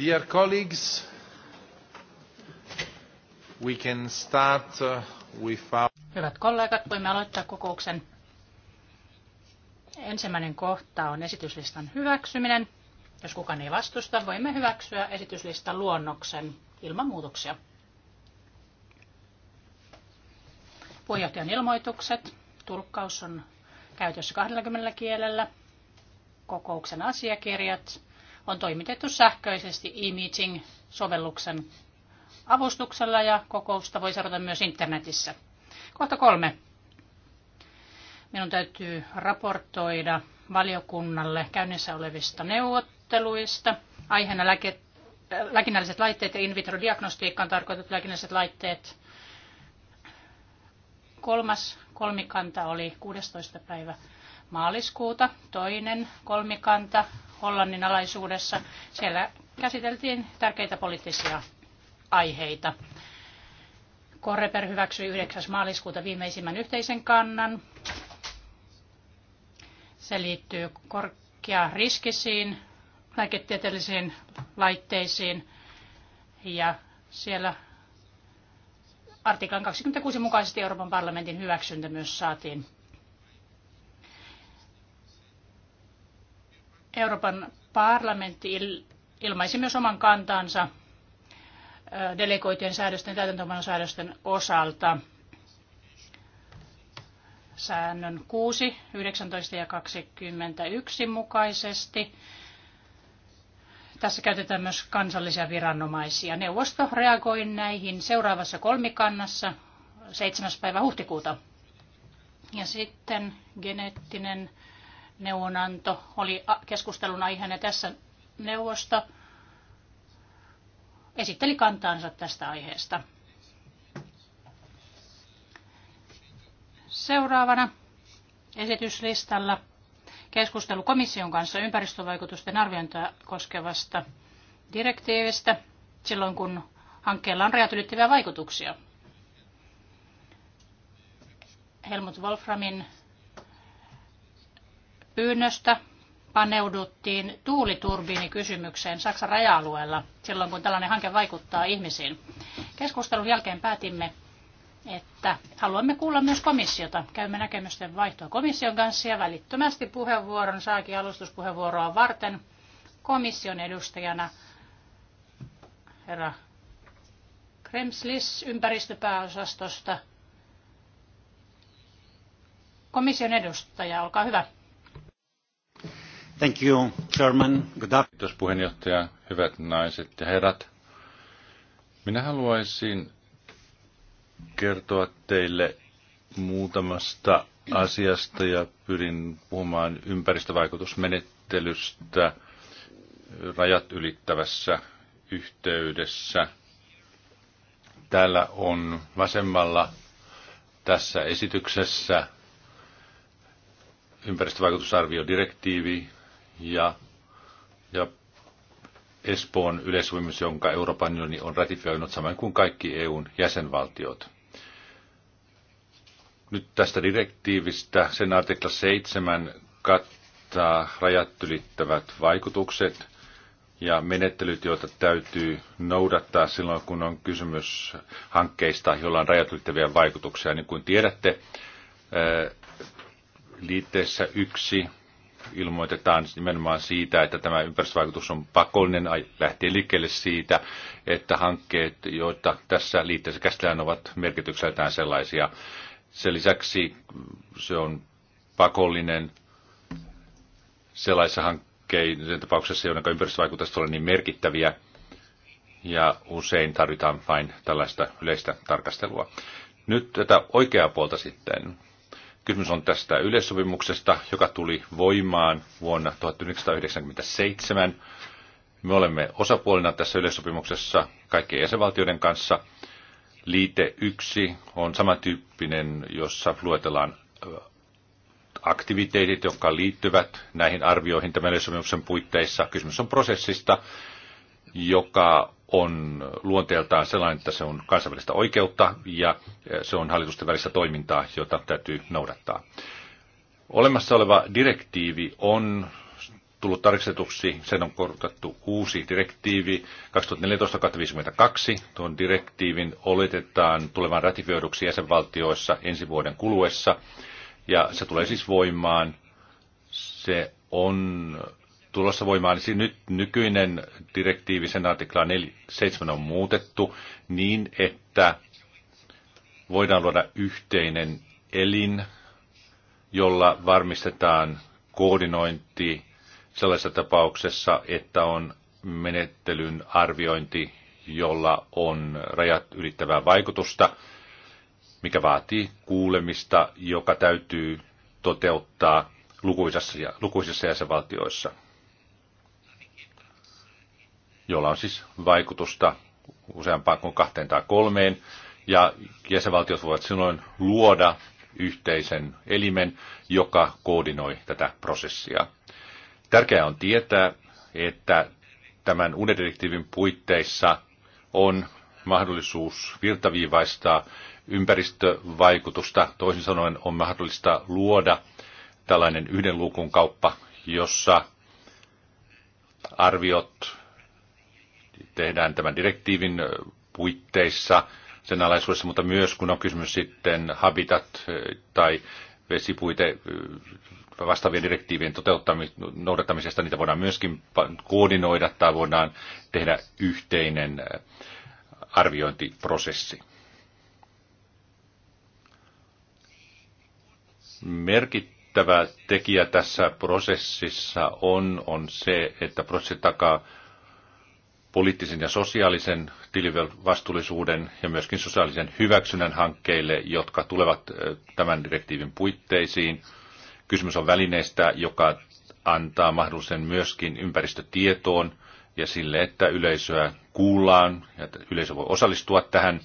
Dear colleagues, we can start uh, with our... Hyvät kollegat, voimme aloittaa kokouksen. Ensimmäinen kohta on esityslistan hyväksyminen. Jos kukaan ei vastusta, voimme hyväksyä esityslistan luonnoksen ilman muutoksia. Puheenjohtajan ilmoitukset. Tulkkaus on käytössä 20 kielellä. Kokouksen asiakirjat on toimitettu sähköisesti e-meeting-sovelluksen avustuksella ja kokousta voi seurata myös internetissä. Kohta kolme. Minun täytyy raportoida valiokunnalle käynnissä olevista neuvotteluista. Aiheena lääke, äh, lääkinnälliset laitteet ja in vitro diagnostiikkaan tarkoitetut lääkinnälliset laitteet. Kolmas kolmikanta oli 16. päivä maaliskuuta toinen kolmikanta Hollannin alaisuudessa. Siellä käsiteltiin tärkeitä poliittisia aiheita. Korreper hyväksyi 9. maaliskuuta viimeisimmän yhteisen kannan. Se liittyy korkea riskisiin lääketieteellisiin laitteisiin ja siellä artiklan 26 mukaisesti Euroopan parlamentin hyväksyntä myös saatiin Euroopan parlamentti ilmaisi myös oman kantansa delegoitujen säädösten ja täytäntöönpanon säädösten osalta. Säännön 6, 19 ja 21 mukaisesti. Tässä käytetään myös kansallisia viranomaisia. Neuvosto reagoi näihin seuraavassa kolmikannassa 7. päivä huhtikuuta. Ja sitten geneettinen neuvonanto oli keskustelun aiheena tässä neuvosto esitteli kantaansa tästä aiheesta. Seuraavana esityslistalla keskustelu komission kanssa ympäristövaikutusten arviointia koskevasta direktiivistä silloin, kun hankkeella on rajat ylittäviä vaikutuksia. Helmut Wolframin pyynnöstä paneuduttiin tuuliturbiinikysymykseen Saksan raja-alueella silloin, kun tällainen hanke vaikuttaa ihmisiin. Keskustelun jälkeen päätimme, että haluamme kuulla myös komissiota. Käymme näkemysten vaihtoa komission kanssa ja välittömästi puheenvuoron saakin alustuspuheenvuoroa varten komission edustajana herra Kremslis ympäristöpääosastosta. Komission edustaja, olkaa hyvä. Thank you, Chairman. Good Kiitos puheenjohtaja, hyvät naiset ja herrat. Minä haluaisin kertoa teille muutamasta asiasta ja pyrin puhumaan ympäristövaikutusmenettelystä rajat ylittävässä yhteydessä. Täällä on vasemmalla tässä esityksessä ympäristövaikutusarviodirektiivi, ja, ja Espoon yleissopimus, jonka Euroopan unioni on ratifioinut samoin kuin kaikki EUn jäsenvaltiot. Nyt tästä direktiivistä sen artikla 7 kattaa rajat ylittävät vaikutukset ja menettelyt, joita täytyy noudattaa silloin, kun on kysymys hankkeista, joilla on rajat ylittäviä vaikutuksia. Niin kuin tiedätte, liitteessä yksi ilmoitetaan nimenomaan siitä, että tämä ympäristövaikutus on pakollinen, lähtee liikkeelle siitä, että hankkeet, joita tässä liitteessä käsitellään, ovat merkitykseltään sellaisia. Sen lisäksi se on pakollinen sellaisissa hankkeiden tapauksessa, jonka ympäristövaikutukset ovat niin merkittäviä, ja usein tarvitaan vain tällaista yleistä tarkastelua. Nyt tätä oikeaa puolta sitten Kysymys on tästä yleissopimuksesta, joka tuli voimaan vuonna 1997. Me olemme osapuolina tässä yleissopimuksessa kaikkien jäsenvaltioiden kanssa. Liite 1 on samantyyppinen, jossa luetellaan aktiviteetit, jotka liittyvät näihin arvioihin tämän yleissopimuksen puitteissa. Kysymys on prosessista, joka on luonteeltaan sellainen, että se on kansainvälistä oikeutta ja eh, se on hallitusten välistä toimintaa, jota täytyy noudattaa. Olemassa oleva direktiivi on tullut tarkistetuksi, sen on korotettu uusi direktiivi 2014-52. Tuon direktiivin oletetaan tulevan ratifioiduksi jäsenvaltioissa ensi vuoden kuluessa ja se tulee siis voimaan. Se on tulossa voimaan. niin nyt nykyinen direktiivi, sen artikla 7 on muutettu niin, että voidaan luoda yhteinen elin, jolla varmistetaan koordinointi sellaisessa tapauksessa, että on menettelyn arviointi, jolla on rajat ylittävää vaikutusta, mikä vaatii kuulemista, joka täytyy toteuttaa lukuisissa, lukuisissa jäsenvaltioissa jolla on siis vaikutusta useampaan kuin kahteen tai kolmeen, ja jäsenvaltiot voivat silloin luoda yhteisen elimen, joka koordinoi tätä prosessia. Tärkeää on tietää, että tämän unedirektiivin puitteissa on mahdollisuus virtaviivaistaa ympäristövaikutusta. Toisin sanoen on mahdollista luoda tällainen yhden luukun kauppa, jossa arviot tehdään tämän direktiivin puitteissa sen alaisuudessa, mutta myös kun on kysymys sitten habitat tai vesipuite vastaavien direktiivien noudattamisesta, niitä voidaan myöskin koordinoida tai voidaan tehdä yhteinen arviointiprosessi. Merkittävä tekijä tässä prosessissa on, on se, että prosessi takaa poliittisen ja sosiaalisen tilivastuullisuuden ja myöskin sosiaalisen hyväksynnän hankkeille, jotka tulevat tämän direktiivin puitteisiin. Kysymys on välineestä, joka antaa mahdollisen myöskin ympäristötietoon ja sille, että yleisöä kuullaan ja että yleisö voi osallistua tähän.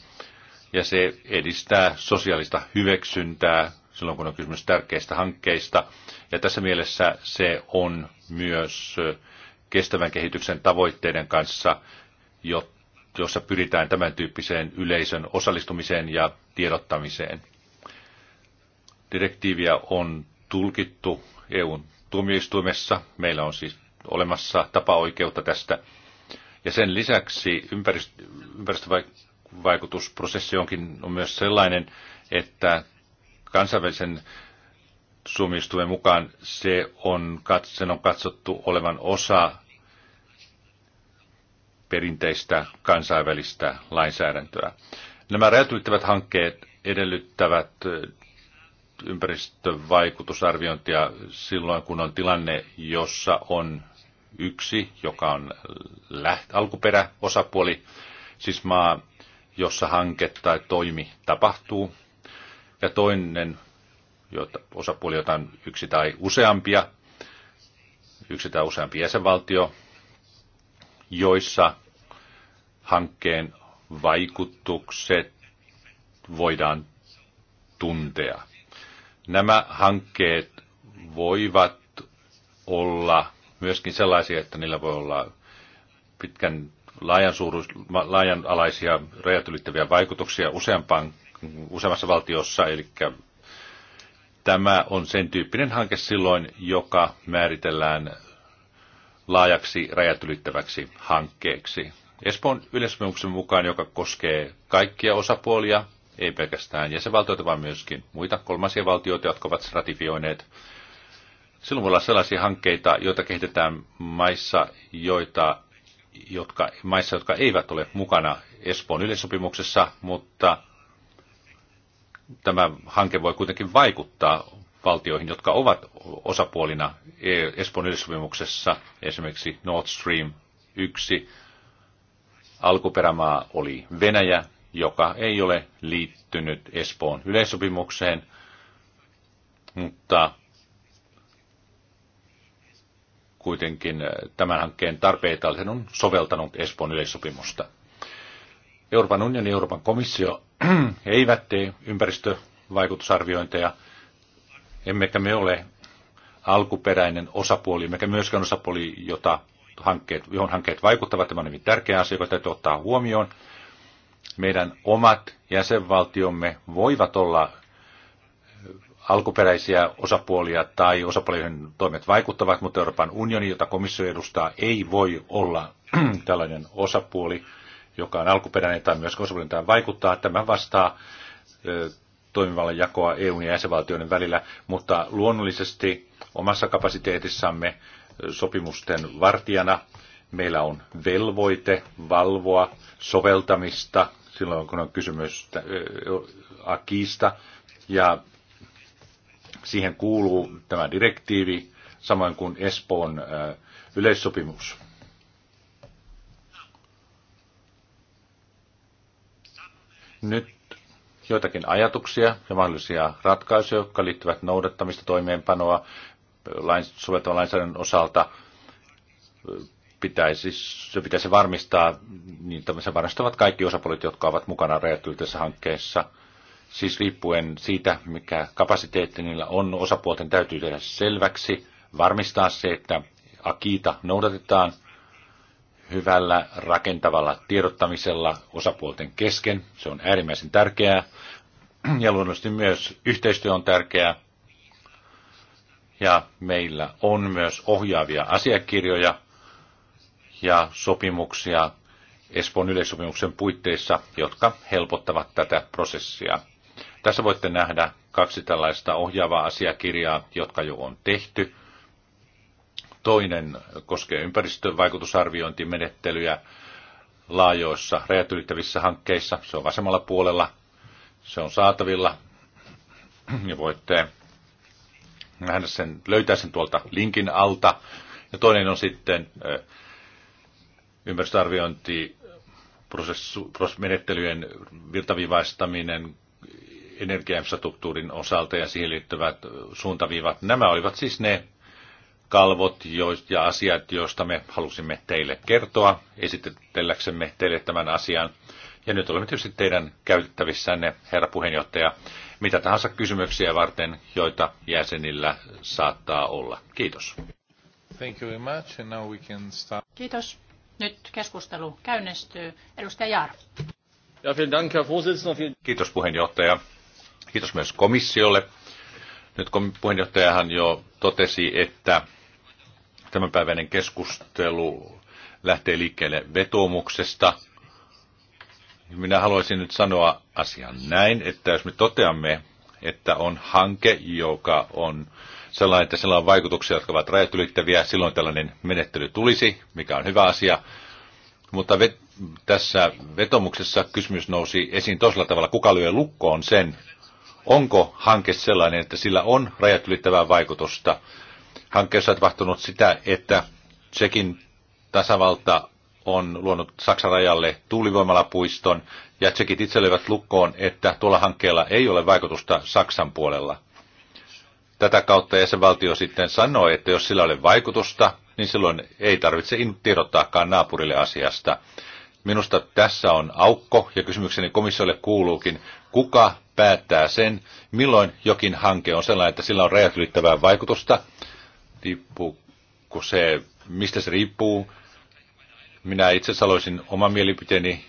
Ja se edistää sosiaalista hyväksyntää silloin, kun on kysymys tärkeistä hankkeista. Ja tässä mielessä se on myös kestävän kehityksen tavoitteiden kanssa, jossa pyritään tämän tyyppiseen yleisön osallistumiseen ja tiedottamiseen. Direktiiviä on tulkittu EUn tuomioistuimessa. Meillä on siis olemassa tapaoikeutta tästä. Ja sen lisäksi ympäristövaikutusprosessi onkin on myös sellainen, että kansainvälisen suomistuimen mukaan se on, sen on katsottu olevan osa perinteistä kansainvälistä lainsäädäntöä. Nämä räätyyttävät hankkeet edellyttävät ympäristövaikutusarviointia silloin, kun on tilanne, jossa on yksi, joka on läht, alkuperä, osapuoli, siis maa, jossa hanke tai toimi tapahtuu, ja toinen jota, osapuoli, jota on yksi tai useampia, yksi tai useampi jäsenvaltio, joissa hankkeen vaikutukset voidaan tuntea. Nämä hankkeet voivat olla myöskin sellaisia, että niillä voi olla pitkän laajan, suuruus, laajan alaisia rajat ylittäviä vaikutuksia useampaan, useammassa valtiossa, eli tämä on sen tyyppinen hanke silloin, joka määritellään laajaksi rajat ylittäväksi hankkeeksi. Espoon yleisömyksen mukaan, joka koskee kaikkia osapuolia, ei pelkästään jäsenvaltioita, vaan myöskin muita kolmansia valtioita, jotka ovat ratifioineet. Silloin voi olla sellaisia hankkeita, joita kehitetään maissa, joita, jotka, maissa, jotka eivät ole mukana Espoon yleissopimuksessa, mutta tämä hanke voi kuitenkin vaikuttaa valtioihin, jotka ovat osapuolina e- Espoon yleissopimuksessa, esimerkiksi Nord Stream 1. Alkuperämaa oli Venäjä, joka ei ole liittynyt Espoon yleissopimukseen, mutta kuitenkin äh, tämän hankkeen tarpeita on soveltanut Espoon yleissopimusta. Euroopan unioni ja Euroopan komissio eivät tee ympäristövaikutusarviointeja – Emmekä me ole alkuperäinen osapuoli, emmekä myöskään osapuoli, jota hankkeet, johon hankkeet vaikuttavat. Tämä on hyvin tärkeä asia, joka täytyy ottaa huomioon. Meidän omat jäsenvaltiomme voivat olla alkuperäisiä osapuolia tai osapuolia, joihin toimet vaikuttavat, mutta Euroopan unioni, jota komissio edustaa, ei voi olla tällainen osapuoli, joka on alkuperäinen tai myös osapuolinen tai vaikuttaa. Tämä vastaa toimivallan jakoa EUn ja jäsenvaltioiden välillä, mutta luonnollisesti omassa kapasiteetissamme sopimusten vartijana meillä on velvoite valvoa soveltamista silloin, kun on kysymys akista, ja siihen kuuluu tämä direktiivi, samoin kuin Espoon yleissopimus. Nyt joitakin ajatuksia ja mahdollisia ratkaisuja, jotka liittyvät noudattamista, toimeenpanoa soveltavan lainsäädännön osalta. Pitäisi, se pitäisi varmistaa, niin se varmistavat kaikki osapuolet, jotka ovat mukana rajatyltässä hankkeessa. Siis riippuen siitä, mikä kapasiteetti niillä on, osapuolten täytyy tehdä selväksi, varmistaa se, että Akiita noudatetaan – hyvällä rakentavalla tiedottamisella osapuolten kesken. Se on äärimmäisen tärkeää. Ja luonnollisesti myös yhteistyö on tärkeää. Ja meillä on myös ohjaavia asiakirjoja ja sopimuksia Espoon yleissopimuksen puitteissa, jotka helpottavat tätä prosessia. Tässä voitte nähdä kaksi tällaista ohjaavaa asiakirjaa, jotka jo on tehty – Toinen koskee ympäristövaikutusarviointimenettelyjä laajoissa rajat ylittävissä hankkeissa. Se on vasemmalla puolella. Se on saatavilla. Ja voitte nähdä sen, löytää sen tuolta linkin alta. Ja toinen on sitten ympäristöarviointi menettelyjen virtaviivaistaminen energiainfrastruktuurin osalta ja siihen liittyvät suuntaviivat. Nämä olivat siis ne kalvot ja asiat, joista me halusimme teille kertoa, esitelläksemme teille tämän asian. Ja nyt olemme tietysti teidän käytettävissänne, herra puheenjohtaja, mitä tahansa kysymyksiä varten, joita jäsenillä saattaa olla. Kiitos. Thank you very much, and now we can start. Kiitos. Nyt keskustelu käynnistyy. Edustaja Jaar. Ja, Dank, Herr Kiitos puheenjohtaja. Kiitos myös komissiolle. Nyt puheenjohtajahan jo totesi, että tämänpäiväinen keskustelu lähtee liikkeelle vetoomuksesta. Minä haluaisin nyt sanoa asian näin, että jos me toteamme, että on hanke, joka on sellainen, että sillä on vaikutuksia, jotka ovat rajat ylittäviä, silloin tällainen menettely tulisi, mikä on hyvä asia. Mutta vet, tässä vetomuksessa kysymys nousi esiin toisella tavalla, kuka lyö lukkoon sen, onko hanke sellainen, että sillä on rajat ylittävää vaikutusta, hankkeessa on tapahtunut sitä, että Tsekin tasavalta on luonut Saksan rajalle tuulivoimalapuiston, ja tsekit itse löivät lukkoon, että tuolla hankkeella ei ole vaikutusta Saksan puolella. Tätä kautta jäsenvaltio sitten sanoi, että jos sillä ole vaikutusta, niin silloin ei tarvitse tiedottaakaan naapurille asiasta. Minusta tässä on aukko, ja kysymykseni komissiolle kuuluukin, kuka päättää sen, milloin jokin hanke on sellainen, että sillä on rajat ylittävää vaikutusta, riippuuko se, mistä se riippuu. Minä itse sanoisin oman mielipiteeni,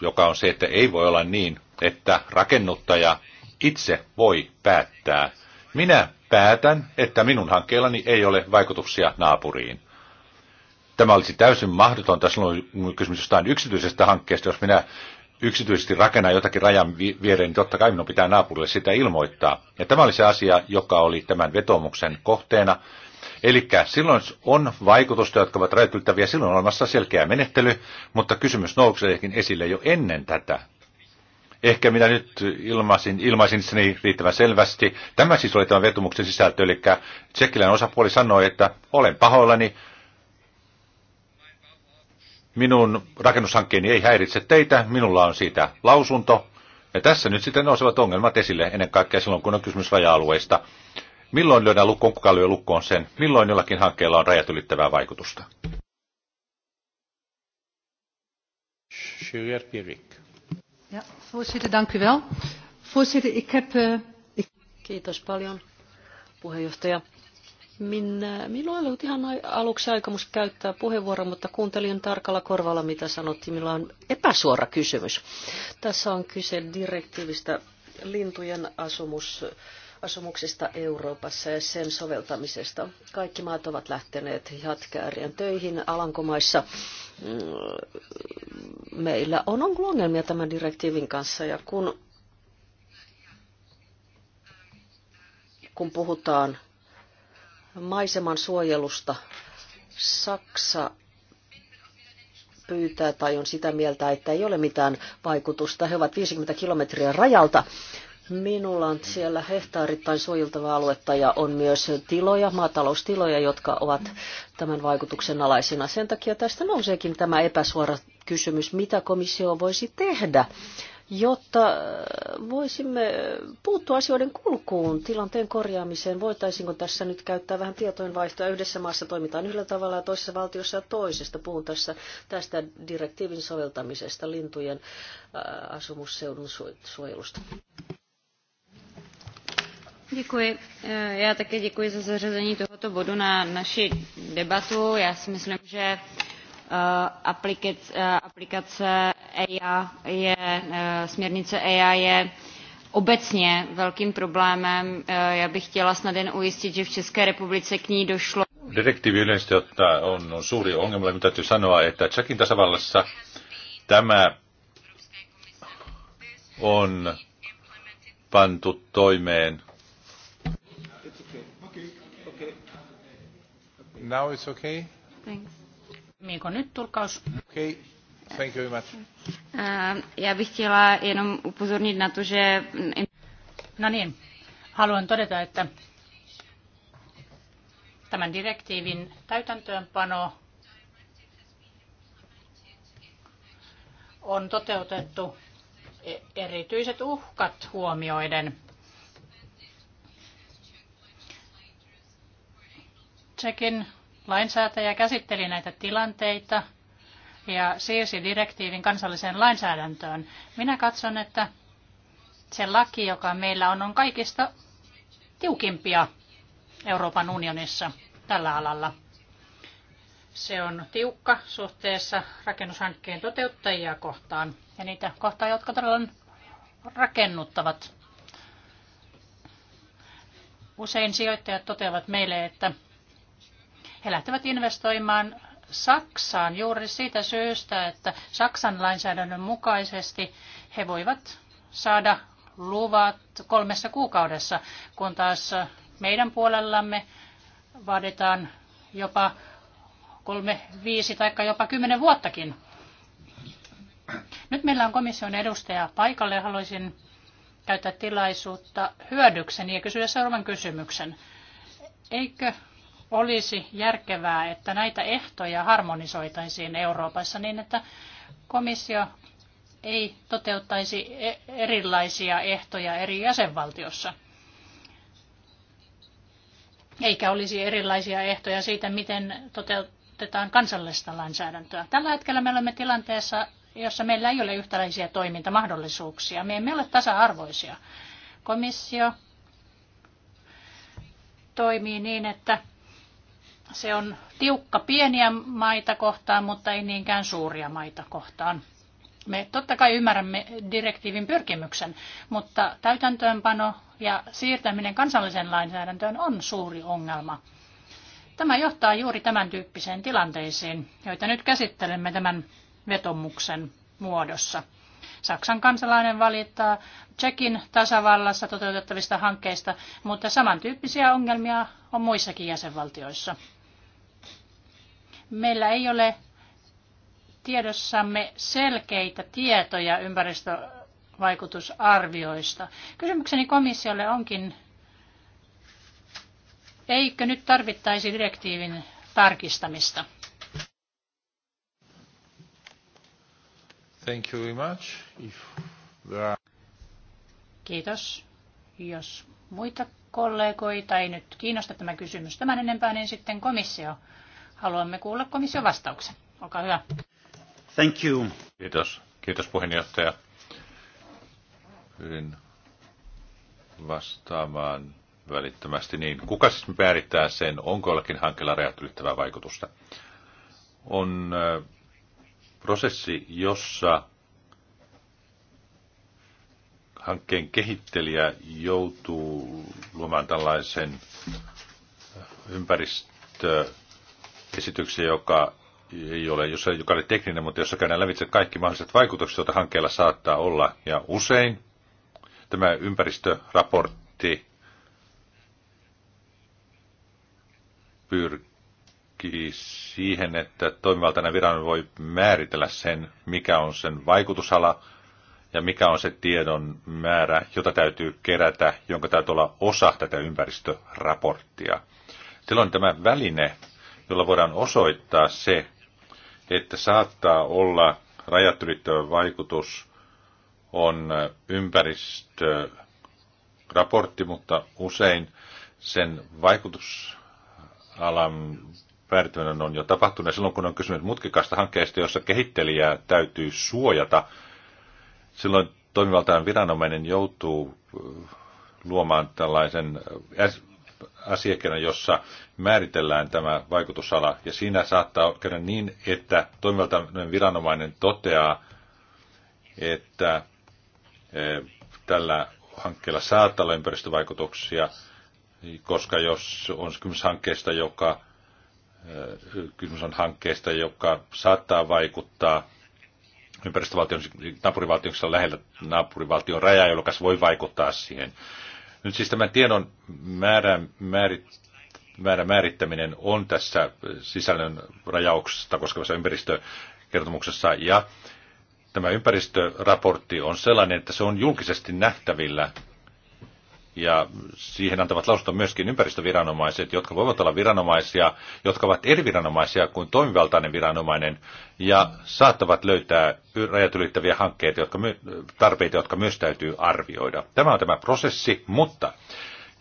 joka on se, että ei voi olla niin, että rakennuttaja itse voi päättää. Minä päätän, että minun hankkeellani ei ole vaikutuksia naapuriin. Tämä olisi täysin mahdotonta on kysymys jostain yksityisestä hankkeesta, jos minä yksityisesti rakennan jotakin rajan viereen, niin totta kai minun pitää naapurille sitä ilmoittaa. Ja tämä oli se asia, joka oli tämän vetomuksen kohteena, Eli silloin on vaikutusta, jotka ovat rajoittavia, silloin on olemassa selkeä menettely, mutta kysymys nouseekin esille jo ennen tätä. Ehkä minä nyt ilmaisin, ilmaisin sen riittävän selvästi. Tämä siis oli tämän vetumuksen sisältö, eli tsekkiläinen osapuoli sanoi, että olen pahoillani, minun rakennushankkeeni ei häiritse teitä, minulla on siitä lausunto. Ja tässä nyt sitten nousevat ongelmat esille, ennen kaikkea silloin, kun on kysymys raja-alueista. Milloin lyödään lukkoon, kuka lyö lukkoon sen? Milloin jollakin hankkeella on rajat ylittävää vaikutusta? Ja, voorzitter, dank u wel. Voorzitter, ik heb... Uh, ik... Kiitos paljon, puheenjohtaja. Minä, eh, minulla oli ihan aluksi aikomus käyttää puheenvuoron, mutta kuuntelin tarkalla korvalla, mitä sanottiin. Minulla on epäsuora kysymys. Tässä on kyse direktiivistä lintujen asumus asumuksista Euroopassa ja sen soveltamisesta. Kaikki maat ovat lähteneet jatkäärien töihin Alankomaissa. Mm, meillä on ollut ongelmia tämän direktiivin kanssa ja kun, kun puhutaan maiseman suojelusta, Saksa pyytää tai on sitä mieltä, että ei ole mitään vaikutusta. He ovat 50 kilometriä rajalta Minulla on siellä hehtaarittain suojeltavaa aluetta ja on myös tiloja, maataloustiloja, jotka ovat tämän vaikutuksen alaisina. Sen takia tästä nouseekin tämä epäsuora kysymys, mitä komissio voisi tehdä, jotta voisimme puuttua asioiden kulkuun, tilanteen korjaamiseen. Voitaisiinko tässä nyt käyttää vähän tietojenvaihtoa? Yhdessä maassa toimitaan yhdellä tavalla ja toisessa valtiossa ja toisesta. Puhun tässä tästä direktiivin soveltamisesta lintujen asumusseudun suojelusta. Eh, já také děkuji za zařazení tohoto bodu na naši debatu. Já si myslím, že eh, eh, aplikace, EIA je, směrnice EIA je obecně velkým problémem. Já bych chtěla snad jen ujistit, že v České republice k ní došlo. Direktiivi yleisesti ottaa on, suuri ongelma, mitä täytyy sanoa, että Tsekin tasavallassa tämä on pantu toimeen Now it's okay. Thanks. Miiko, nyt tulkaus. Okay. Thank you very much. Uh, já bych chtěla jenom upozornit na to, že... No niin, haluan todeta, että tämän direktiivin täytäntöönpano on toteutettu e- erityiset uhkat huomioiden. Sekin lainsäätäjä käsitteli näitä tilanteita ja siirsi direktiivin kansalliseen lainsäädäntöön. Minä katson, että se laki, joka meillä on, on kaikista tiukimpia Euroopan unionissa tällä alalla. Se on tiukka suhteessa rakennushankkeen toteuttajia kohtaan ja niitä kohtaan, jotka todella rakennuttavat. Usein sijoittajat toteavat meille, että he lähtevät investoimaan Saksaan juuri siitä syystä, että Saksan lainsäädännön mukaisesti he voivat saada luvat kolmessa kuukaudessa, kun taas meidän puolellamme vaaditaan jopa kolme, viisi tai jopa kymmenen vuottakin. Nyt meillä on komission edustaja paikalle ja haluaisin käyttää tilaisuutta hyödykseni ja kysyä seuraavan kysymyksen. Eikö olisi järkevää, että näitä ehtoja harmonisoitaisiin Euroopassa niin, että komissio ei toteuttaisi e- erilaisia ehtoja eri jäsenvaltiossa. Eikä olisi erilaisia ehtoja siitä, miten toteutetaan kansallista lainsäädäntöä. Tällä hetkellä me olemme tilanteessa, jossa meillä ei ole yhtäläisiä toimintamahdollisuuksia. Me emme ole tasa-arvoisia. Komissio toimii niin, että se on tiukka pieniä maita kohtaan, mutta ei niinkään suuria maita kohtaan. Me totta kai ymmärrämme direktiivin pyrkimyksen, mutta täytäntöönpano ja siirtäminen kansalliseen lainsäädäntöön on suuri ongelma. Tämä johtaa juuri tämän tyyppiseen tilanteisiin, joita nyt käsittelemme tämän vetomuksen muodossa. Saksan kansalainen valittaa Tsekin tasavallassa toteutettavista hankkeista, mutta samantyyppisiä ongelmia on muissakin jäsenvaltioissa. Meillä ei ole tiedossamme selkeitä tietoja ympäristövaikutusarvioista. Kysymykseni komissiolle onkin, eikö nyt tarvittaisi direktiivin tarkistamista? Thank you very much. If there are... Kiitos. Jos muita kollegoita ei nyt kiinnosta tämä kysymys tämän enempää, niin sitten komissio Haluamme kuulla komission vastauksen. Olkaa hyvä. Thank you. Kiitos. Kiitos puheenjohtaja. Pyrin vastaamaan välittömästi. Niin, kuka siis määrittää sen, onko jollakin hankkeella rajat ylittävää vaikutusta? On prosessi, jossa hankkeen kehittelijä joutuu luomaan tällaisen ympäristö esityksiä, joka ei ole, jos joka ole tekninen, mutta jossa käydään lävitse kaikki mahdolliset vaikutukset, joita hankkeella saattaa olla. Ja usein tämä ympäristöraportti pyrkii siihen, että toimivaltainen viranomainen voi määritellä sen, mikä on sen vaikutusala ja mikä on se tiedon määrä, jota täytyy kerätä, jonka täytyy olla osa tätä ympäristöraporttia. Silloin tämä väline jolla voidaan osoittaa se, että saattaa olla rajat ylittävä vaikutus on ympäristöraportti, mutta usein sen vaikutusalan päätyminen on jo tapahtunut. Ja silloin kun on kysymys mutkikasta hankkeesta, jossa kehittelijää täytyy suojata, silloin toimivaltaan viranomainen joutuu luomaan tällaisen asiakirjan, jossa määritellään tämä vaikutusala. Ja siinä saattaa käydä niin, että toimivalta viranomainen toteaa, että e, tällä hankkeella saattaa olla ympäristövaikutuksia, koska jos on kysymys hankkeesta, joka, e, kysymys on hankkeesta, joka saattaa vaikuttaa ympäristövaltion, naapurivaltion, lähellä naapurivaltion rajaa, jolloin voi vaikuttaa siihen. Nyt siis tämän tiedon määrä, määrit, määrä määrittäminen on tässä sisällön rajauksesta koskevassa ympäristökertomuksessa ja tämä ympäristöraportti on sellainen, että se on julkisesti nähtävillä ja siihen antavat lausunto myöskin ympäristöviranomaiset, jotka voivat olla viranomaisia, jotka ovat eri viranomaisia kuin toimivaltainen viranomainen ja saattavat löytää rajat ylittäviä hankkeita, jotka my, tarpeita, jotka myös täytyy arvioida. Tämä on tämä prosessi, mutta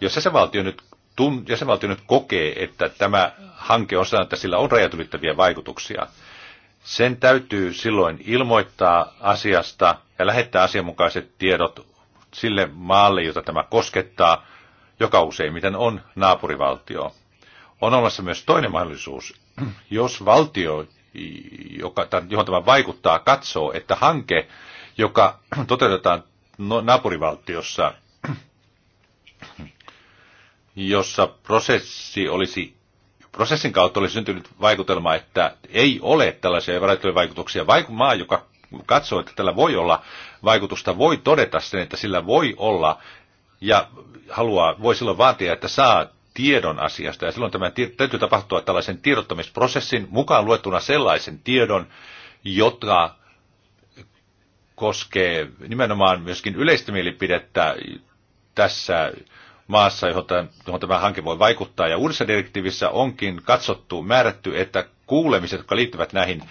jos jäsenvaltio nyt tun, jäsenvaltio nyt kokee, että tämä hanke on sanonut, että sillä on rajat ylittäviä vaikutuksia, sen täytyy silloin ilmoittaa asiasta ja lähettää asianmukaiset tiedot sille maalle, jota tämä koskettaa, joka useimmiten on naapurivaltio. On olemassa myös toinen mahdollisuus. Jos valtio, joka, johon tämä vaikuttaa, katsoo, että hanke, joka toteutetaan no, naapurivaltiossa, jossa prosessi olisi prosessin kautta olisi syntynyt vaikutelma, että ei ole tällaisia vaikutuksia. vaikka maa, joka katsoo, että tällä voi olla vaikutusta, voi todeta sen, että sillä voi olla ja haluaa, voi silloin vaatia, että saa tiedon asiasta. Ja silloin tämä täytyy tapahtua tällaisen tiedottamisprosessin mukaan luettuna sellaisen tiedon, jota koskee nimenomaan myöskin yleistä mielipidettä tässä maassa, johon tämä, hanke voi vaikuttaa. Ja uudessa direktiivissä onkin katsottu, määrätty, että kuulemiset, jotka liittyvät näihin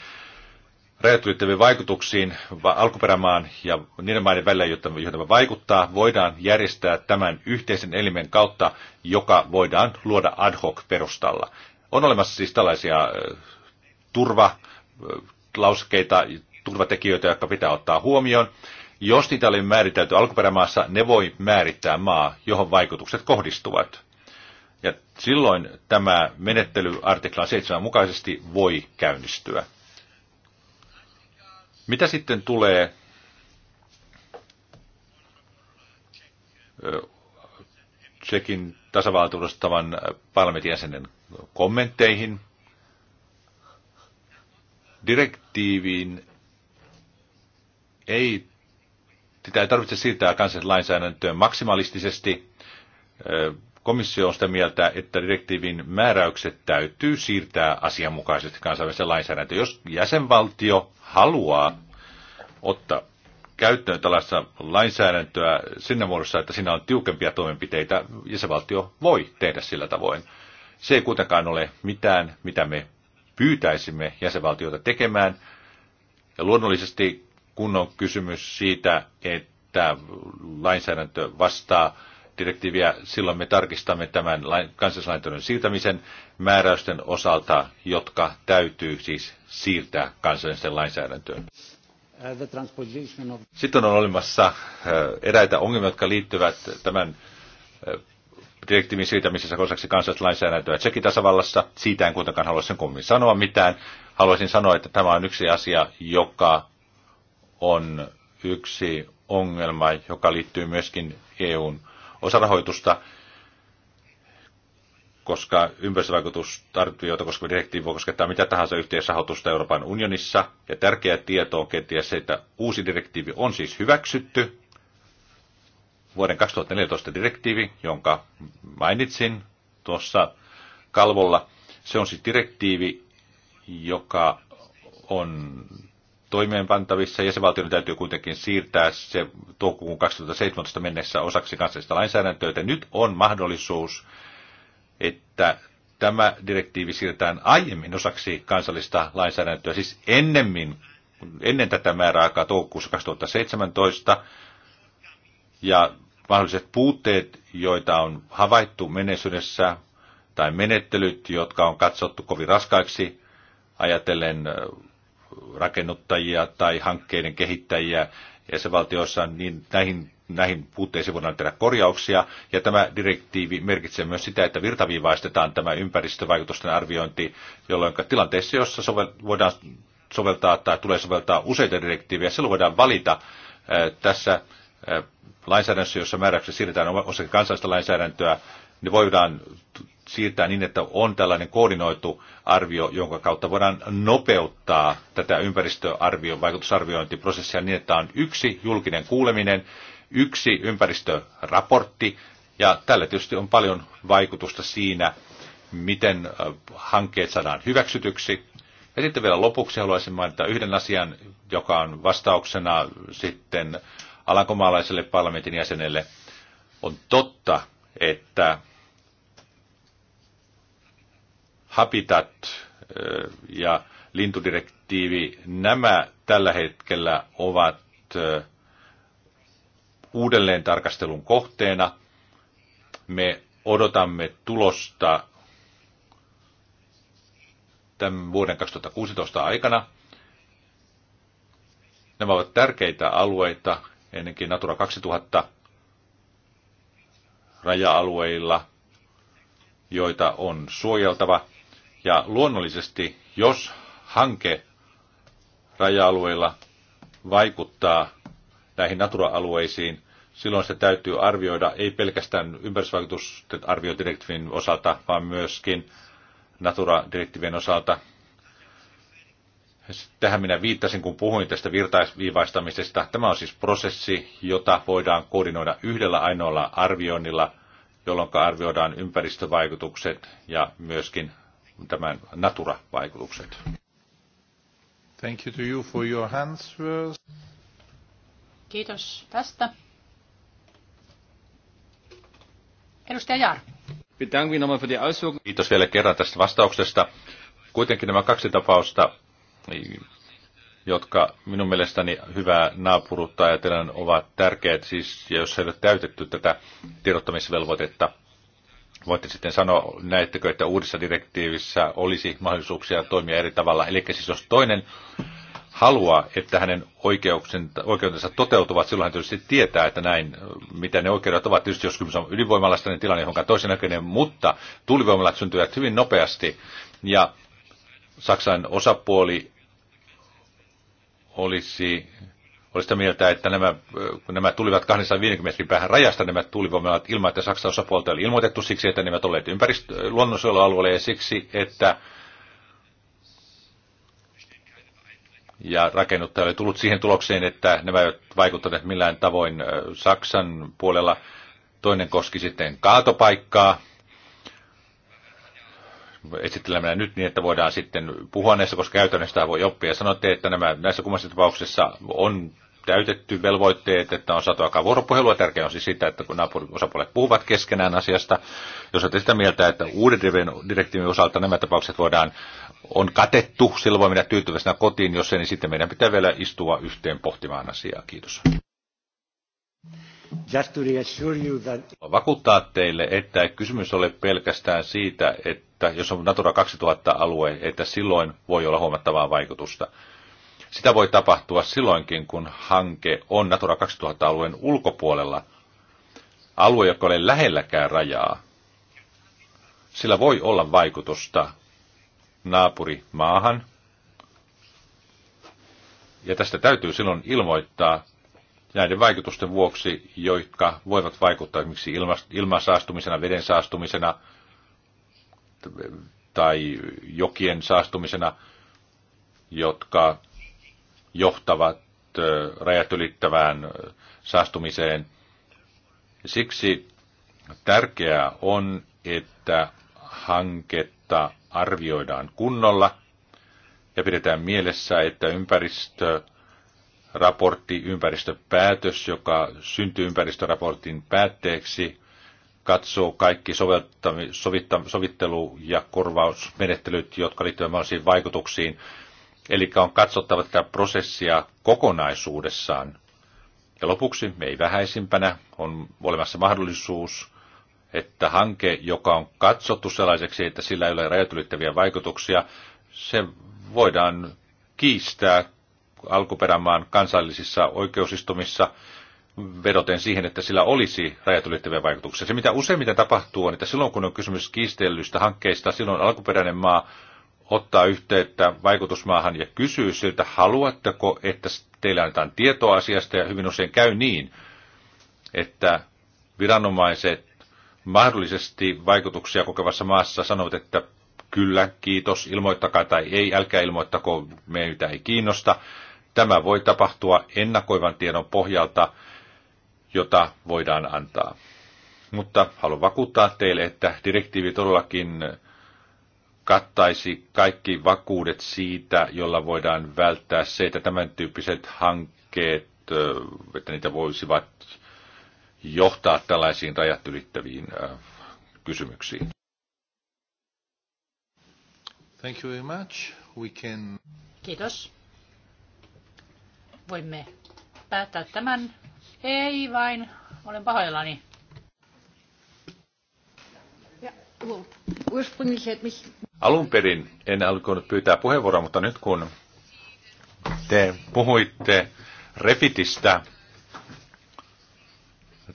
rajat ylittäviin vaikutuksiin alkuperämaan ja niiden maiden välillä, jotta tämä vaikuttaa, voidaan järjestää tämän yhteisen elimen kautta, joka voidaan luoda ad hoc perustalla. On olemassa siis tällaisia turvalausekkeita, turvatekijöitä, jotka pitää ottaa huomioon. Jos niitä oli määritelty alkuperämaassa, ne voi määrittää maa, johon vaikutukset kohdistuvat. Ja silloin tämä menettely artiklan 7 mukaisesti voi käynnistyä. Mitä sitten tulee Tsekin tasavaltuudustavan parlamentin jäsenen kommentteihin, direktiiviin ei, sitä ei tarvitse siirtää lainsäädäntöön maksimalistisesti. Komissio on sitä mieltä, että direktiivin määräykset täytyy siirtää asianmukaisesti kansainväliseen lainsäädäntöön. Jos jäsenvaltio haluaa ottaa käyttöön tällaista lainsäädäntöä sinne muodossa, että siinä on tiukempia toimenpiteitä, jäsenvaltio voi tehdä sillä tavoin. Se ei kuitenkaan ole mitään, mitä me pyytäisimme jäsenvaltiota tekemään. Ja luonnollisesti kun on kysymys siitä, että lainsäädäntö vastaa direktiiviä, silloin me tarkistamme tämän kansallislainsäädännön siirtämisen määräysten osalta, jotka täytyy siis siirtää kansallisten lainsäädäntöön. Uh, Sitten on olemassa uh, eräitä ongelmia, jotka liittyvät tämän uh, direktiivin siirtämisessä osaksi kansallista lainsäädäntöä Tsekin tasavallassa. Siitä en kuitenkaan halua sen kummin sanoa mitään. Haluaisin sanoa, että tämä on yksi asia, joka on yksi ongelma, joka liittyy myöskin EUn osarahoitusta, koska ympäristövaikutusarvioita koskeva direktiivi voi koskettaa mitä tahansa yhteisrahoitusta Euroopan unionissa. Ja tärkeä tieto on kenties se, että uusi direktiivi on siis hyväksytty, vuoden 2014 direktiivi, jonka mainitsin tuossa kalvolla. Se on siis direktiivi, joka on toimeenpantavissa. Jäsenvaltioiden täytyy kuitenkin siirtää se toukokuun 2017 mennessä osaksi kansallista lainsäädäntöä. Joten nyt on mahdollisuus, että tämä direktiivi siirretään aiemmin osaksi kansallista lainsäädäntöä, siis ennemmin, ennen tätä määräaikaa toukokuussa 2017. Ja mahdolliset puutteet, joita on havaittu menneisyydessä, tai menettelyt, jotka on katsottu kovin raskaiksi, ajatellen rakennuttajia tai hankkeiden kehittäjiä jäsenvaltioissa, niin näihin, näihin puutteisiin voidaan tehdä korjauksia. Ja tämä direktiivi merkitsee myös sitä, että virtaviivaistetaan tämä ympäristövaikutusten arviointi, jolloin tilanteessa, jossa sovel- voidaan soveltaa tai tulee soveltaa useita direktiivejä, silloin voidaan valita ää, tässä ää, lainsäädännössä, jossa määräyksessä siirretään osaksi kansallista lainsäädäntöä, niin voidaan siirtää niin, että on tällainen koordinoitu arvio, jonka kautta voidaan nopeuttaa tätä ympäristöarvion vaikutusarviointiprosessia niin, että on yksi julkinen kuuleminen, yksi ympäristöraportti, ja tällä tietysti on paljon vaikutusta siinä, miten hankkeet saadaan hyväksytyksi. Ja sitten vielä lopuksi haluaisin mainita yhden asian, joka on vastauksena sitten alankomaalaiselle parlamentin jäsenelle. On totta, että habitat eh, ja lintudirektiivi, nämä tällä hetkellä ovat eh, uudelleen tarkastelun kohteena. Me odotamme tulosta tämän vuoden 2016 aikana. Nämä ovat tärkeitä alueita, ennenkin Natura 2000 raja-alueilla, joita on suojeltava – ja luonnollisesti, jos hanke raja-alueilla vaikuttaa näihin natura-alueisiin, silloin se täytyy arvioida ei pelkästään ympäristövaikutusten arviodirektiivin osalta, vaan myöskin Natura-direktiivien osalta. Tähän minä viittasin, kun puhuin tästä virtaisviivaistamisesta. Tämä on siis prosessi, jota voidaan koordinoida yhdellä ainoalla arvioinnilla, jolloin arvioidaan ympäristövaikutukset ja myöskin tämän Natura-vaikutukset. Thank you to you for your answers. Kiitos tästä. Edustaja Jaar. Kiitos vielä kerran tästä vastauksesta. Kuitenkin nämä kaksi tapausta, jotka minun mielestäni hyvää naapuruutta ajatellen ovat tärkeät, siis jos ei ole täytetty tätä tiedottamisvelvoitetta – voitte sitten sanoa, näettekö, että uudessa direktiivissä olisi mahdollisuuksia toimia eri tavalla. Eli siis jos toinen haluaa, että hänen oikeutensa toteutuvat, silloin hän tietysti tietää, että näin, mitä ne oikeudet ovat. Tietysti kyllä on niin tilanne, on toisen näköinen, mutta tuulivoimalat syntyvät hyvin nopeasti. Ja Saksan osapuoli olisi oli sitä mieltä, että nämä, kun nämä tulivat 250 metrin päähän rajasta, nämä tulivoimalat ilman, että Saksan osapuolta oli ilmoitettu siksi, että nämä eivät ympäristöluonnonsuojelualueelle ja siksi, että ja rakennuttaja oli tullut siihen tulokseen, että nämä eivät vaikuttaneet millään tavoin Saksan puolella. Toinen koski sitten kaatopaikkaa. Esittelemme nyt niin, että voidaan sitten puhua näistä, koska käytännössä voi oppia. Sanoitte, että nämä, näissä kummassa tapauksessa on täytetty velvoitteet, että on saatu aikaa vuoropuhelua. Tärkeää on siis sitä, että kun osapuolet puhuvat keskenään asiasta, jos olette sitä mieltä, että uuden direktiivin osalta nämä tapaukset voidaan, on katettu, silloin voi mennä tyytyväisenä kotiin, jos ei, niin sitten meidän pitää vielä istua yhteen pohtimaan asiaa. Kiitos. Vakuuttaa teille, että kysymys ole pelkästään siitä, että jos on Natura 2000-alue, että silloin voi olla huomattavaa vaikutusta sitä voi tapahtua silloinkin, kun hanke on Natura 2000-alueen ulkopuolella, alue, joka ei lähelläkään rajaa. Sillä voi olla vaikutusta naapurimaahan, ja tästä täytyy silloin ilmoittaa näiden vaikutusten vuoksi, jotka voivat vaikuttaa esimerkiksi ilman saastumisena, veden saastumisena tai jokien saastumisena, jotka johtavat rajat ylittävään saastumiseen. Siksi tärkeää on, että hanketta arvioidaan kunnolla ja pidetään mielessä, että ympäristö raportti, ympäristöpäätös, joka syntyy ympäristöraportin päätteeksi, katsoo kaikki sovittelu- ja korvausmenettelyt, jotka liittyvät mahdollisiin vaikutuksiin Eli on katsottava tätä prosessia kokonaisuudessaan. Ja lopuksi, ei vähäisimpänä, on olemassa mahdollisuus, että hanke, joka on katsottu sellaiseksi, että sillä ei ole rajat ylittäviä vaikutuksia, se voidaan kiistää alkuperämaan kansallisissa oikeusistumissa vedoten siihen, että sillä olisi rajat ylittäviä vaikutuksia. Se, mitä useimmiten tapahtuu, on, että silloin kun on kysymys kiistellyistä hankkeista, silloin alkuperäinen maa ottaa yhteyttä vaikutusmaahan ja kysyy siltä, haluatteko, että teillä annetaan tietoa asiasta, ja hyvin usein käy niin, että viranomaiset mahdollisesti vaikutuksia kokevassa maassa sanovat, että kyllä, kiitos, ilmoittakaa tai ei, älkää ilmoittako, meitä ei kiinnosta. Tämä voi tapahtua ennakoivan tiedon pohjalta, jota voidaan antaa. Mutta haluan vakuuttaa teille, että direktiivi todellakin kattaisi kaikki vakuudet siitä, jolla voidaan välttää se, että tämän tyyppiset hankkeet, että niitä voisivat johtaa tällaisiin rajat ylittäviin kysymyksiin. Thank you very much. We can... Kiitos. Voimme päättää tämän. Ei vain, olen pahoillani. Ja, ursprünglich hätte mich Alun perin en alkanut pyytää puheenvuoroa, mutta nyt kun te puhuitte refitistä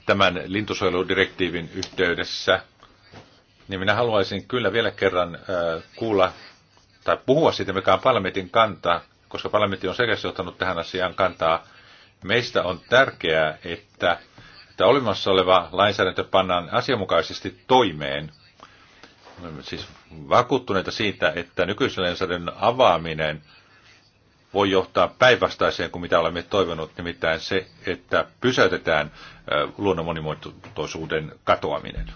tämän lintusuojeludirektiivin yhteydessä, niin minä haluaisin kyllä vielä kerran äh, kuulla tai puhua siitä, mikä on parlamentin kantaa, koska parlamentti on sekä ottanut tähän asiaan kantaa. Meistä on tärkeää, että, että olemassa oleva lainsäädäntö pannaan asianmukaisesti toimeen – Olemme siis vakuuttuneita siitä, että nykyisen lainsäädännön avaaminen voi johtaa päinvastaiseen kuin mitä olemme toivonut, nimittäin se, että pysäytetään luonnon monimuotoisuuden katoaminen.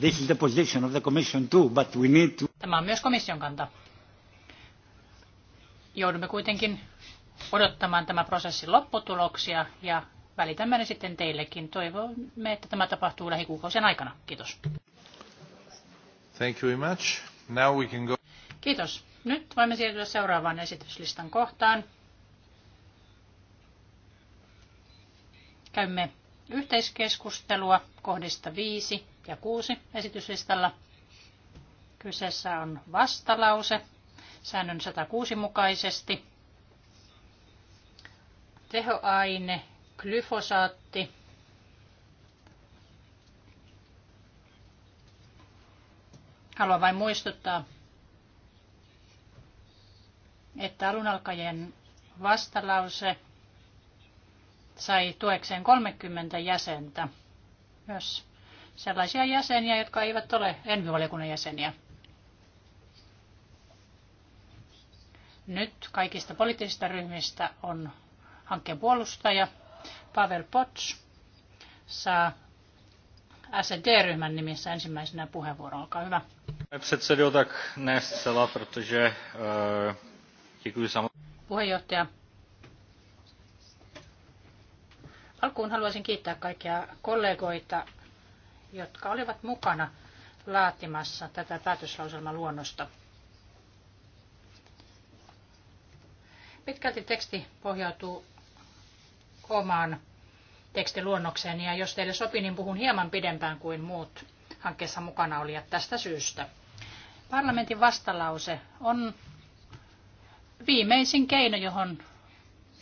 This is the position of the commission too, but we need to... Tämä on myös komission kanta. Joudumme kuitenkin odottamaan tämän prosessin lopputuloksia ja välitämme ne sitten teillekin. Toivomme, että tämä tapahtuu lähikuukausien aikana. Kiitos. Thank you very much. Now we can go. Kiitos. Nyt voimme siirtyä seuraavaan esityslistan kohtaan. Käymme yhteiskeskustelua kohdista 5 ja 6 esityslistalla. Kyseessä on vastalause säännön 106 mukaisesti tehoaine glyfosaatti Haluan vain muistuttaa, että alunalkajien vastalause sai tuekseen 30 jäsentä. Myös sellaisia jäseniä, jotka eivät ole envivaliokunnan jäseniä. Nyt kaikista poliittisista ryhmistä on hankkeen puolustaja Pavel Potts saa sd ryhmän nimissä ensimmäisenä puheenvuoro. Olkaa hyvä. Eh, Puheenjohtaja. Alkuun haluaisin kiittää kaikkia kollegoita, jotka olivat mukana laatimassa tätä päätöslauselman luonnosta. Pitkälti teksti pohjautuu omaan tekstiluonnokseeni. Ja jos teille sopii, niin puhun hieman pidempään kuin muut hankkeessa mukana olijat tästä syystä. Parlamentin vastalause on viimeisin keino, johon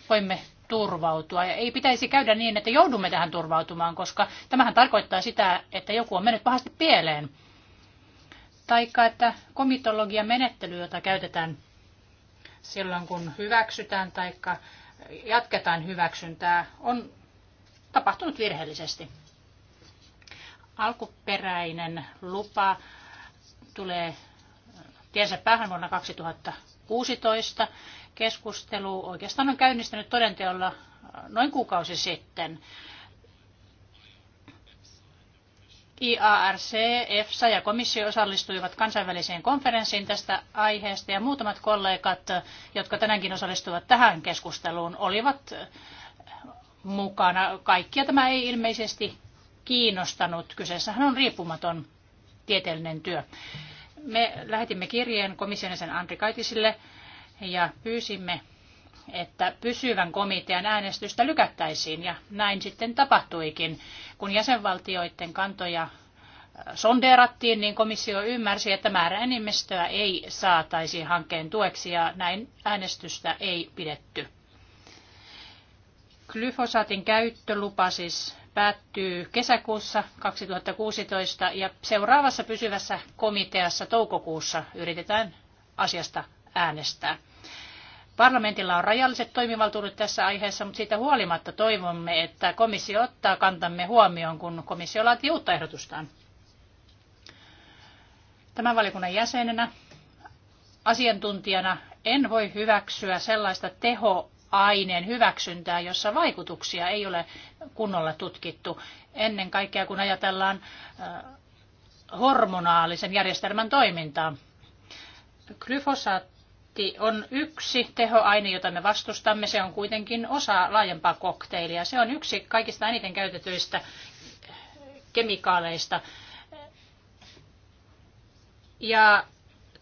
voimme turvautua. Ja ei pitäisi käydä niin, että joudumme tähän turvautumaan, koska tämähän tarkoittaa sitä, että joku on mennyt pahasti pieleen. Taikka, että komitologian menettely, jota käytetään silloin, kun hyväksytään taikka jatketaan hyväksyntää, on tapahtunut virheellisesti. Alkuperäinen lupa tulee tiensä päähän vuonna 2016. Keskustelu oikeastaan on käynnistynyt todenteolla noin kuukausi sitten. IARC, EFSA ja komissio osallistuivat kansainväliseen konferenssiin tästä aiheesta ja muutamat kollegat, jotka tänäänkin osallistuivat tähän keskusteluun, olivat mukana. Kaikkia tämä ei ilmeisesti kiinnostanut. Kyseessähän on riippumaton tieteellinen työ. Me lähetimme kirjeen komission sen Andri Kaitisille ja pyysimme että pysyvän komitean äänestystä lykättäisiin ja näin sitten tapahtuikin. Kun jäsenvaltioiden kantoja äh, sondeerattiin, niin komissio ymmärsi, että määräenimmistöä ei saataisi hankkeen tueksi ja näin äänestystä ei pidetty. Glyfosaatin käyttölupa siis päättyy kesäkuussa 2016 ja seuraavassa pysyvässä komiteassa toukokuussa yritetään asiasta äänestää. Parlamentilla on rajalliset toimivaltuudet tässä aiheessa, mutta siitä huolimatta toivomme, että komissio ottaa kantamme huomioon, kun komissio laatii uutta ehdotustaan. Tämän valikunnan jäsenenä, asiantuntijana en voi hyväksyä sellaista teho aineen hyväksyntää, jossa vaikutuksia ei ole kunnolla tutkittu. Ennen kaikkea kun ajatellaan äh, hormonaalisen järjestelmän toimintaa. Glyfosaatti Fosfaatti on yksi tehoaine, jota me vastustamme. Se on kuitenkin osa laajempaa kokteilia. Se on yksi kaikista eniten käytetyistä kemikaaleista. Ja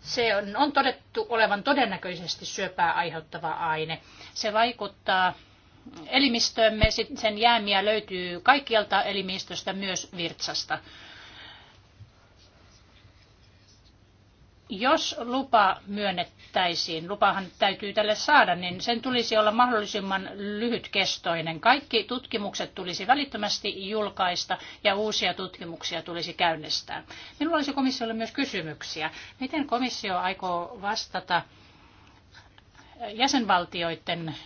se on, on todettu olevan todennäköisesti syöpää aiheuttava aine. Se vaikuttaa elimistöömme, sen jäämiä löytyy kaikkialta elimistöstä, myös virtsasta. Jos lupa myönnettäisiin, lupahan täytyy tälle saada, niin sen tulisi olla mahdollisimman lyhytkestoinen. Kaikki tutkimukset tulisi välittömästi julkaista ja uusia tutkimuksia tulisi käynnistää. Minulla olisi komissiolle myös kysymyksiä. Miten komissio aikoo vastata jäsenvaltioiden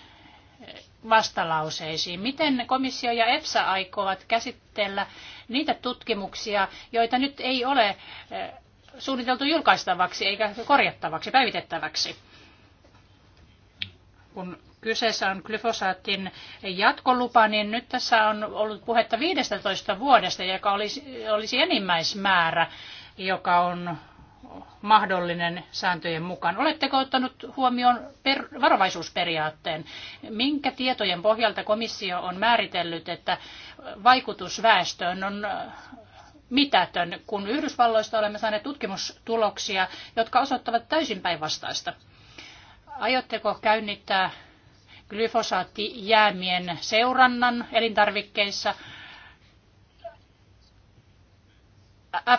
vastalauseisiin. Miten komissio ja EFSA aikovat käsitellä niitä tutkimuksia, joita nyt ei ole suunniteltu julkaistavaksi eikä korjattavaksi, päivitettäväksi. Kun kyseessä on glyfosaatin jatkolupa, niin nyt tässä on ollut puhetta 15 vuodesta, joka olisi, olisi enimmäismäärä, joka on mahdollinen sääntöjen mukaan. Oletteko ottanut huomioon per, varovaisuusperiaatteen? Minkä tietojen pohjalta komissio on määritellyt, että vaikutus väestöön on mitätön, kun Yhdysvalloista olemme saaneet tutkimustuloksia, jotka osoittavat täysin päinvastaista. Aiotteko käynnittää glyfosaattijäämien seurannan elintarvikkeissa?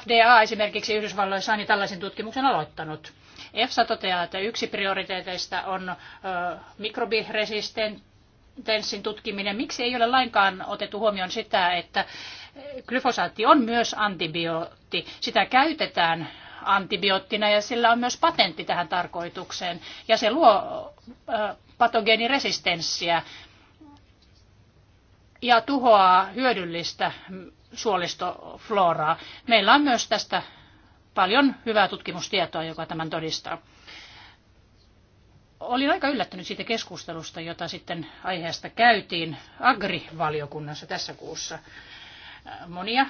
FDA esimerkiksi Yhdysvalloissa on niin tällaisen tutkimuksen aloittanut. EFSA toteaa, että yksi prioriteeteista on mikrobiresistenssin tutkiminen. Miksi ei ole lainkaan otettu huomioon sitä, että Glyfosaatti on myös antibiootti. Sitä käytetään antibioottina ja sillä on myös patentti tähän tarkoitukseen. Ja se luo patogeeniresistenssiä ja tuhoaa hyödyllistä suolistofloraa. Meillä on myös tästä paljon hyvää tutkimustietoa, joka tämän todistaa. Olin aika yllättynyt siitä keskustelusta, jota sitten aiheesta käytiin agrivaliokunnassa tässä kuussa. Monia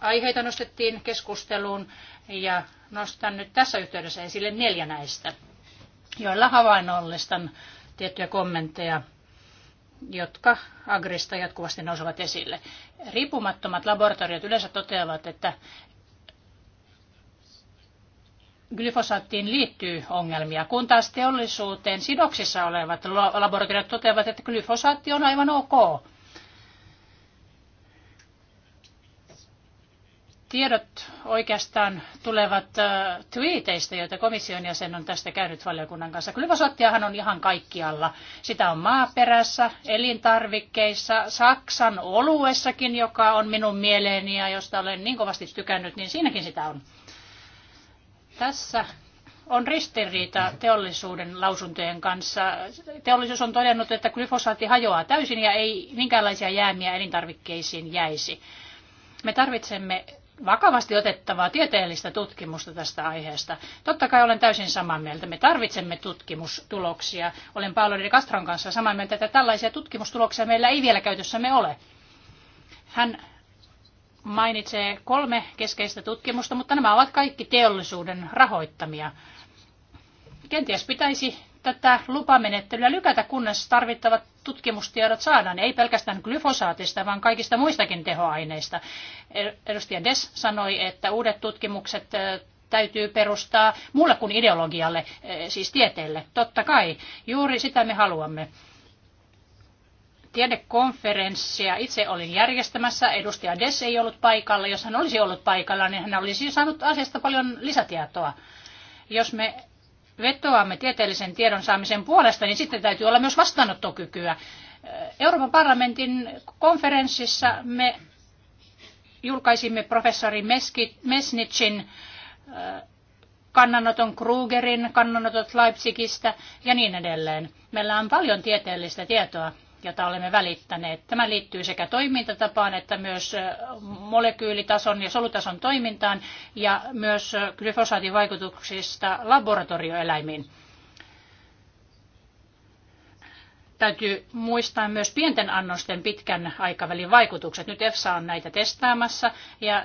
aiheita nostettiin keskusteluun ja nostan nyt tässä yhteydessä esille neljä näistä, joilla havainnollistan tiettyjä kommentteja, jotka Agrista jatkuvasti nousevat esille. Riippumattomat laboratoriot yleensä toteavat, että glyfosaattiin liittyy ongelmia, kun taas teollisuuteen sidoksissa olevat laboratoriot toteavat, että glyfosaatti on aivan ok. tiedot oikeastaan tulevat äh, tweeteistä, joita komission jäsen on tästä käynyt valiokunnan kanssa. Glyfosaattiahan on ihan kaikkialla. Sitä on maaperässä, elintarvikkeissa, Saksan oluessakin, joka on minun mieleeni ja josta olen niin kovasti tykännyt, niin siinäkin sitä on. Tässä on ristiriita teollisuuden lausuntojen kanssa. Teollisuus on todennut, että glyfosaatti hajoaa täysin ja ei minkäänlaisia jäämiä elintarvikkeisiin jäisi. Me tarvitsemme vakavasti otettavaa tieteellistä tutkimusta tästä aiheesta. Totta kai olen täysin samaa mieltä. Me tarvitsemme tutkimustuloksia. Olen Paolo de Castron kanssa samaa mieltä, että tällaisia tutkimustuloksia meillä ei vielä käytössämme ole. Hän mainitsee kolme keskeistä tutkimusta, mutta nämä ovat kaikki teollisuuden rahoittamia. Kenties pitäisi tätä lupamenettelyä lykätä, kunnes tarvittavat tutkimustiedot saadaan. Ei pelkästään glyfosaatista, vaan kaikista muistakin tehoaineista. Edustaja Des sanoi, että uudet tutkimukset täytyy perustaa muulle kuin ideologialle, siis tieteelle. Totta kai, juuri sitä me haluamme tiedekonferenssia. Itse olin järjestämässä. Edustaja Des ei ollut paikalla. Jos hän olisi ollut paikalla, niin hän olisi saanut asiasta paljon lisätietoa. Jos me vetoamme tieteellisen tiedon saamisen puolesta, niin sitten täytyy olla myös vastaanottokykyä. Euroopan parlamentin konferenssissa me julkaisimme professori Mesnitsin äh, kannanoton Krugerin, kannanotot Leipzigistä ja niin edelleen. Meillä on paljon tieteellistä tietoa jota olemme välittäneet. Tämä liittyy sekä toimintatapaan että myös molekyylitason ja solutason toimintaan ja myös glyfosaatin vaikutuksista laboratorioeläimiin. Täytyy muistaa myös pienten annosten pitkän aikavälin vaikutukset. Nyt EFSA on näitä testaamassa ja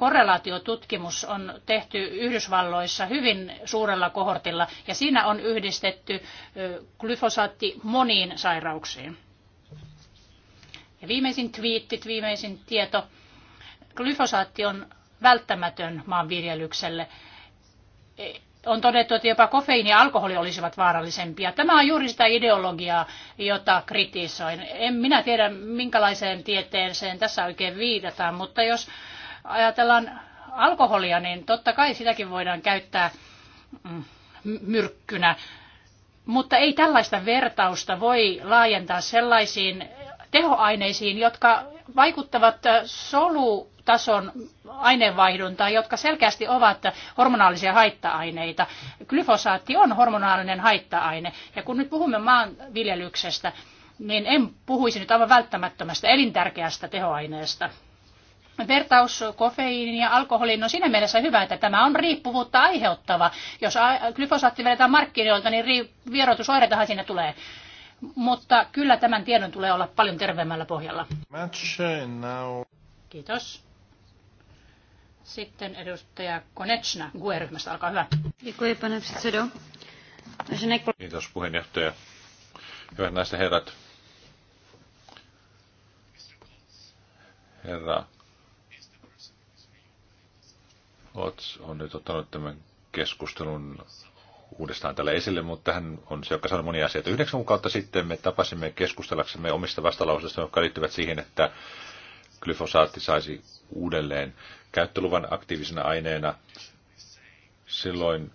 korrelaatiotutkimus on tehty Yhdysvalloissa hyvin suurella kohortilla ja siinä on yhdistetty glyfosaatti moniin sairauksiin. Ja viimeisin twiittit, viimeisin tieto. Glyfosaatti on välttämätön maanviljelykselle. E, on todettu, että jopa kofeiini ja alkoholi olisivat vaarallisempia. Tämä on juuri sitä ideologiaa, jota kritisoin. En minä tiedä, minkälaiseen tieteeseen tässä oikein viitataan, mutta jos ajatellaan alkoholia, niin totta kai sitäkin voidaan käyttää mm, myrkkynä. Mutta ei tällaista vertausta voi laajentaa sellaisiin tehoaineisiin, jotka vaikuttavat solutason aineenvaihduntaan, jotka selkeästi ovat hormonaalisia haitta-aineita. Glyfosaatti on hormonaalinen haitta-aine. Ja kun nyt puhumme maanviljelyksestä, niin en puhuisi nyt aivan välttämättömästä elintärkeästä tehoaineesta vertaus kofeiinin ja alkoholiin on no siinä mielessä hyvä, että tämä on riippuvuutta aiheuttava. Jos glyfosaatti vedetään markkinoilta, niin vierotusoireitahan siinä tulee. Mutta kyllä tämän tiedon tulee olla paljon terveemmällä pohjalla. Kiitos. Sitten edustaja Konechna GUE-ryhmästä, olkaa hyvä. Kiitos puheenjohtaja. Hyvät näistä herrat. Herra Ots on nyt ottanut tämän keskustelun uudestaan tällä esille, mutta hän on se, joka sanoi monia asioita. Yhdeksän kuukautta sitten me tapasimme keskustellaksemme omista vastalauseista, jotka liittyvät siihen, että glyfosaatti saisi uudelleen käyttöluvan aktiivisena aineena. Silloin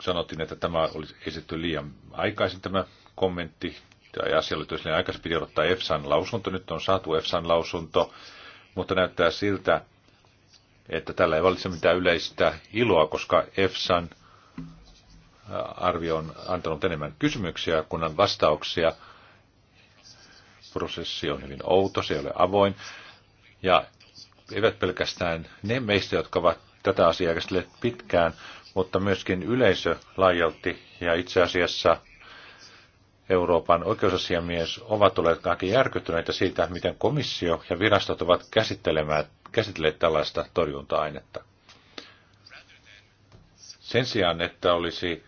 sanottiin, että tämä oli esitetty liian aikaisin tämä kommentti, ja asia oli tosiaan aikaisin, piti odottaa EFSAn lausunto, nyt on saatu EFSAn lausunto, mutta näyttää siltä, että tällä ei valitse mitään yleistä iloa, koska EFSAn äh, arvio on antanut enemmän kysymyksiä kuin vastauksia. Prosessi on hyvin outo, se ei ole avoin. Ja eivät pelkästään ne meistä, jotka ovat tätä asiaa käsitelleet pitkään, mutta myöskin yleisö laajalti ja itse asiassa Euroopan oikeusasiamies ovat olleet kaikki järkyttyneitä siitä, miten komissio ja virastot ovat käsitelleet tällaista torjunta-ainetta. Sen sijaan, että olisi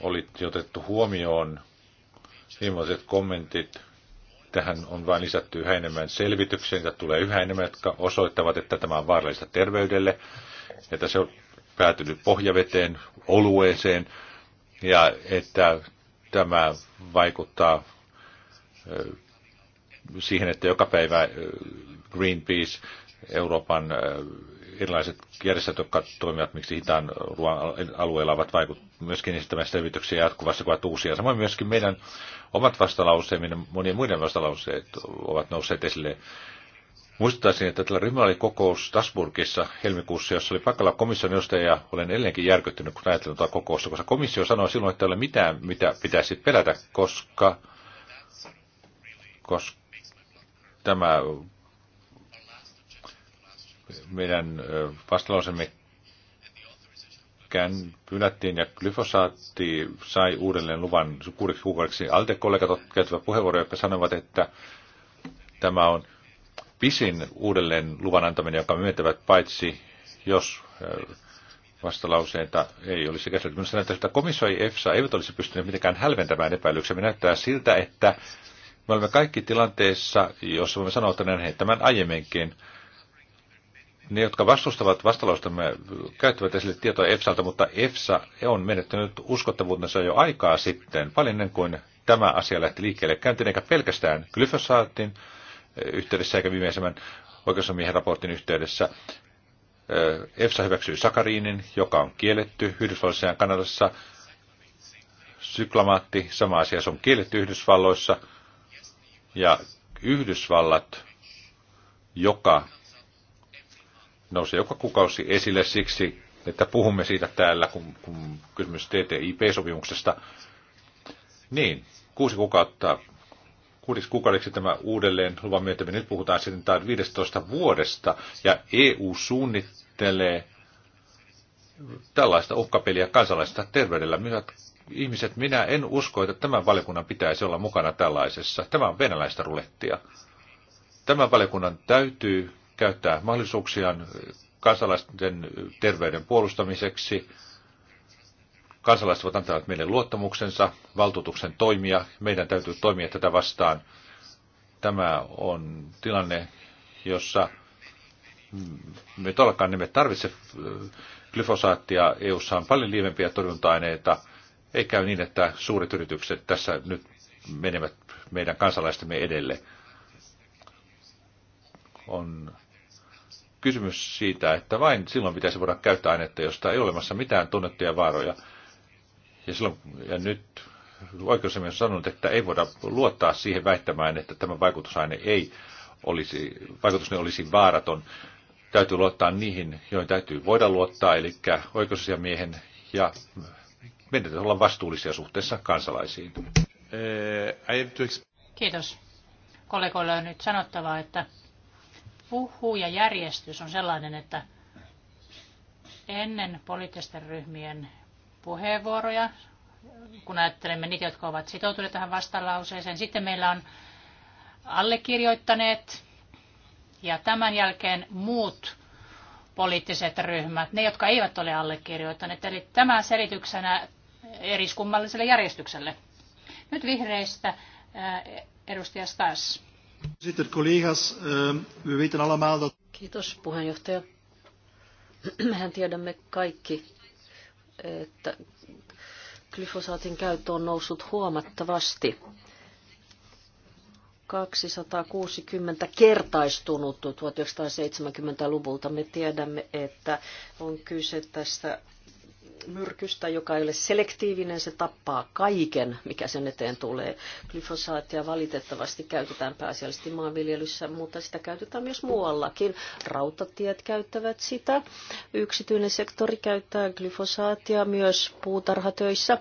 oli otettu huomioon viimeiset kommentit, tähän on vain lisätty yhä enemmän selvityksiä, ja tulee yhä enemmän, jotka osoittavat, että tämä on vaarallista terveydelle, että se on päätynyt pohjaveteen, olueeseen, ja että tämä vaikuttaa siihen, että joka päivä Greenpeace, Euroopan erilaiset järjestöt, jotka toimivat miksi hitaan ruoan alueella, ovat vaikut, myöskin esittämään selvityksiä jatkuvasti, kuin uusia. Samoin myöskin meidän omat vastalauseemme, monien muiden vastalauseet ovat nousseet esille Muistaisin, että tällä ryhmällä oli kokous Strasbourgissa helmikuussa, jossa oli paikalla komission johtaja ja olen edelleenkin järkyttynyt, kun ajattelin tuota kokousta, koska komissio sanoi silloin, että ei ole mitään, mitä pitäisi pelätä, koska, koska tämä meidän vastalausemme kään pylättiin ja glyfosaatti sai uudelleen luvan kuudeksi kuukaudeksi. Alte-kollegat käyttävät puheenvuoroja, jotka sanovat, että tämä on pisin uudelleen luvan antaminen, joka myöntävät paitsi, jos äh, vastalauseita ei olisi käsitelty. Minusta näyttää, että komissio ja EFSA eivät olisi pystyneet mitenkään hälventämään epäilyksiä. Me näyttää siltä, että me olemme kaikki tilanteessa, jossa voimme sanoa, että näin tämän aiemminkin. Ne, jotka vastustavat me käyttävät esille tietoa EFSAlta, mutta EFSA on menettänyt uskottavuutensa jo aikaa sitten, paljon ennen kuin tämä asia lähti liikkeelle käyntiin, eikä pelkästään glyfosaatin yhteydessä eikä viimeisemmän oikeusomien raportin yhteydessä. EFSA hyväksyi sakariinin, joka on kielletty Yhdysvalloissa ja Kanadassa. Syklamaatti, sama asia, se on kielletty Yhdysvalloissa. Ja Yhdysvallat, joka nousee joka kuukausi esille siksi, että puhumme siitä täällä, kun, kun kysymys TTIP-sopimuksesta. Niin, kuusi kuukautta kuudeksi kuukaudeksi tämä uudelleen luvan myöntäminen. Nyt puhutaan sitten 15 vuodesta ja EU suunnittelee tällaista uhkapeliä kansalaista terveydellä. Minä, ihmiset, minä en usko, että tämän valiokunnan pitäisi olla mukana tällaisessa. Tämä on venäläistä rulettia. Tämän valiokunnan täytyy käyttää mahdollisuuksiaan kansalaisten terveyden puolustamiseksi Kansalaiset ovat antaneet meille luottamuksensa, valtuutuksen toimia. Meidän täytyy toimia tätä vastaan. Tämä on tilanne, jossa me todellakaan emme tarvitse äh, glyfosaattia. EU-ssa on paljon lievempiä torjunta-aineita. Ei käy niin, että suuret yritykset tässä nyt menevät meidän kansalaistemme edelle. On kysymys siitä, että vain silloin pitäisi voida käyttää ainetta, josta ei ole olemassa mitään tunnettuja vaaroja. Ja, silloin, ja nyt oikeusasiamies on sanonut, että ei voida luottaa siihen väittämään, että tämä vaikutusaine ei olisi, vaikutusne olisi vaaraton. Täytyy luottaa niihin, joihin täytyy voida luottaa, eli oikeusasiamiehen ja meidän täytyy olla vastuullisia suhteessa kansalaisiin. Eh, Kiitos. Kollegoille on nyt sanottava, että ja järjestys on sellainen, että ennen poliittisten ryhmien puheenvuoroja, kun ajattelemme niitä, jotka ovat sitoutuneet tähän vastalauseeseen. Sitten meillä on allekirjoittaneet ja tämän jälkeen muut poliittiset ryhmät, ne jotka eivät ole allekirjoittaneet. Eli tämä selityksenä eriskummalliselle järjestykselle. Nyt vihreistä äh, edustaja Stas. Sitten kollegas, äh, me Kiitos puheenjohtaja. Mehän tiedämme kaikki, että glyfosaatin käyttö on noussut huomattavasti. 260 kertaistunut 1970-luvulta. Me tiedämme, että on kyse tästä myrkystä, joka ei ole selektiivinen, se tappaa kaiken, mikä sen eteen tulee. Glyfosaattia valitettavasti käytetään pääasiallisesti maanviljelyssä, mutta sitä käytetään myös muuallakin. Rautatiet käyttävät sitä, yksityinen sektori käyttää glyfosaattia myös puutarhatöissä.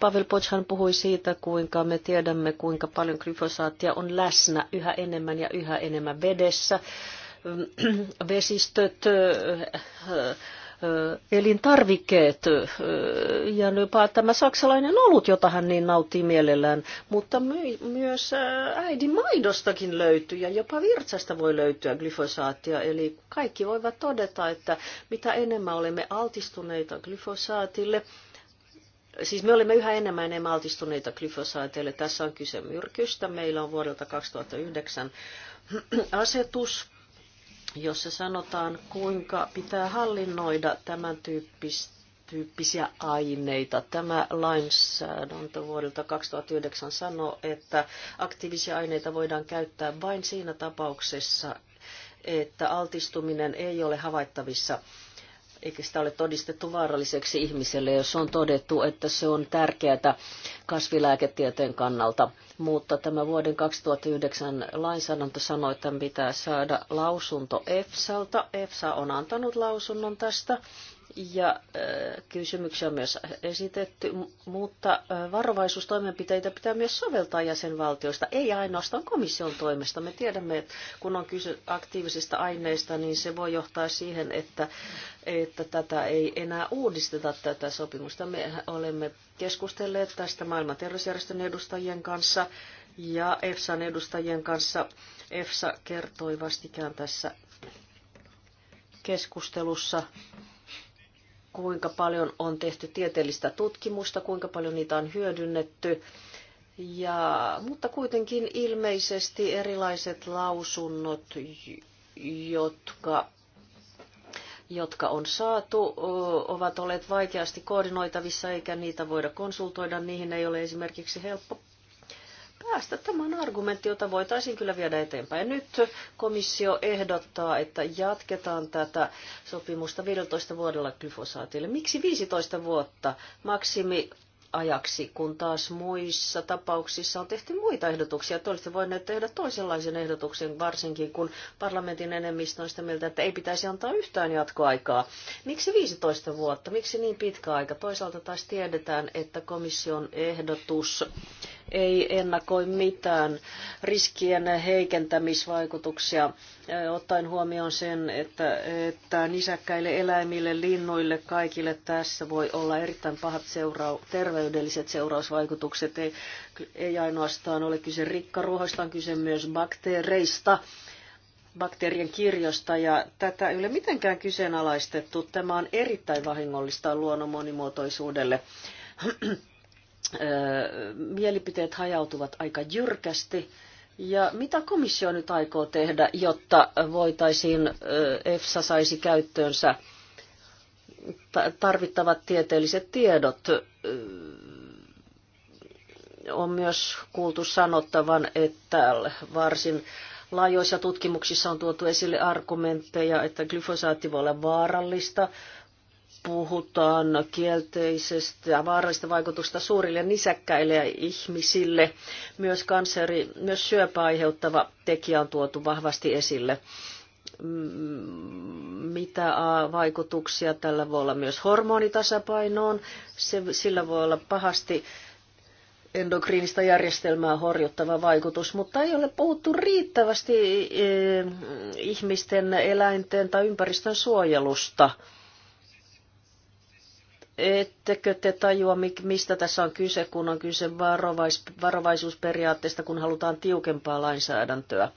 Pavel Pochhan puhui siitä, kuinka me tiedämme, kuinka paljon glyfosaattia on läsnä yhä enemmän ja yhä enemmän vedessä. Öö, vesistöt, öö, elintarvikkeet ja jopa tämä saksalainen olut, jota hän niin nauttii mielellään, mutta my- myös äidin maidostakin löytyy ja jopa virtsasta voi löytyä glyfosaattia. Eli kaikki voivat todeta, että mitä enemmän olemme altistuneita glyfosaatille, Siis me olemme yhä enemmän enemmän altistuneita glyfosaateille. Tässä on kyse myrkystä. Meillä on vuodelta 2009 asetus, jossa sanotaan, kuinka pitää hallinnoida tämän tyyppistä tyyppisiä aineita. Tämä lainsäädäntö vuodelta 2009 sanoo, että aktiivisia aineita voidaan käyttää vain siinä tapauksessa, että altistuminen ei ole havaittavissa eikä sitä ole todistettu vaaralliseksi ihmiselle, jos on todettu, että se on tärkeää kasvilääketieteen kannalta mutta tämä vuoden 2009 lainsäädäntö sanoi, että pitää saada lausunto EFSAlta. EFSA on antanut lausunnon tästä ja kysymyksiä on myös esitetty, mutta varovaisuustoimenpiteitä pitää myös soveltaa jäsenvaltioista, ei ainoastaan komission toimesta. Me tiedämme, että kun on kyse aktiivisista aineista, niin se voi johtaa siihen, että, että tätä ei enää uudisteta tätä sopimusta. Me olemme keskustelleet tästä maailman terveysjärjestön edustajien kanssa ja EFSAn edustajien kanssa. EFSA kertoi vastikään tässä keskustelussa kuinka paljon on tehty tieteellistä tutkimusta, kuinka paljon niitä on hyödynnetty. Ja, mutta kuitenkin ilmeisesti erilaiset lausunnot, jotka, jotka on saatu, ovat olleet vaikeasti koordinoitavissa, eikä niitä voida konsultoida. Niihin ei ole esimerkiksi helppo päästä. Tämä on argumentti, jota voitaisiin kyllä viedä eteenpäin. Nyt komissio ehdottaa, että jatketaan tätä sopimusta 15 vuodella glyfosaatille. Miksi 15 vuotta maksimi ajaksi, kun taas muissa tapauksissa on tehty muita ehdotuksia. Te olisitte voineet tehdä toisenlaisen ehdotuksen, varsinkin kun parlamentin enemmistö on sitä mieltä, että ei pitäisi antaa yhtään jatkoaikaa. Miksi 15 vuotta? Miksi niin pitkä aika? Toisaalta taas tiedetään, että komission ehdotus ei ennakoi mitään riskien heikentämisvaikutuksia, ottaen huomioon sen, että, että nisäkkäille eläimille, linnuille, kaikille tässä voi olla erittäin pahat seurau- terveydelliset seurausvaikutukset. Ei, ei ainoastaan ole kyse rikkaruohoista, on kyse myös bakteereista bakteerien kirjosta ja tätä ei ole mitenkään kyseenalaistettu. Tämä on erittäin vahingollista luonnon monimuotoisuudelle mielipiteet hajautuvat aika jyrkästi. Ja mitä komissio nyt aikoo tehdä, jotta voitaisiin EFSA saisi käyttöönsä tarvittavat tieteelliset tiedot? On myös kuultu sanottavan, että varsin laajoissa tutkimuksissa on tuotu esille argumentteja, että glyfosaatti voi olla vaarallista puhutaan kielteisestä ja vaarallisesta vaikutusta suurille nisäkkäille ja ihmisille. Myös kanseri, myös syöpä aiheuttava tekijä on tuotu vahvasti esille. Mm, mitä vaikutuksia tällä voi olla myös hormonitasapainoon? Se, sillä voi olla pahasti endokriinista järjestelmää horjuttava vaikutus, mutta ei ole puhuttu riittävästi eh, ihmisten, eläinten tai ympäristön suojelusta. Ettekö te tajua, mistä tässä on kyse, kun on kyse varovais, varovaisuusperiaatteesta, kun halutaan tiukempaa lainsäädäntöä?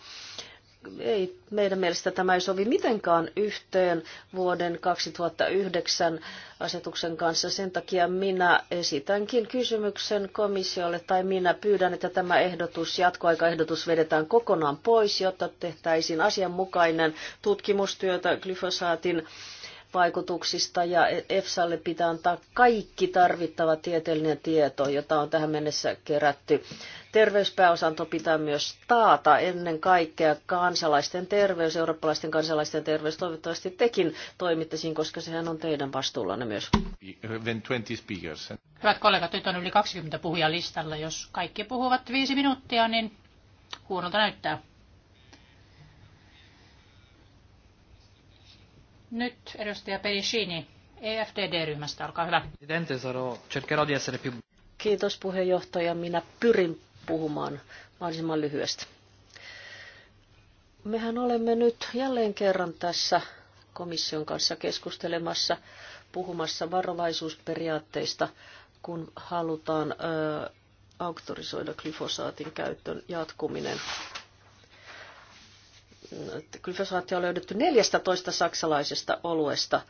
Ei, meidän mielestä tämä ei sovi mitenkään yhteen vuoden 2009 asetuksen kanssa. Sen takia minä esitänkin kysymyksen komissiolle tai minä pyydän, että tämä ehdotus, jatkoaikaehdotus vedetään kokonaan pois, jotta tehtäisiin asianmukainen tutkimustyötä glyfosaatin vaikutuksista ja EFSAlle pitää antaa kaikki tarvittava tieteellinen tieto, jota on tähän mennessä kerätty. Terveyspääosanto pitää myös taata ennen kaikkea kansalaisten terveys, eurooppalaisten kansalaisten terveys. Toivottavasti tekin toimittaisiin, koska sehän on teidän vastuullanne myös. Hyvät kollegat, nyt on yli 20 puhujalistalla. listalla. Jos kaikki puhuvat viisi minuuttia, niin huonolta näyttää. Nyt edustaja Pedicini EFDD-ryhmästä, olkaa hyvä. Kiitos puheenjohtaja. Minä pyrin puhumaan mahdollisimman lyhyesti. Mehän olemme nyt jälleen kerran tässä komission kanssa keskustelemassa, puhumassa varovaisuusperiaatteista, kun halutaan ö, auktorisoida glyfosaatin käytön jatkuminen glyfosaattia on löydetty 14 saksalaisesta oluesta.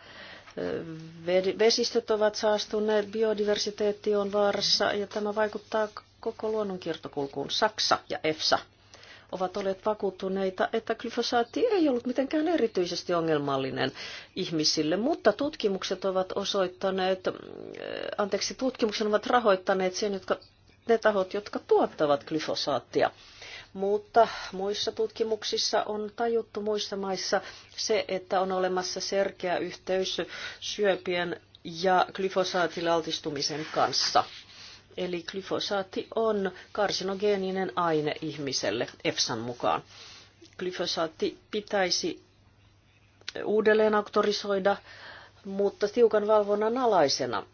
Vesistöt ovat saastuneet, biodiversiteetti on vaarassa ja tämä vaikuttaa koko luonnon kiertokulkuun. Saksa ja EFSA ovat olleet vakuuttuneita, että glyfosaatti ei ollut mitenkään erityisesti ongelmallinen ihmisille, mutta tutkimukset ovat osoittaneet, äh, anteeksi, tutkimuksen ovat rahoittaneet sen, jotka, ne tahot, jotka tuottavat glyfosaattia mutta muissa tutkimuksissa on tajuttu muissa maissa se, että on olemassa selkeä yhteys syöpien ja glyfosaatille altistumisen kanssa. Eli glyfosaatti on karsinogeeninen aine ihmiselle EFSAn mukaan. Glyfosaatti pitäisi uudelleen auktorisoida, mutta tiukan valvonnan alaisena.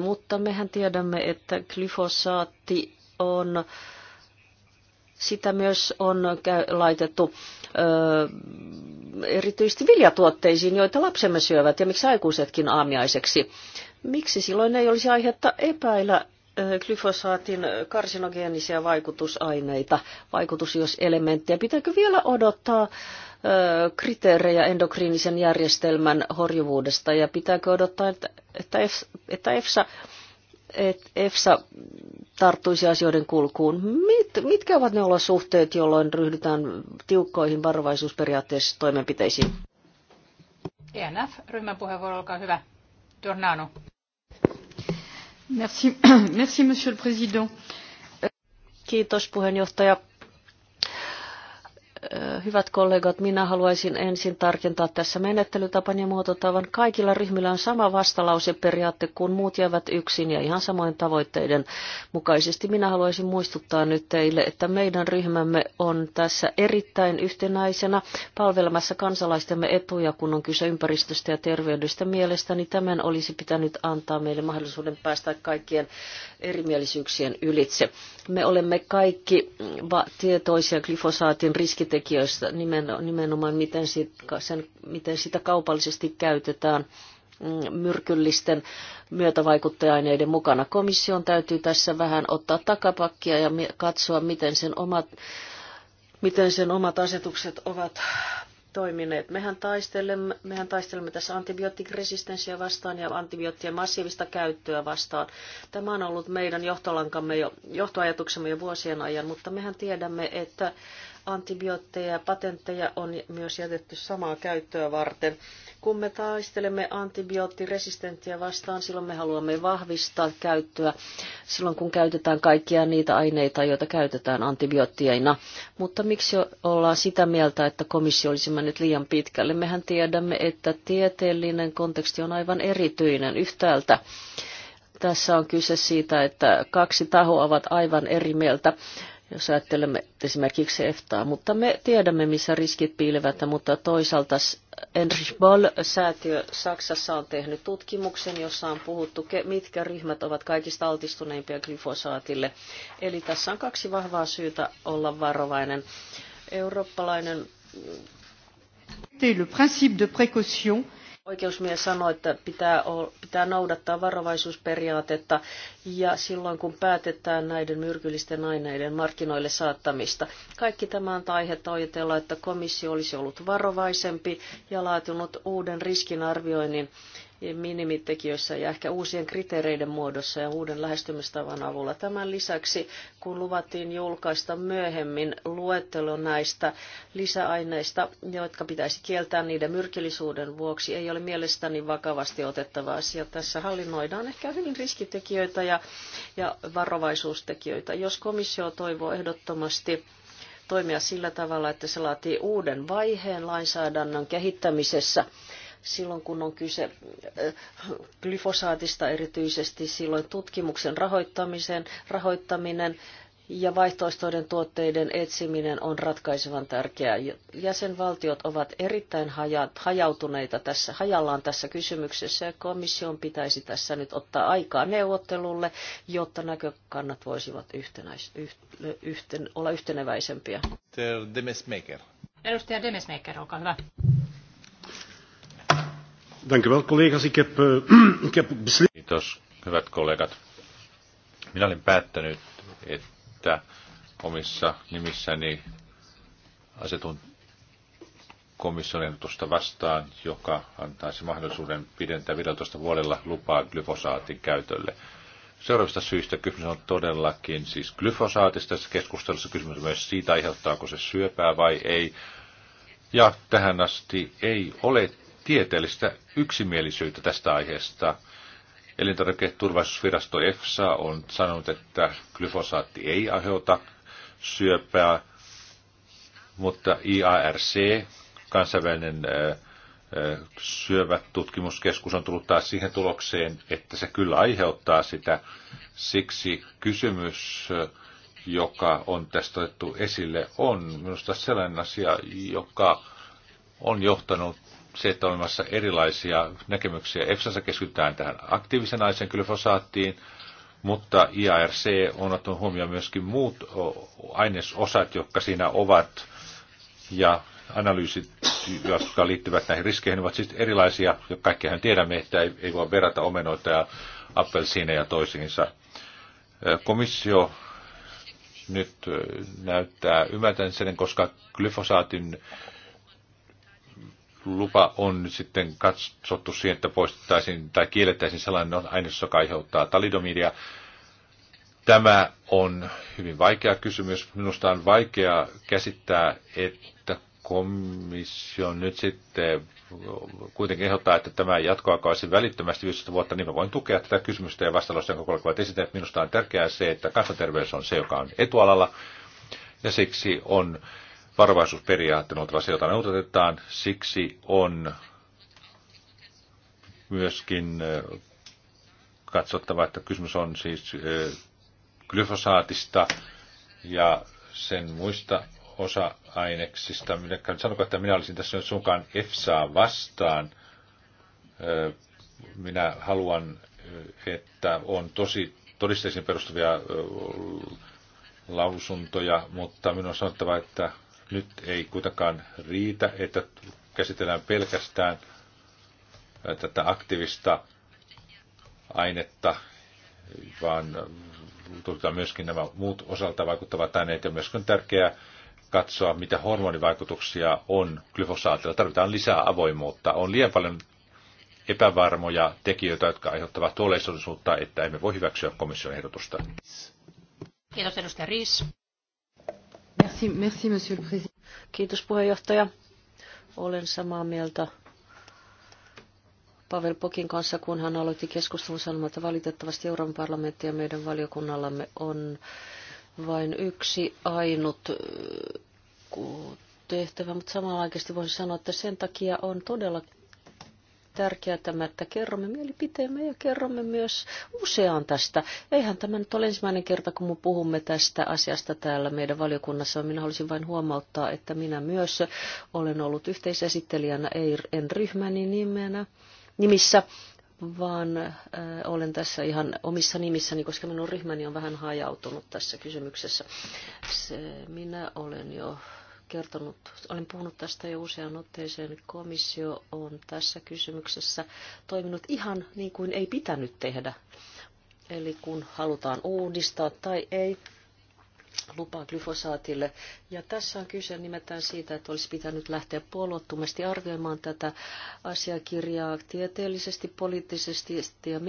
Mutta mehän tiedämme, että glyfosaatti on sitä myös on laitettu ö, erityisesti viljatuotteisiin, joita lapsemme syövät ja miksi aikuisetkin aamiaiseksi. Miksi silloin ei olisi aihetta epäillä glyfosaatin karsinogeenisia vaikutusaineita, vaikutusjoselementtejä? Pitääkö vielä odottaa kriteerejä endokriinisen järjestelmän horjuvuudesta ja pitääkö odottaa, että, että, EFSA, että EFSA, että EFSA tarttuisi asioiden kulkuun. Mit, mitkä ovat ne olosuhteet, jolloin ryhdytään tiukkoihin varovaisuusperiaatteessa toimenpiteisiin? ENF, ryhmän puheenvuoro, olkaa hyvä. Tornano. Merci, merci monsieur le président. Kiitos puheenjohtaja. Hyvät kollegat, minä haluaisin ensin tarkentaa tässä menettelytapan ja muototavan. Kaikilla ryhmillä on sama vastalauseperiaatte, kun muut jäävät yksin ja ihan samoin tavoitteiden mukaisesti. Minä haluaisin muistuttaa nyt teille, että meidän ryhmämme on tässä erittäin yhtenäisenä palvelemassa kansalaistemme etuja, kun on kyse ympäristöstä ja terveydestä. Mielestäni tämän olisi pitänyt antaa meille mahdollisuuden päästä kaikkien erimielisyyksien ylitse. Me olemme kaikki tietoisia glyfosaatin riskitekijöistä kaupallisesta, nimenomaan miten, sit, sen, miten sitä kaupallisesti käytetään mm, myrkyllisten myötävaikuttajaineiden mukana. Komission täytyy tässä vähän ottaa takapakkia ja katsoa, miten sen omat, miten sen omat asetukset ovat toimineet. Mehän taistelemme, mehän taistelemme tässä antibioottiresistenssiä vastaan ja antibioottien massiivista käyttöä vastaan. Tämä on ollut meidän johtolankamme jo, johtoajatuksemme jo vuosien ajan, mutta mehän tiedämme, että Antibiootteja ja patentteja on myös jätetty samaa käyttöä varten. Kun me taistelemme antibioottiresistenttiä vastaan, silloin me haluamme vahvistaa käyttöä silloin, kun käytetään kaikkia niitä aineita, joita käytetään antibiootteina. Mutta miksi ollaan sitä mieltä, että komissio olisi mennyt liian pitkälle? Mehän tiedämme, että tieteellinen konteksti on aivan erityinen yhtäältä tässä on kyse siitä, että kaksi tahoa ovat aivan eri mieltä jos ajattelemme esimerkiksi EFTAa, mutta me tiedämme, missä riskit piilevät, mutta toisaalta Enrich Boll-säätiö Saksassa on tehnyt tutkimuksen, jossa on puhuttu, mitkä ryhmät ovat kaikista altistuneimpia glyfosaatille. Eli tässä on kaksi vahvaa syytä olla varovainen. Eurooppalainen... Le principe de précaution Oikeusmies sanoi, että pitää, pitää noudattaa varovaisuusperiaatetta ja silloin kun päätetään näiden myrkyllisten aineiden markkinoille saattamista. Kaikki tämä on aihetta ajatella, että komissio olisi ollut varovaisempi ja laatinut uuden riskinarvioinnin minimitekijöissä ja ehkä uusien kriteereiden muodossa ja uuden lähestymistavan avulla. Tämän lisäksi, kun luvattiin julkaista myöhemmin luettelo näistä lisäaineista, jotka pitäisi kieltää niiden myrkillisuuden vuoksi, ei ole mielestäni vakavasti otettava asia. Tässä hallinnoidaan ehkä hyvin riskitekijöitä ja, ja varovaisuustekijöitä. Jos komissio toivoo ehdottomasti toimia sillä tavalla, että se laatii uuden vaiheen lainsäädännön kehittämisessä, silloin kun on kyse glyfosaatista erityisesti, silloin tutkimuksen rahoittamisen, rahoittaminen ja vaihtoehtoiden tuotteiden etsiminen on ratkaisevan tärkeää. Jäsenvaltiot ovat erittäin hajautuneita tässä, hajallaan tässä kysymyksessä ja komission pitäisi tässä nyt ottaa aikaa neuvottelulle, jotta näkökannat voisivat yhtenäis, yhten, olla yhteneväisempiä. Edustaja Demesmaker, olkaa hyvä. Eh, hyvät kollegat. Minä olin päättänyt, että omissa nimissäni asetun komission ehdotusta vastaan, joka antaisi mahdollisuuden pidentää 15 vuodella lupaa glyfosaatin käytölle. Seuraavista syistä kysymys on todellakin siis glyfosaatista. Tässä keskustelussa kysymys on myös siitä, aiheuttaako se syöpää vai ei. Ja tähän asti ei ole tieteellistä yksimielisyyttä tästä aiheesta. Elintarviketurvallisuusvirasto EFSA on sanonut, että glyfosaatti ei aiheuta syöpää, mutta IARC, kansainvälinen tutkimuskeskus on tullut taas siihen tulokseen, että se kyllä aiheuttaa sitä. Siksi kysymys, joka on tästä otettu esille, on minusta sellainen asia, joka on johtanut se, että on olemassa erilaisia näkemyksiä. EFSAssa keskitytään tähän aktiivisen naisen glyfosaattiin, mutta IARC on ottanut huomioon myöskin muut ainesosat, jotka siinä ovat, ja analyysit, jotka liittyvät näihin riskeihin, ovat siis erilaisia. Kaikkihan tiedämme, että ei, ei voi verrata omenoita ja appelsiineja toisiinsa. Komissio nyt näyttää ymmärtänyt sen, koska glyfosaatin lupa on nyt sitten katsottu siihen, että poistettaisiin tai kiellettäisiin sellainen aines, joka aiheuttaa talidomidia. Tämä on hyvin vaikea kysymys. Minusta on vaikea käsittää, että komissio nyt sitten kuitenkin ehdottaa, että tämä jatkoaikaisi välittömästi 15 vuotta, niin mä voin tukea tätä kysymystä ja vastalauseen jonka esittää, että Minusta on tärkeää se, että kansanterveys on se, joka on etualalla, ja siksi on varovaisuusperiaatteen oltava se, jota noudatetaan. Siksi on myöskin katsottava, että kysymys on siis glyfosaatista ja sen muista osa-aineksista. Sanoko, että minä olisin tässä nyt sunkaan EFSAa vastaan. Minä haluan, että on tosi todisteisiin perustuvia lausuntoja, mutta minun on sanottava, että nyt ei kuitenkaan riitä, että käsitellään pelkästään äh, tätä aktiivista ainetta, vaan tutkitaan myöskin nämä muut osalta vaikuttavat aineet ja myöskin on tärkeää katsoa, mitä hormonivaikutuksia on glyfosaatilla. Tarvitaan lisää avoimuutta. On liian paljon epävarmoja tekijöitä, jotka aiheuttavat huolellisuutta, että emme voi hyväksyä komission ehdotusta. Kiitos edustaja Riis. Kiitos puheenjohtaja. Olen samaa mieltä Pavel Pokin kanssa, kun hän aloitti keskustelun sanomaan, että valitettavasti Euroopan parlamentti ja meidän valiokunnallamme on vain yksi ainut äh, tehtävä, mutta samanaikaisesti voisi sanoa, että sen takia on todella tärkeää tämä, että kerromme mielipiteemme ja kerromme myös useaan tästä. Eihän tämä nyt ole ensimmäinen kerta, kun me puhumme tästä asiasta täällä meidän valiokunnassa. Minä haluaisin vain huomauttaa, että minä myös olen ollut yhteisesittelijänä, ei en ryhmäni nimenä, nimissä, vaan äh, olen tässä ihan omissa nimissäni, koska minun ryhmäni on vähän hajautunut tässä kysymyksessä. Se, minä olen jo kertonut, olen puhunut tästä jo usean otteeseen, komissio on tässä kysymyksessä toiminut ihan niin kuin ei pitänyt tehdä. Eli kun halutaan uudistaa tai ei, lupaa glyfosaatille. Ja tässä on kyse nimetään siitä, että olisi pitänyt lähteä puolueettomasti arvioimaan tätä asiakirjaa tieteellisesti, poliittisesti ja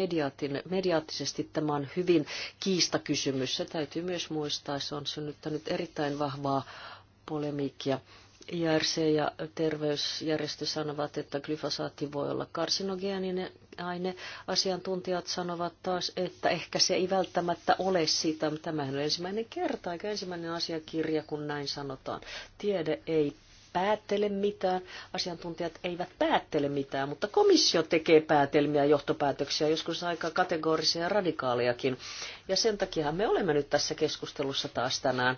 mediaattisesti. Tämä on hyvin kiistakysymys. Se täytyy myös muistaa, se on synnyttänyt erittäin vahvaa polemiikkia. IRC ja terveysjärjestö sanovat, että glyfosaatti voi olla karsinogeeninen aine. Asiantuntijat sanovat taas, että ehkä se ei välttämättä ole sitä. Tämähän on ensimmäinen kerta, eikä ensimmäinen asiakirja, kun näin sanotaan. Tiede ei päättele mitään, asiantuntijat eivät päättele mitään, mutta komissio tekee päätelmiä, johtopäätöksiä, joskus aika kategorisia ja radikaaliakin. Ja sen takia me olemme nyt tässä keskustelussa taas tänään.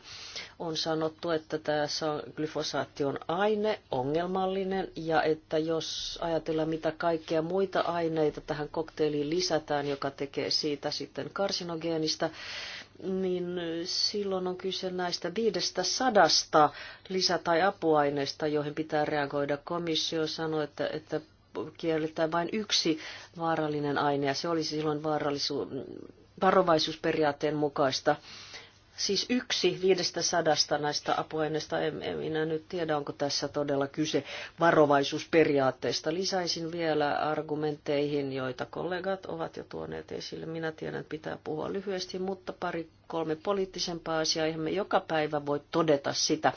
On sanottu, että tämä glyfosaatti on aine, ongelmallinen, ja että jos ajatellaan mitä kaikkea muita aineita tähän kokteiliin lisätään, joka tekee siitä sitten karsinogeenista, niin silloin on kyse näistä viidestä sadasta lisä- tai apuaineista, joihin pitää reagoida. Komissio sanoi, että, että kielletään vain yksi vaarallinen aine, ja se olisi silloin varovaisuusperiaatteen mukaista. Siis yksi viidestä sadasta näistä apuaineista, en, en minä nyt tiedä, onko tässä todella kyse varovaisuusperiaatteesta. Lisäisin vielä argumentteihin, joita kollegat ovat jo tuoneet esille. Minä tiedän, että pitää puhua lyhyesti, mutta pari kolme poliittisempaa asiaa. Eihän me joka päivä voi todeta sitä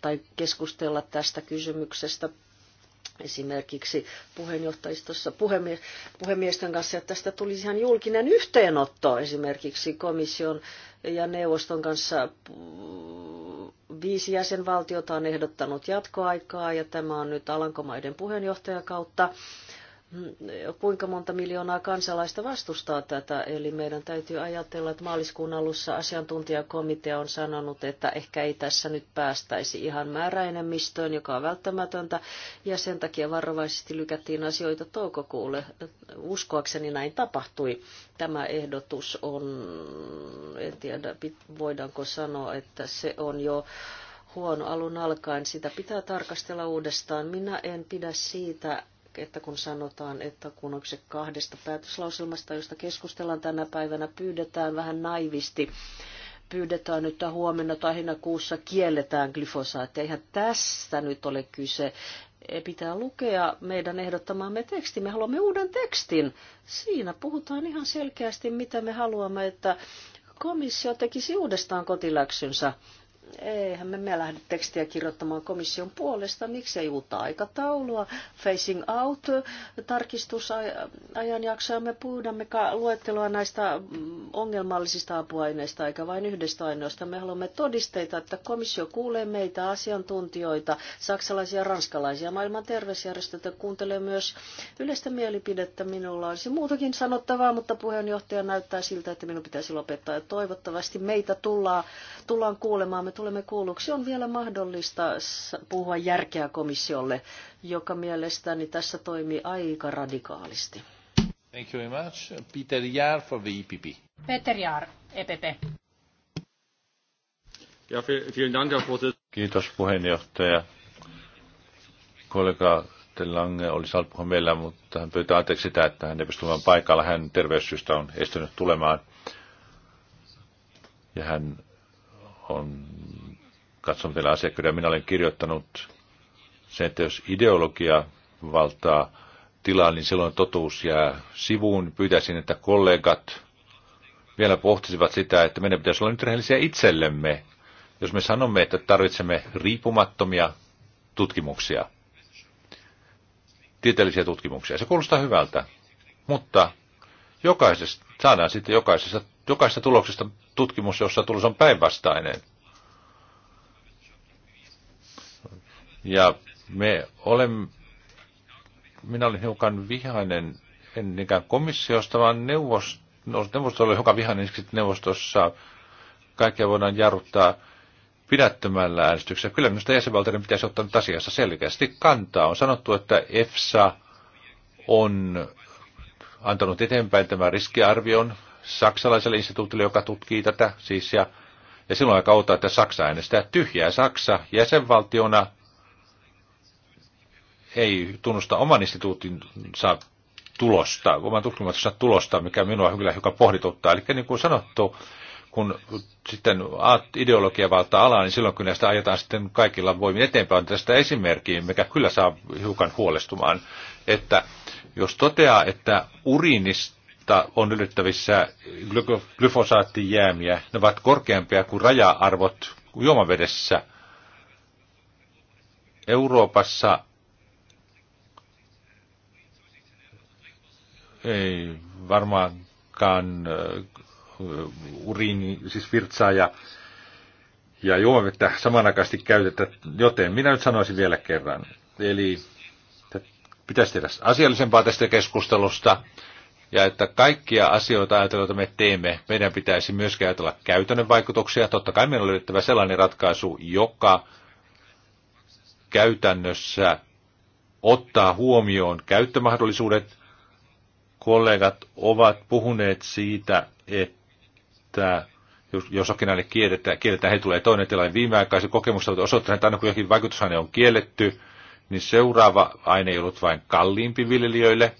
tai keskustella tästä kysymyksestä esimerkiksi puheenjohtajistossa puhemies, puhemiesten kanssa, että tästä tulisi ihan julkinen yhteenotto esimerkiksi komission ja neuvoston kanssa. Viisi jäsenvaltiota on ehdottanut jatkoaikaa ja tämä on nyt Alankomaiden puheenjohtajakautta kautta kuinka monta miljoonaa kansalaista vastustaa tätä. Eli meidän täytyy ajatella, että maaliskuun alussa asiantuntijakomitea on sanonut, että ehkä ei tässä nyt päästäisi ihan määräenemmistöön, joka on välttämätöntä, ja sen takia varovaisesti lykättiin asioita toukokuulle. Uskoakseni näin tapahtui. Tämä ehdotus on, en tiedä voidaanko sanoa, että se on jo huono alun alkaen. Sitä pitää tarkastella uudestaan. Minä en pidä siitä, että kun sanotaan, että kun onko se kahdesta päätöslauselmasta, josta keskustellaan tänä päivänä, pyydetään vähän naivisti, pyydetään nyt huomenna tai heinäkuussa kielletään glyfosaatti. Eihän tästä nyt ole kyse e, pitää lukea meidän ehdottamaamme teksti. Me haluamme uuden tekstin. Siinä puhutaan ihan selkeästi, mitä me haluamme, että komissio tekisi uudestaan kotiläksynsä eihän me, me lähde tekstiä kirjoittamaan komission puolesta, miksei uutta aikataulua, facing out, tarkistusajanjaksoa, me puhdamme luettelua näistä ongelmallisista apuaineista, eikä vain yhdestä ainoasta. Me haluamme todisteita, että komissio kuulee meitä asiantuntijoita, saksalaisia ja ranskalaisia, maailman terveysjärjestöt kuuntelee myös yleistä mielipidettä. Minulla olisi muutakin sanottavaa, mutta puheenjohtaja näyttää siltä, että minun pitäisi lopettaa ja toivottavasti meitä tullaan, tullaan kuulemaan. Me tulemme kuulluksi, on vielä mahdollista puhua järkeä komissiolle, joka mielestäni tässä toimii aika radikaalisti. Thank you very much. Peter Jaar for the EPP. Peter Jaar, EPP. Ja, vielen Dank, Herr Kiitos puheenjohtaja. Kollega Lange oli Salppuhan meillä, mutta hän pyytää anteeksi sitä, että hän ei pysty tulemaan paikalla. Hän terveyssystä on estynyt tulemaan ja hän on katson vielä asiakirjaa, minä olen kirjoittanut sen, että jos ideologia valtaa tilaa, niin silloin totuus jää sivuun. Pyytäisin, että kollegat vielä pohtisivat sitä, että meidän pitäisi olla nyt rehellisiä itsellemme, jos me sanomme, että tarvitsemme riippumattomia tutkimuksia, tieteellisiä tutkimuksia. Se kuulostaa hyvältä, mutta jokaisesta, saadaan sitten jokaisesta, jokaisesta tuloksesta tutkimus, jossa tulos on päinvastainen – Ja me olemme, minä olin hiukan vihainen, en niinkään komissiosta, vaan neuvost, no, neuvosto oli hiukan vihainen, että niin neuvostossa kaikkea voidaan jarruttaa pidättömällä äänestyksellä. Kyllä minusta jäsenvaltioiden pitäisi ottaa nyt asiassa selkeästi kantaa. On sanottu, että EFSA on antanut eteenpäin tämän riskiarvion saksalaiselle instituutille, joka tutkii tätä siis, ja, ja silloin aika outoa, että Saksa äänestää tyhjää. Saksa jäsenvaltiona ei tunnusta oman instituutinsa tulosta, oman tutkimuksensa tulosta, mikä minua kyllä hiukan pohdituttaa. Eli niin kuin sanottu, kun sitten ideologia valtaa alaa, niin silloin kun näistä ajetaan sitten kaikilla voimin eteenpäin tästä esimerkkiä, mikä kyllä saa hiukan huolestumaan, että jos toteaa, että uriinista on yllättävissä glyfosaattijäämiä, ne ovat korkeampia kuin raja-arvot juomavedessä. Euroopassa ei varmaankaan äh, uriini, siis virtsaa ja, ja juomavettä samanaikaisesti käytetä, joten minä nyt sanoisin vielä kerran. Eli pitäisi tehdä asiallisempaa tästä keskustelusta ja että kaikkia asioita ajatella, joita me teemme, meidän pitäisi myös ajatella käytännön vaikutuksia. Totta kai meillä on löydettävä sellainen ratkaisu, joka käytännössä ottaa huomioon käyttömahdollisuudet kollegat ovat puhuneet siitä, että jos, jos jokin kielletään, kielletään, he tulee toinen tilanne. Viimeaikaiset kokemus, ovat osoittaneet, että aina kun jokin vaikutusaine on kielletty, niin seuraava aine ei ollut vain kalliimpi viljelijöille.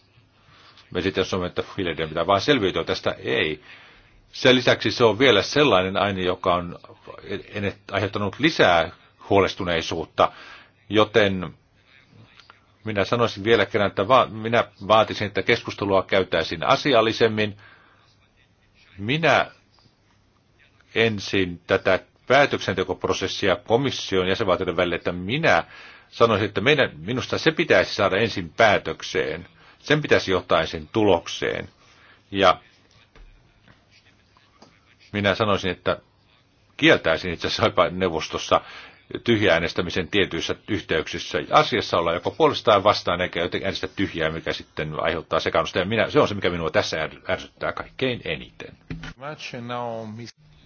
Me sitten sanomme, että viljelijöiden pitää vaan selviytyä tästä. Ei. Sen lisäksi se on vielä sellainen aine, joka on aiheuttanut lisää huolestuneisuutta, joten minä sanoisin vielä kerran, että va- minä vaatisin, että keskustelua käytäisiin asiallisemmin. Minä ensin tätä päätöksentekoprosessia komission jäsenvaltioiden välillä, että minä sanoisin, että meidän, minusta se pitäisi saada ensin päätökseen. Sen pitäisi johtaa ensin tulokseen. Ja minä sanoisin, että kieltäisin itse asiassa neuvostossa tyhjäänestämisen tietyissä yhteyksissä. Asiassa olla joko puolestaan vastaan eikä jotenkin äänestä tyhjää, mikä sitten aiheuttaa sekaannusta. Ja minä, se on se, mikä minua tässä ärsyttää kaikkein eniten.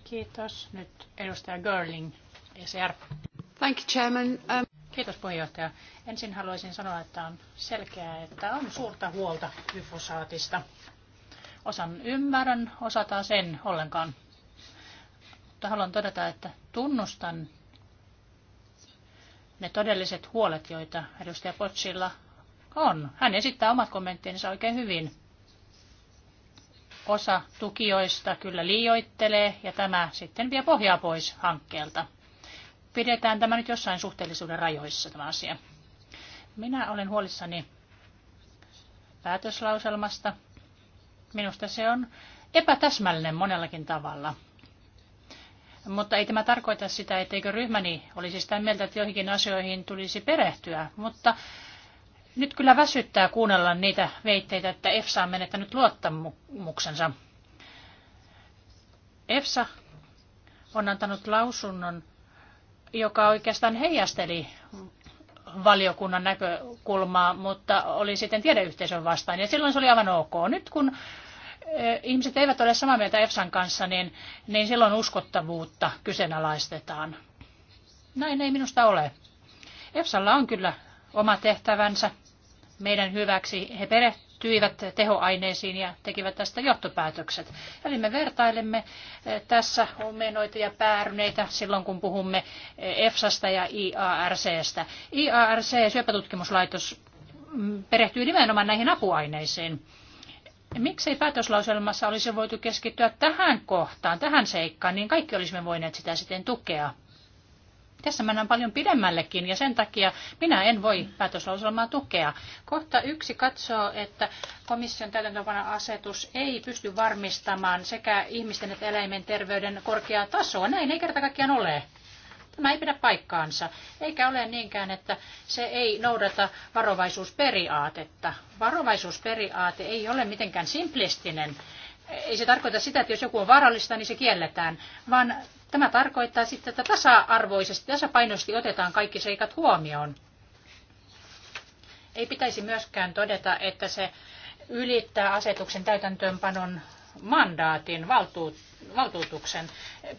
Kiitos. Nyt edustaja Görling, ECR. Thank you, Chairman. Um... Kiitos puheenjohtaja. Ensin haluaisin sanoa, että on selkeää, että on suurta huolta glyfosaatista. Osan ymmärrän, osataan sen ollenkaan. Mutta haluan todeta, että tunnustan ne todelliset huolet, joita edustaja Potsilla on. Hän esittää omat kommenttinsa oikein hyvin. Osa tukijoista kyllä liioittelee ja tämä sitten vie pohjaa pois hankkeelta. Pidetään tämä nyt jossain suhteellisuuden rajoissa tämä asia. Minä olen huolissani päätöslauselmasta. Minusta se on epätäsmällinen monellakin tavalla. Mutta ei tämä tarkoita sitä, etteikö ryhmäni olisi sitä mieltä, että joihinkin asioihin tulisi perehtyä. Mutta nyt kyllä väsyttää kuunnella niitä veitteitä, että EFSA on menettänyt luottamuksensa. EFSA on antanut lausunnon, joka oikeastaan heijasteli valiokunnan näkökulmaa, mutta oli sitten tiedeyhteisön vastaan. Ja silloin se oli aivan ok. Nyt kun Eh, ihmiset eivät ole samaa mieltä EFSAn kanssa, niin, niin silloin uskottavuutta kyseenalaistetaan. Näin ei minusta ole. EFSAlla on kyllä oma tehtävänsä meidän hyväksi. He perehtyivät tehoaineisiin ja tekivät tästä johtopäätökset. Eli me vertailemme eh, tässä omenoita ja pääryneitä silloin, kun puhumme eh, EFSAsta ja IARCstä. IARC, syöpätutkimuslaitos, mm, perehtyy nimenomaan näihin apuaineisiin. Miksei päätöslauselmassa olisi voitu keskittyä tähän kohtaan, tähän seikkaan, niin kaikki olisimme voineet sitä sitten tukea. Tässä mennään paljon pidemmällekin ja sen takia minä en voi päätöslauselmaa tukea. Kohta yksi katsoo, että komission täytäntöpana asetus ei pysty varmistamaan sekä ihmisten että eläimen terveyden korkeaa tasoa. Näin ei kerta kaikkiaan ole. Tämä ei pidä paikkaansa, eikä ole niinkään, että se ei noudata varovaisuusperiaatetta. Varovaisuusperiaate ei ole mitenkään simplistinen. Ei se tarkoita sitä, että jos joku on vaarallista, niin se kielletään, vaan tämä tarkoittaa sitten, että tasa-arvoisesti, tasapainoisesti otetaan kaikki seikat huomioon. Ei pitäisi myöskään todeta, että se ylittää asetuksen täytäntöönpanon mandaatin, valtuut, valtuutuksen.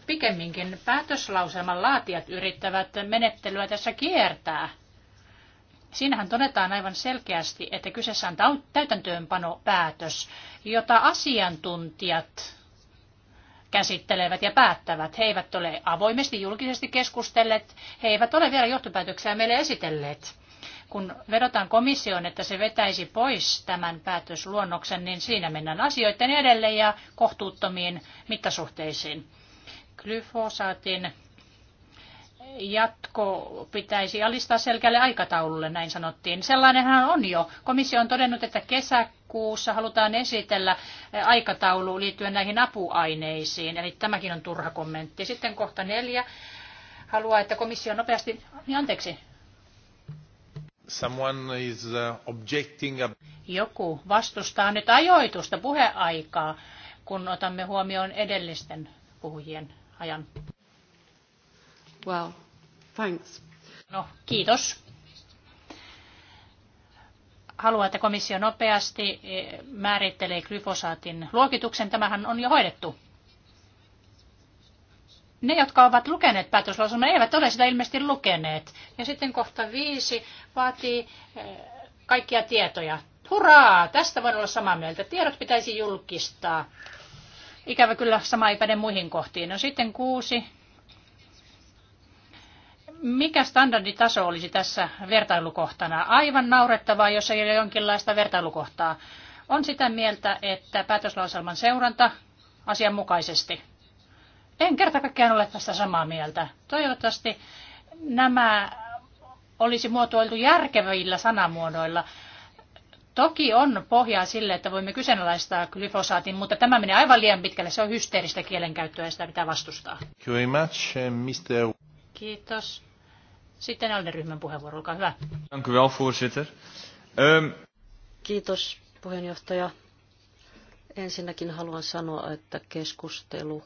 Pikemminkin päätöslauselman laatijat yrittävät menettelyä tässä kiertää. Siinähän todetaan aivan selkeästi, että kyseessä on täytäntöönpanopäätös, jota asiantuntijat käsittelevät ja päättävät. He eivät ole avoimesti julkisesti keskustelleet, he eivät ole vielä johtopäätöksiä meille esitelleet. Kun vedotaan komissioon, että se vetäisi pois tämän päätösluonnoksen, niin siinä mennään asioiden edelle ja kohtuuttomiin mittasuhteisiin. Glyfosaatin jatko pitäisi alistaa selkeälle aikataululle, näin sanottiin. Sellainenhan on jo. Komissio on todennut, että kesäkuussa halutaan esitellä eh, aikataulu liittyen näihin apuaineisiin, eli tämäkin on turha kommentti. Sitten kohta neljä haluaa, että komissio nopeasti, niin anteeksi, Someone is uh, objecting Joku vastustaa nyt ajoitusta puheaikaa, kun otamme huomioon edellisten puhujien ajan. Well, thanks. No, kiitos. Haluaa että komissio nopeasti eh, määrittelee glyfosaatin luokituksen. Tämähän on jo hoidettu ne, jotka ovat lukeneet päätöslausunnon, eivät ole sitä ilmeisesti lukeneet. Ja sitten kohta viisi vaatii eh, kaikkia tietoja. Hurraa! Tästä voin olla samaa mieltä. Tiedot pitäisi julkistaa. Ikävä kyllä sama ei päde muihin kohtiin. No sitten kuusi. Mikä standarditaso olisi tässä vertailukohtana? Aivan naurettavaa, jos ei ole jonkinlaista vertailukohtaa. On sitä mieltä, että päätöslauselman seuranta asianmukaisesti en kerta kaikkiaan ole tästä samaa mieltä. Toivottavasti nämä olisi muotoiltu järkevillä sanamuodoilla. Toki on pohjaa sille, että voimme kyseenalaistaa glyfosaatin, mutta tämä menee aivan liian pitkälle. Se on hysteeristä kielenkäyttöä ja sitä pitää vastustaa. Eh, Kiitos. Sitten alle ryhmän puheenvuoro, olkaa hyvä. Um... Kiitos, puheenjohtaja. Ensinnäkin haluan sanoa, että keskustelu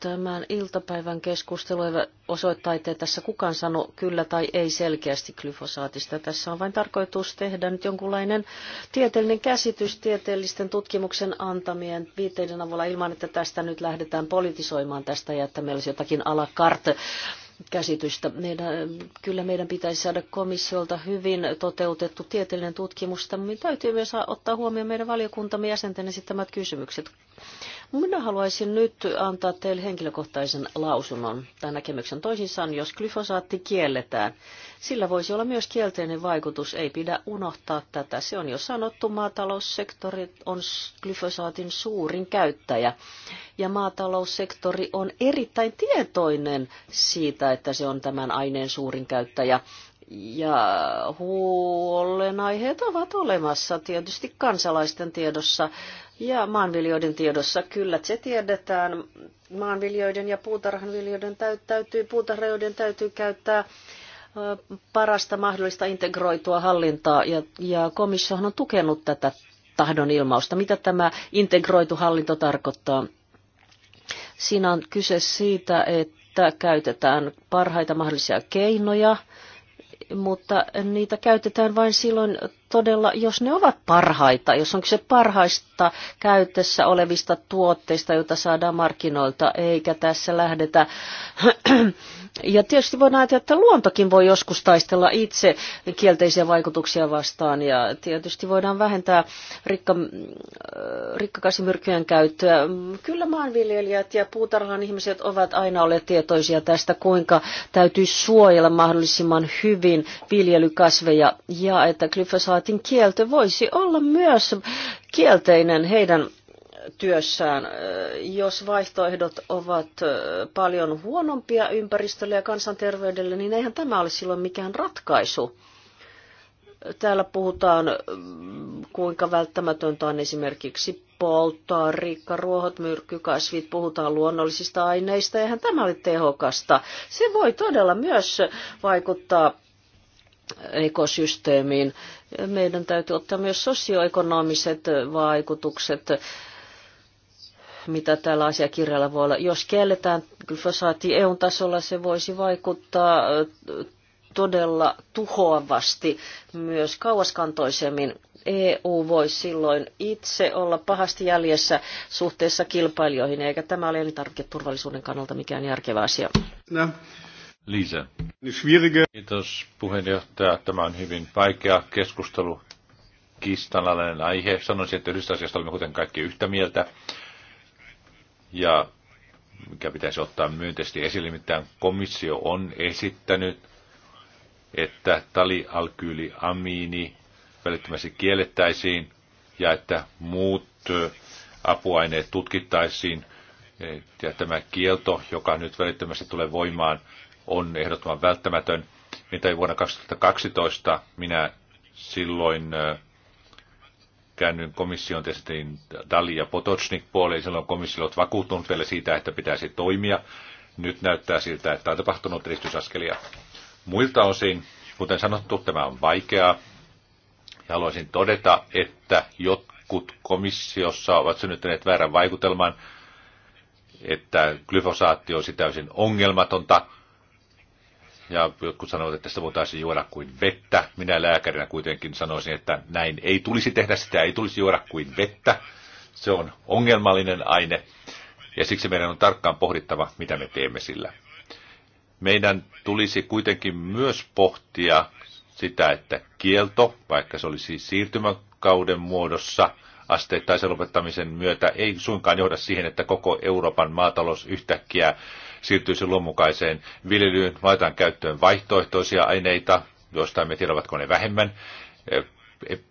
tämän iltapäivän keskustelu osoittaa, että tässä kukaan sano kyllä tai ei selkeästi glyfosaatista. Tässä on vain tarkoitus tehdä nyt jonkunlainen tieteellinen käsitys tieteellisten tutkimuksen antamien viitteiden avulla ilman, että tästä nyt lähdetään politisoimaan tästä ja että meillä olisi jotakin alakarte käsitystä. Meidän, kyllä meidän pitäisi saada komissiolta hyvin toteutettu tieteellinen tutkimus, mutta täytyy myös ottaa huomioon meidän valiokuntamme jäsenten esittämät kysymykset. Minä haluaisin nyt antaa teille henkilökohtaisen lausunnon tai näkemyksen. toisissaan, jos glyfosaatti kielletään, sillä voisi olla myös kielteinen vaikutus. Ei pidä unohtaa tätä. Se on jo sanottu, maataloussektori on glyfosaatin suurin käyttäjä. Ja maataloussektori on erittäin tietoinen siitä, että se on tämän aineen suurin käyttäjä. Ja huolenaiheet ovat olemassa tietysti kansalaisten tiedossa ja maanviljoiden tiedossa. Kyllä se tiedetään. Maanviljoiden ja puutarhanviljoiden täytyy, puutarhajoiden täytyy käyttää parasta mahdollista integroitua hallintaa ja, ja komissiohan on tukenut tätä tahdon ilmausta. Mitä tämä integroitu hallinto tarkoittaa? Siinä on kyse siitä, että käytetään parhaita mahdollisia keinoja mutta niitä käytetään vain silloin todella, jos ne ovat parhaita, jos on se parhaista käytössä olevista tuotteista, joita saadaan markkinoilta, eikä tässä lähdetä ja tietysti voidaan ajatella, että luontokin voi joskus taistella itse kielteisiä vaikutuksia vastaan ja tietysti voidaan vähentää rikka, äh, rikkakasvimyrkkyjen käyttöä. Kyllä maanviljelijät ja puutarhan ihmiset ovat aina olleet tietoisia tästä, kuinka täytyy suojella mahdollisimman hyvin viljelykasveja ja että glyfosaatin kielto voisi olla myös kielteinen heidän työssään. Jos vaihtoehdot ovat paljon huonompia ympäristölle ja kansanterveydelle, niin eihän tämä ole silloin mikään ratkaisu. Täällä puhutaan, kuinka välttämätöntä on esimerkiksi polttaa rikkaruohot, myrkkykasvit, puhutaan luonnollisista aineista, eihän tämä ole tehokasta. Se voi todella myös vaikuttaa ekosysteemiin. Meidän täytyy ottaa myös sosioekonomiset vaikutukset mitä tällä asiakirjalla voi olla. Jos kielletään glyfosaatti EU-tasolla, se voisi vaikuttaa todella tuhoavasti myös kauaskantoisemmin. EU voi silloin itse olla pahasti jäljessä suhteessa kilpailijoihin, eikä tämä ole elintarviketurvallisuuden kannalta mikään järkevä asia. No. Liisa. Niin Kiitos puheenjohtaja. Tämä on hyvin vaikea keskustelu kiistanalainen aihe. Sanoisin, että yhdestä asiasta olemme kuten kaikki yhtä mieltä ja mikä pitäisi ottaa myönteisesti esille, mitä komissio on esittänyt, että talialkyyliamiini välittömästi kiellettäisiin ja että muut apuaineet tutkittaisiin. Ja tämä kielto, joka nyt välittömästi tulee voimaan, on ehdottoman välttämätön. Mitä vuonna 2012 minä silloin käännyin komission testiin Dali ja Potocnik puoleen. Silloin komissio on vakuuttunut vielä siitä, että pitäisi toimia. Nyt näyttää siltä, että on tapahtunut ristysaskelia. Muilta osin, kuten sanottu, tämä on vaikeaa. Ja haluaisin todeta, että jotkut komissiossa ovat synnyttäneet väärän vaikutelman, että glyfosaatti olisi täysin ongelmatonta ja jotkut sanovat, että sitä voitaisiin juoda kuin vettä. Minä lääkärinä kuitenkin sanoisin, että näin ei tulisi tehdä, sitä ei tulisi juoda kuin vettä. Se on ongelmallinen aine ja siksi meidän on tarkkaan pohdittava, mitä me teemme sillä. Meidän tulisi kuitenkin myös pohtia sitä, että kielto, vaikka se olisi siirtymäkauden muodossa, asteittaisen lopettamisen myötä ei suinkaan johda siihen, että koko Euroopan maatalous yhtäkkiä siirtyisi luomukaiseen viljelyyn, laitetaan käyttöön vaihtoehtoisia aineita, joista emme tiedä, ovatko ne vähemmän e,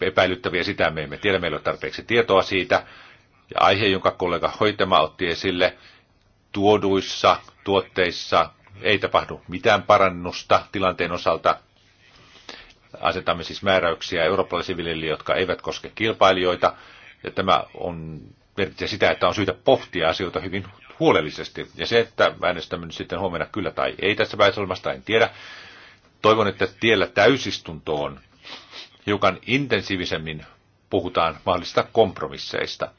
epäilyttäviä, sitä me emme tiedä, meillä on tarpeeksi tietoa siitä. Ja aihe, jonka kollega Hoitema otti esille, tuoduissa tuotteissa ei tapahdu mitään parannusta tilanteen osalta. Asetamme siis määräyksiä eurooppalaisille viljelijöille, jotka eivät koske kilpailijoita. Ja tämä on merkitsee sitä, että on syytä pohtia asioita hyvin huolellisesti. Ja se, että äänestämme nyt sitten huomenna kyllä tai ei tässä päätösolmasta, en tiedä. Toivon, että tiellä täysistuntoon hiukan intensiivisemmin puhutaan mahdollisista kompromisseista.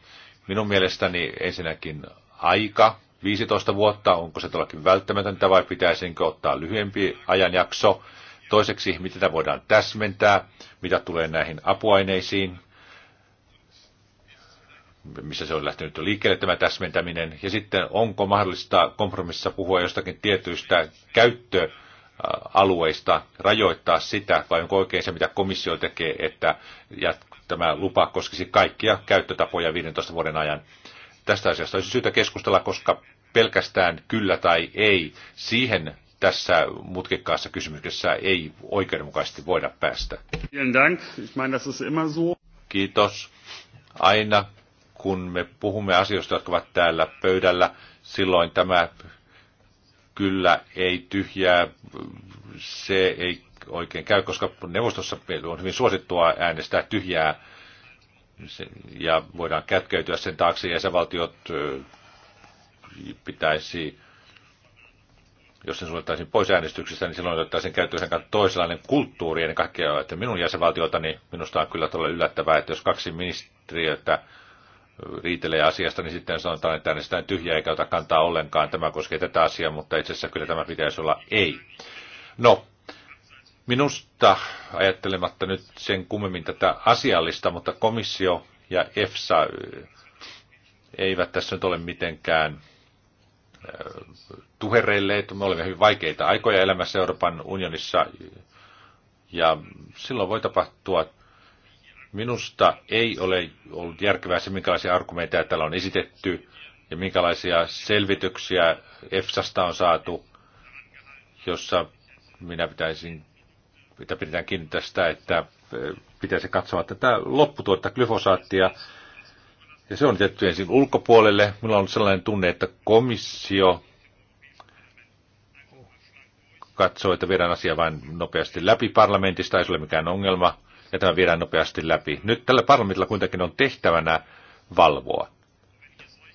Minun mielestäni ensinnäkin aika, 15 vuotta, onko se todellakin välttämätöntä vai pitäisinkö ottaa lyhyempi ajanjakso. Toiseksi, miten tätä voidaan täsmentää, mitä tulee näihin apuaineisiin, missä se on lähtenyt jo liikkeelle tämä täsmentäminen, ja sitten onko mahdollista kompromississa puhua jostakin tietyistä käyttöalueista, rajoittaa sitä, vai onko oikein se, mitä komissio tekee, että ja tämä lupa koskisi kaikkia käyttötapoja 15 vuoden ajan. Tästä asiasta olisi syytä keskustella, koska pelkästään kyllä tai ei, siihen tässä mutkikkaassa kysymyksessä ei oikeudenmukaisesti voida päästä. Kiitos. Aina kun me puhumme asioista, jotka ovat täällä pöydällä, silloin tämä kyllä ei tyhjää, se ei oikein käy, koska neuvostossa on hyvin suosittua äänestää tyhjää ja voidaan kätkeytyä sen taakse. Jäsenvaltiot pitäisi, jos sen suljettaisiin pois äänestyksestä, niin silloin otettaisiin käyttöön sen toisenlainen kulttuuri ennen kaikkea, että minun jäsenvaltiotani minusta on kyllä todella yllättävää, että jos kaksi ministeriötä riitelee asiasta, niin sitten sanotaan, että äänestetään tyhjä eikä ota kantaa ollenkaan. Tämä koskee tätä asiaa, mutta itse asiassa kyllä tämä pitäisi olla ei. No, minusta, ajattelematta nyt sen kummemmin tätä asiallista, mutta komissio ja EFSA eivät tässä nyt ole mitenkään tuhereilleet. Me olemme hyvin vaikeita aikoja elämässä Euroopan unionissa ja silloin voi tapahtua Minusta ei ole ollut järkevää se, minkälaisia argumentteja täällä on esitetty ja minkälaisia selvityksiä EFSAsta on saatu, jossa minä pitäisin, mitä pidetään kiinni tästä, että äh, pitäisi katsoa tätä lopputuotta glyfosaattia. Ja se on tietty ensin ulkopuolelle. Minulla on sellainen tunne, että komissio katsoo, että viedään asia vain nopeasti läpi parlamentista, ei se ole mikään ongelma ja tämä viedään nopeasti läpi. Nyt tällä parlamentilla kuitenkin on tehtävänä valvoa.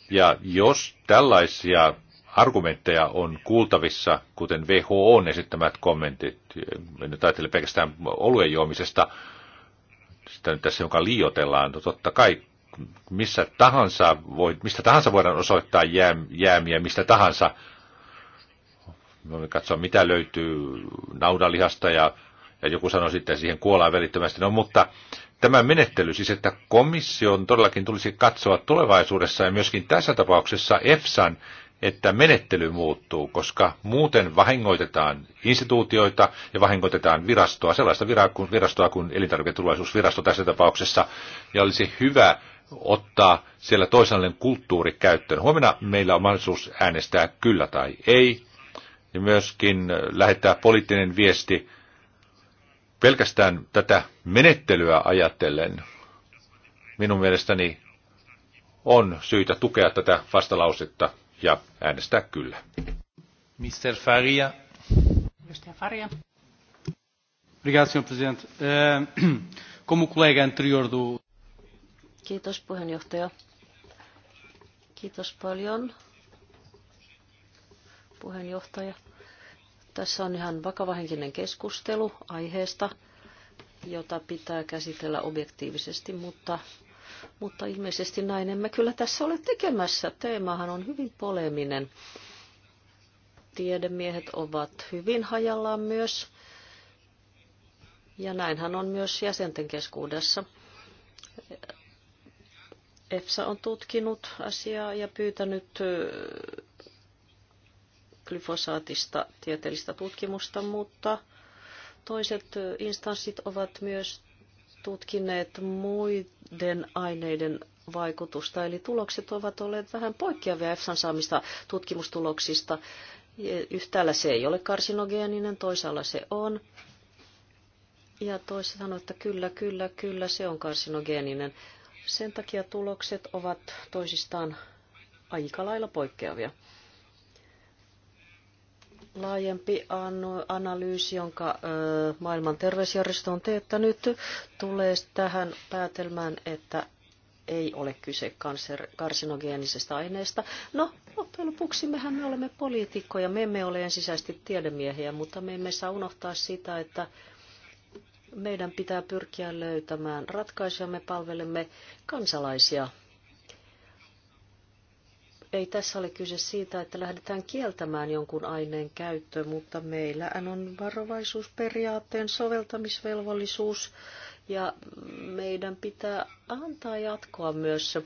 Ja jos tällaisia argumentteja on kuultavissa, kuten WHOn esittämät kommentit, nyt ajattele pelkästään oluen juomisesta, sitä nyt tässä jonka liioitellaan, no totta kai missä tahansa, voi, mistä tahansa voidaan osoittaa jää, jäämiä, mistä tahansa. Voimme katsoa, mitä löytyy naudanlihasta ja ja joku sanoi sitten, siihen kuolaan välittömästi. No mutta tämä menettely siis, että komission todellakin tulisi katsoa tulevaisuudessa ja myöskin tässä tapauksessa EFSAn, että menettely muuttuu, koska muuten vahingoitetaan instituutioita ja vahingoitetaan virastoa, sellaista virastoa kuin elintarviketurvallisuusvirasto tässä tapauksessa, ja olisi hyvä ottaa siellä toisenlainen kulttuuri käyttöön. Huomenna meillä on mahdollisuus äänestää kyllä tai ei, ja myöskin lähettää poliittinen viesti pelkästään tätä menettelyä ajatellen minun mielestäni on syytä tukea tätä vastalausetta ja äänestää kyllä. Mr. Faria. Mr. Faria. Obrigado, Sr. Presidente. Eh, como colega anterior do... Kiitos puheenjohtaja. Kiitos paljon puheenjohtaja. Tässä on ihan henkinen keskustelu aiheesta, jota pitää käsitellä objektiivisesti, mutta, mutta ilmeisesti näin emme kyllä tässä ole tekemässä. Teemahan on hyvin poleminen. Tiedemiehet ovat hyvin hajallaan myös, ja näinhän on myös jäsenten keskuudessa. E- EFSA on tutkinut asiaa ja pyytänyt glyfosaatista tieteellistä tutkimusta, mutta toiset instanssit ovat myös tutkineet muiden aineiden vaikutusta, eli tulokset ovat olleet vähän poikkeavia EFSAn saamista tutkimustuloksista. Yhtäällä se ei ole karsinogeeninen, toisaalla se on. Ja toisaalta sanoo, että kyllä, kyllä, kyllä, se on karsinogeeninen. Sen takia tulokset ovat toisistaan aika lailla poikkeavia laajempi analyysi, jonka maailman terveysjärjestö on teettänyt, tulee tähän päätelmään, että ei ole kyse kanser, karsinogeenisesta aineesta. No, loppujen lopuksi mehän me olemme poliitikkoja, me emme ole ensisijaisesti tiedemiehiä, mutta me emme saa unohtaa sitä, että meidän pitää pyrkiä löytämään ratkaisuja, me palvelemme kansalaisia – ei tässä ole kyse siitä, että lähdetään kieltämään jonkun aineen käyttö, mutta meillä on varovaisuusperiaatteen soveltamisvelvollisuus ja meidän pitää antaa jatkoa myös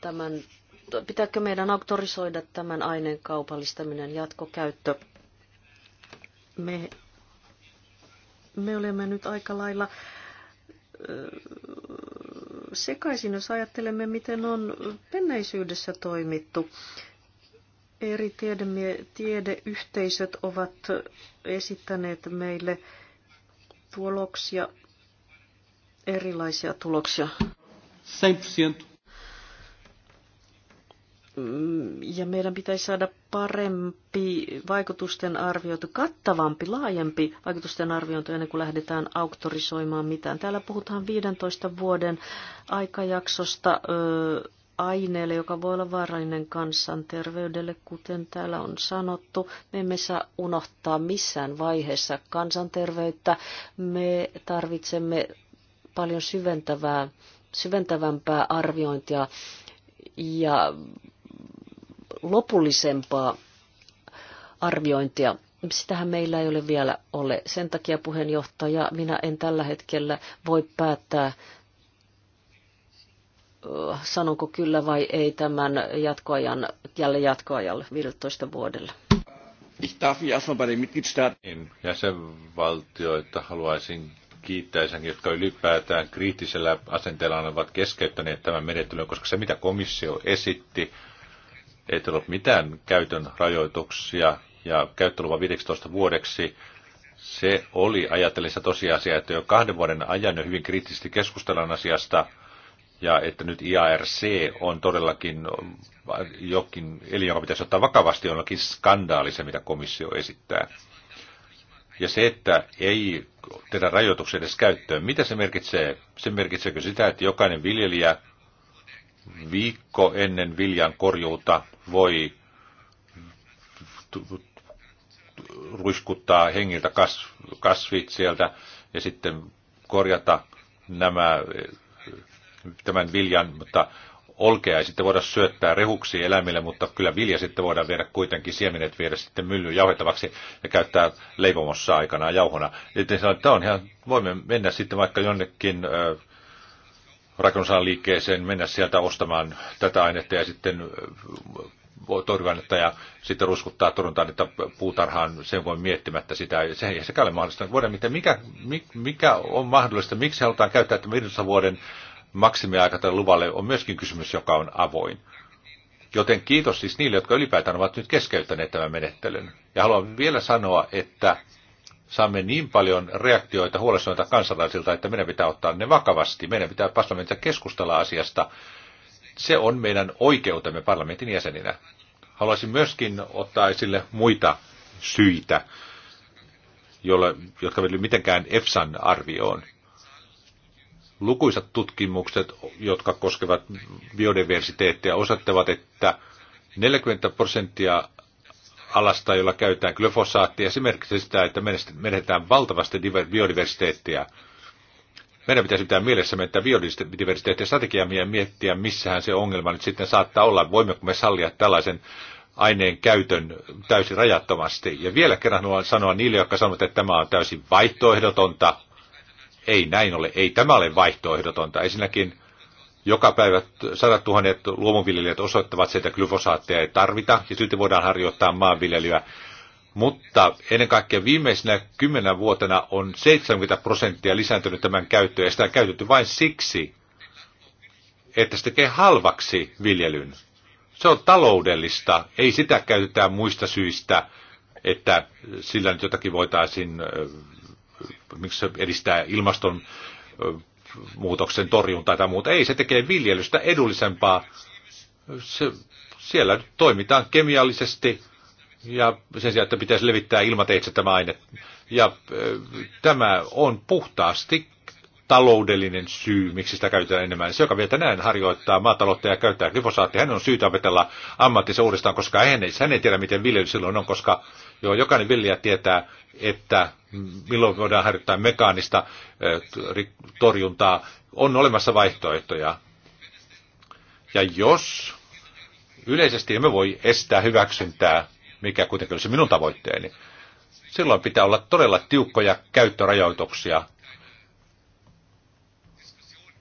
tämän, pitääkö meidän auktorisoida tämän aineen kaupallistaminen jatkokäyttö. Me, me olemme nyt aika lailla sekaisin, jos ajattelemme, miten on penneisyydessä toimittu. Eri tiedemie- tiedeyhteisöt ovat esittäneet meille tuloksia, erilaisia tuloksia. 100% Mm, ja meidän pitäisi saada parempi vaikutusten arviointi, kattavampi, laajempi vaikutusten arviointi ennen kuin lähdetään auktorisoimaan mitään. Täällä puhutaan 15 vuoden aikajaksosta ö, aineelle, joka voi olla vaarallinen kansanterveydelle, kuten täällä on sanottu. Me emme saa unohtaa missään vaiheessa kansanterveyttä. Me tarvitsemme paljon syventävää, syventävämpää arviointia ja lopullisempaa arviointia. Sitähän meillä ei ole vielä ole. Sen takia puheenjohtaja, minä en tällä hetkellä voi päättää, äh, sanonko kyllä vai ei tämän jatkoajan, jälleen jatkoajalle 15 vuodelle. Ich darf erstmal bei den Mitgliedstaaten. Niin, jäsenvaltioita haluaisin kiittää sen, jotka ylipäätään kriittisellä asenteella ovat keskeyttäneet tämän menettelyn, koska se mitä komissio esitti ei ole mitään käytön rajoituksia ja käyttöluvan 15 vuodeksi. Se oli ajatellessa tosiasia, että jo kahden vuoden ajan jo hyvin kriittisesti keskustellaan asiasta ja että nyt IARC on todellakin jokin eli joka pitäisi ottaa vakavasti, jollakin skandaali se, mitä komissio esittää. Ja se, että ei tehdä rajoituksia edes käyttöön, mitä se merkitsee? Se merkitseekö sitä, että jokainen viljelijä viikko ennen viljan korjuuta voi ruiskuttaa hengiltä kasvit sieltä ja sitten korjata nämä, tämän viljan, mutta olkea ei sitten voida syöttää rehuksi eläimille, mutta kyllä vilja sitten voidaan viedä kuitenkin, siemenet viedä sitten myllyyn jauhettavaksi ja käyttää leipomossa aikana jauhona. Eli tämä on ihan, voimme mennä sitten vaikka jonnekin äh, rakennusalan liikkeeseen, mennä sieltä ostamaan tätä ainetta ja sitten torjuainetta ja sitten ruskuttaa torjunta-ainetta puutarhaan sen voi miettimättä sitä. Se ei sekään ole mahdollista. Voidaan mikä, mikä on mahdollista, miksi halutaan käyttää tämän 15 vuoden maksimiaika tälle luvalle on myöskin kysymys, joka on avoin. Joten kiitos siis niille, jotka ylipäätään ovat nyt keskeyttäneet tämän menettelyn. Ja haluan vielä sanoa, että saamme niin paljon reaktioita huolestuneita kansalaisilta, että meidän pitää ottaa ne vakavasti. Meidän pitää parlamentissa keskustella asiasta. Se on meidän oikeutemme parlamentin jäseninä. Haluaisin myöskin ottaa esille muita syitä, jolle, jotka eivät mitenkään EFSAn arvioon. Lukuisat tutkimukset, jotka koskevat biodiversiteettia, osoittavat, että 40 prosenttia alasta, jolla käytetään glyfosaattia, esimerkiksi sitä, että menetetään valtavasti biodiversiteettiä. Meidän pitäisi pitää mielessämme, että biodiversiteettiä strategia ja miettiä, missähän se ongelma nyt sitten saattaa olla. Voimmeko me sallia tällaisen aineen käytön täysin rajattomasti. Ja vielä kerran haluan sanoa niille, jotka sanovat, että tämä on täysin vaihtoehdotonta. Ei näin ole. Ei tämä ole vaihtoehdotonta. Ensinnäkin joka päivä sadat tuhannet luomuviljelijät osoittavat, että glyfosaatteja ei tarvita ja silti voidaan harjoittaa maanviljelyä. Mutta ennen kaikkea viimeisenä kymmenen vuotena on 70 prosenttia lisääntynyt tämän käyttöä. ja sitä on käytetty vain siksi, että se tekee halvaksi viljelyn. Se on taloudellista, ei sitä käytetä muista syistä, että sillä nyt jotakin voitaisiin äh, miksi edistää ilmaston äh, muutoksen torjuntaa tai muuta. Ei, se tekee viljelystä edullisempaa. Se, siellä toimitaan kemiallisesti ja sen sijaan, että pitäisi levittää ilmateitse tämä aine. Ja tämä on puhtaasti taloudellinen syy, miksi sitä käytetään enemmän. Se, joka vielä tänään harjoittaa maataloutta ja käyttää glyfosaattia, hän on syytä opetella ammattinsa uudestaan, koska hän ei, hän ei tiedä, miten viljely silloin on, koska jo jokainen viljelijä tietää, että milloin voidaan harjoittaa mekaanista eh, torjuntaa. On olemassa vaihtoehtoja. Ja jos yleisesti emme voi estää hyväksyntää, mikä kuitenkin olisi minun tavoitteeni, silloin pitää olla todella tiukkoja käyttörajoituksia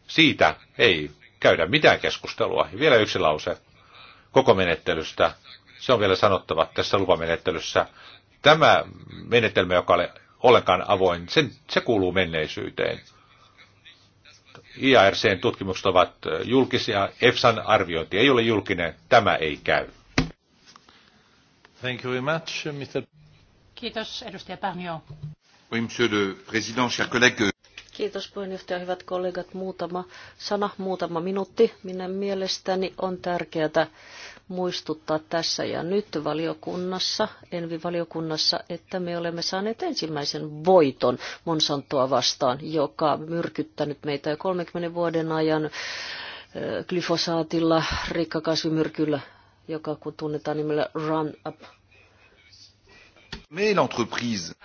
siitä ei käydä mitään keskustelua. Ja vielä yksi lause koko menettelystä. Se on vielä sanottava tässä lupamenettelyssä. Tämä menetelmä, joka oli ollenkaan avoin, sen, se kuuluu menneisyyteen. IARCn tutkimukset ovat julkisia, EFSAn arviointi ei ole julkinen, tämä ei käy. Thank you very much, Mr. Kiitos, edustaja Pernio. Oui, monsieur le président, chers collègues. Kiitos puheenjohtaja, hyvät kollegat. Muutama sana, muutama minuutti. Minä mielestäni on tärkeää muistuttaa tässä ja nyt valiokunnassa, Envi-valiokunnassa, että me olemme saaneet ensimmäisen voiton Monsantoa vastaan, joka on myrkyttänyt meitä jo 30 vuoden ajan glyfosaatilla, rikkakasvimyrkyllä, joka kun tunnetaan nimellä Run Up. Mais l'entreprise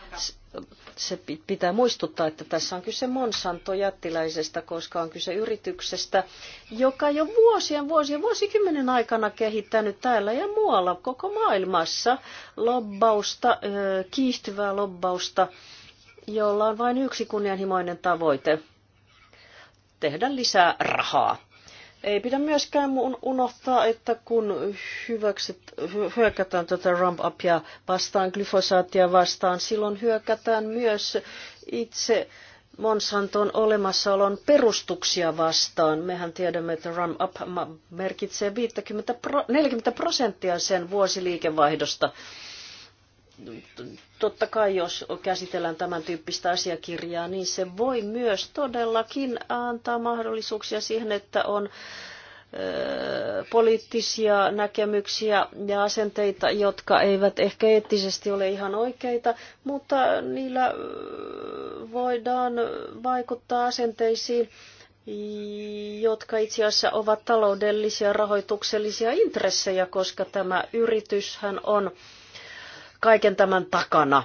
se pitää muistuttaa, että tässä on kyse Monsanto-jättiläisestä, koska on kyse yrityksestä, joka jo vuosien, vuosien, vuosikymmenen aikana kehittänyt täällä ja muualla koko maailmassa lobbausta, kiihtyvää lobbausta, jolla on vain yksi kunnianhimoinen tavoite, tehdä lisää rahaa. Ei pidä myöskään unohtaa, että kun hyväkset, hyökätään tätä ramp upia vastaan, glyfosaatia vastaan, silloin hyökätään myös itse Monsanton olemassaolon perustuksia vastaan. Mehän tiedämme, että Run Up merkitsee 50, 40 prosenttia sen vuosiliikevaihdosta totta kai jos käsitellään tämän tyyppistä asiakirjaa, niin se voi myös todellakin antaa mahdollisuuksia siihen, että on poliittisia näkemyksiä ja asenteita, jotka eivät ehkä eettisesti ole ihan oikeita, mutta niillä voidaan vaikuttaa asenteisiin, jotka itse asiassa ovat taloudellisia, rahoituksellisia intressejä, koska tämä yrityshän on kaiken tämän takana.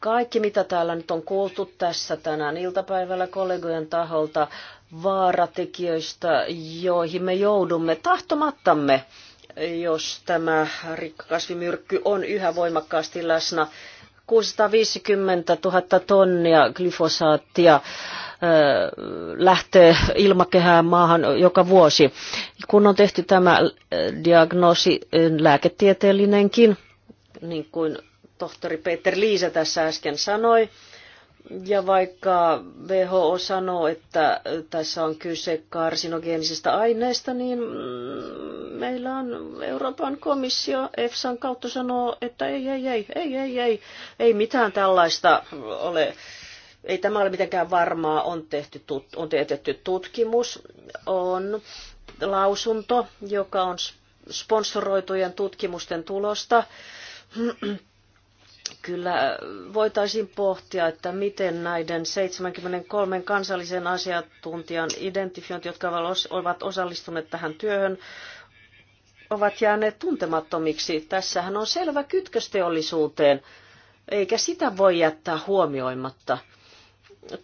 Kaikki, mitä täällä nyt on kuultu tässä tänään iltapäivällä kollegojen taholta, vaaratekijöistä, joihin me joudumme tahtomattamme, jos tämä rikkakasvimyrkky on yhä voimakkaasti läsnä. 650 000 tonnia glyfosaattia lähtee ilmakehään maahan joka vuosi. Kun on tehty tämä diagnoosi, lääketieteellinenkin, niin kuin tohtori Peter Liisa tässä äsken sanoi. Ja vaikka WHO sanoo, että tässä on kyse karsinogeenisista aineista, niin meillä on Euroopan komissio EFSAn kautta sanoo, että ei, ei, ei, ei, ei, ei, ei mitään tällaista ole. Ei tämä ole mitenkään varmaa, on, tehty, on tehty tutkimus, on lausunto, joka on sponsoroitujen tutkimusten tulosta. Kyllä äh, voitaisiin pohtia, että miten näiden 73 kansallisen asiantuntijan identifiointi, jotka ovat osallistuneet tähän työhön, ovat jääneet tuntemattomiksi. Tässähän on selvä kytkös teollisuuteen, eikä sitä voi jättää huomioimatta.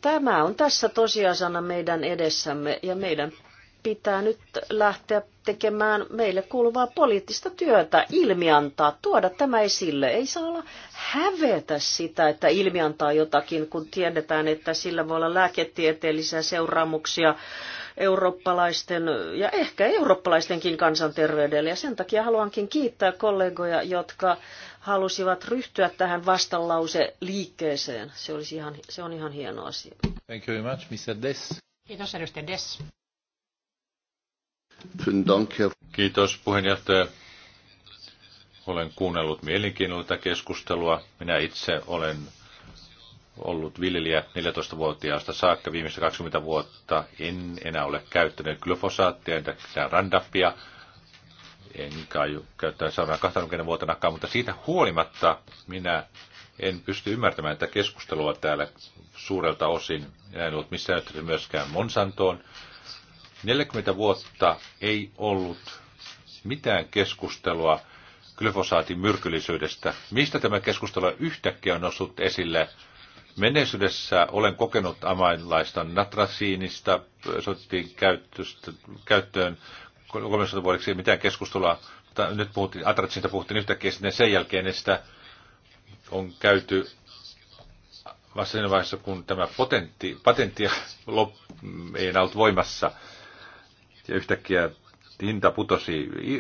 Tämä on tässä tosiasana meidän edessämme ja meidän pitää nyt lähteä tekemään meille kuuluvaa poliittista työtä, ilmiantaa, tuoda tämä esille. Ei saa olla hävetä sitä, että ilmiantaa jotakin, kun tiedetään, että sillä voi olla lääketieteellisiä seuraamuksia eurooppalaisten ja ehkä eurooppalaistenkin kansanterveydelle. Ja sen takia haluankin kiittää kollegoja, jotka halusivat ryhtyä tähän vastalause liikkeeseen. Se, olisi ihan, se on ihan hieno asia. Thank you very much, Mr. Dess. Kiitos, edustaja Dess. Kiitos puheenjohtaja. Olen kuunnellut mielenkiinnolla tätä keskustelua. Minä itse olen ollut viljelijä 14-vuotiaasta saakka viimeiset 20 vuotta. En enää ole käyttänyt glyfosaattia enkä randappia. En kai käyttänyt seuraavana 20 vuotenakaan, mutta siitä huolimatta minä en pysty ymmärtämään tätä keskustelua täällä suurelta osin. Minä en ollut missään yhteydessä myöskään Monsantoon 40 vuotta ei ollut mitään keskustelua glyfosaatin myrkyllisyydestä. Mistä tämä keskustelu yhtäkkiä on noussut esille? Menneisyydessä olen kokenut amainlaista natrasiinista, soitettiin käyttöön 30 vuodeksi, mitään keskustelua. Nyt puhuttiin, atratsiinista puhuttiin yhtäkkiä, sitten sen jälkeen että on käyty vasta siinä vaiheessa, kun tämä potentti, patentti lop, ei enää ollut voimassa – ja yhtäkkiä hinta putosi.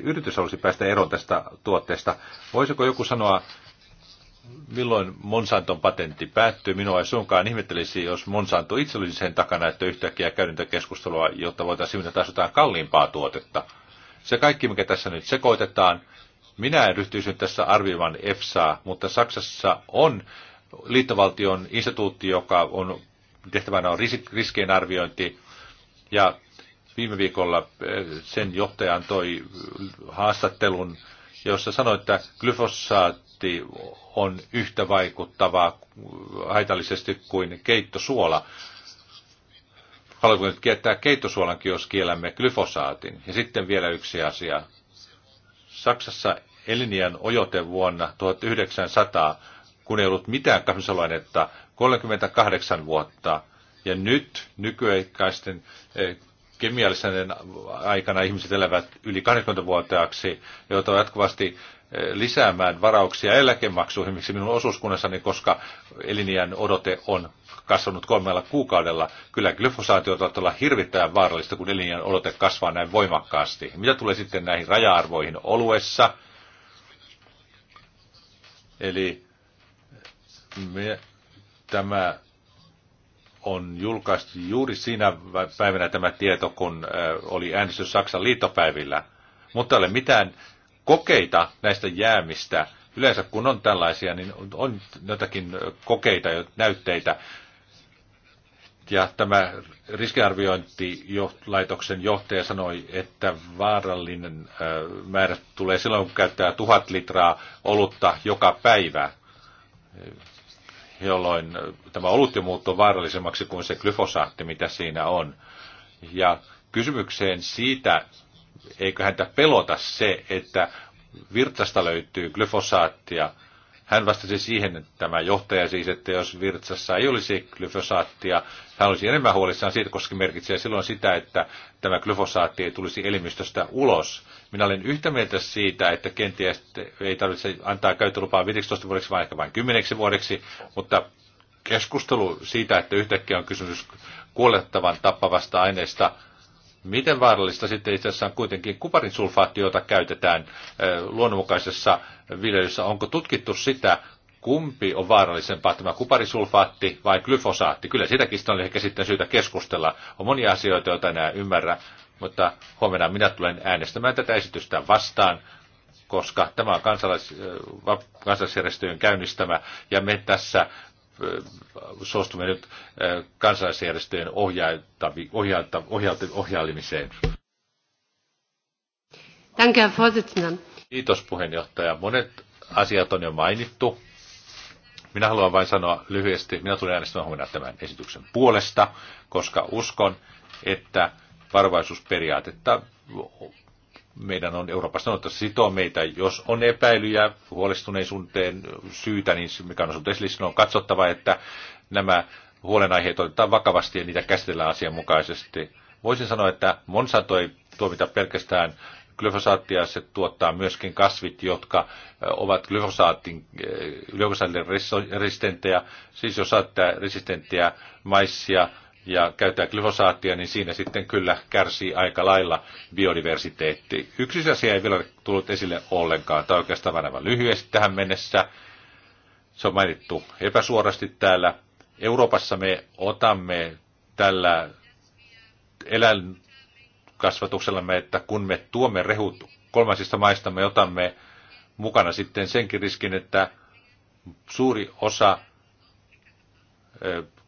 Yritys halusi päästä eroon tästä tuotteesta. Voisiko joku sanoa, milloin Monsanton patentti päättyy? Minua ei suinkaan ihmettelisi, jos Monsanto itse olisi sen takana, että yhtäkkiä käydintä keskustelua, jotta voitaisiin taas jotain kalliimpaa tuotetta. Se kaikki, mikä tässä nyt sekoitetaan, minä en ryhtyisi nyt tässä arvioimaan EFSAa, mutta Saksassa on liittovaltion instituutti, joka on tehtävänä on riskien arviointi, ja Viime viikolla eh, sen johtajan toi haastattelun, jossa sanoi, että glyfosaatti on yhtä vaikuttavaa haitallisesti kuin keittosuola. Haluatko nyt kiettää keittosuolankin, jos kiellämme glyfosaatin? Ja sitten vielä yksi asia. Saksassa Elinian ojote vuonna 1900, kun ei ollut mitään kasvisoloainetta, 38 vuotta. Ja nyt nykyaikaisten eh, kemiallisen aikana ihmiset elävät yli 80-vuotiaaksi, on jatkuvasti eh, lisäämään varauksia eläkemaksuihin, miksi minun osuuskunnassani, koska eliniän odote on kasvanut kolmella kuukaudella. Kyllä glyfosaatio on olla hirvittävän vaarallista, kun eliniän odote kasvaa näin voimakkaasti. Mitä tulee sitten näihin raja-arvoihin oluessa? Eli me, tämä on julkaistu juuri siinä päivänä tämä tieto, kun äh, oli äänestys Saksan liittopäivillä. Mutta ei ole mitään kokeita näistä jäämistä. Yleensä kun on tällaisia, niin on jotakin kokeita, näytteitä. Ja tämä riskiarviointilaitoksen johtaja sanoi, että vaarallinen äh, määrä tulee silloin, kun käyttää tuhat litraa olutta joka päivä jolloin tämä olut jo muuttuu vaarallisemmaksi kuin se glyfosaatti, mitä siinä on. Ja kysymykseen siitä, eikö häntä pelota se, että virtasta löytyy glyfosaattia – hän vastasi siihen, että tämä johtaja siis, että jos virtsassa ei olisi glyfosaattia, hän olisi enemmän huolissaan siitä, koska merkitsee silloin sitä, että tämä glyfosaatti ei tulisi elimistöstä ulos. Minä olen yhtä mieltä siitä, että kenties ei tarvitse antaa käyttölupaa 15 vuodeksi, vaan ehkä vain 10 vuodeksi, mutta keskustelu siitä, että yhtäkkiä on kysymys kuolettavan tappavasta aineesta, Miten vaarallista sitten itse asiassa on kuitenkin kuparin sulfaatti, jota käytetään eh, luonnonmukaisessa viljelyssä? Onko tutkittu sitä, kumpi on vaarallisempaa, tämä kuparisulfaatti vai glyfosaatti? Kyllä sitäkin on ehkä sitten syytä keskustella. On monia asioita, joita enää ymmärrä, mutta huomenna minä tulen äänestämään tätä esitystä vastaan, koska tämä on kansalais, eh, kansalaisjärjestöjen käynnistämä, ja me tässä suostumme nyt eh, kansalaisjärjestöjen ohjailemiseen. Kiitos puheenjohtaja. Monet asiat on jo mainittu. Minä haluan vain sanoa lyhyesti, minä tulen äänestämään huomenna tämän esityksen puolesta, koska uskon, että varovaisuusperiaatetta meidän on Euroopassa sanottu, että sitoo meitä. Jos on epäilyjä huolestuneisuuteen syytä, niin mikä on ollut esille, on katsottava, että nämä huolenaiheet otetaan vakavasti ja niitä käsitellään asianmukaisesti. Voisin sanoa, että Monsanto ei tuomita pelkästään glyfosaattia, se tuottaa myöskin kasvit, jotka ovat glyfosaatin, glyfosaatille resistenttejä, siis jos saattaa resistenttejä maissia, ja käyttää glyfosaattia, niin siinä sitten kyllä kärsii aika lailla biodiversiteetti. Yksi asia ei vielä tullut esille ollenkaan, tai oikeastaan vain aivan lyhyesti tähän mennessä. Se on mainittu epäsuorasti täällä. Euroopassa me otamme tällä eläinkasvatuksellamme, että kun me tuomme rehut kolmansista maista, me otamme mukana sitten senkin riskin, että suuri osa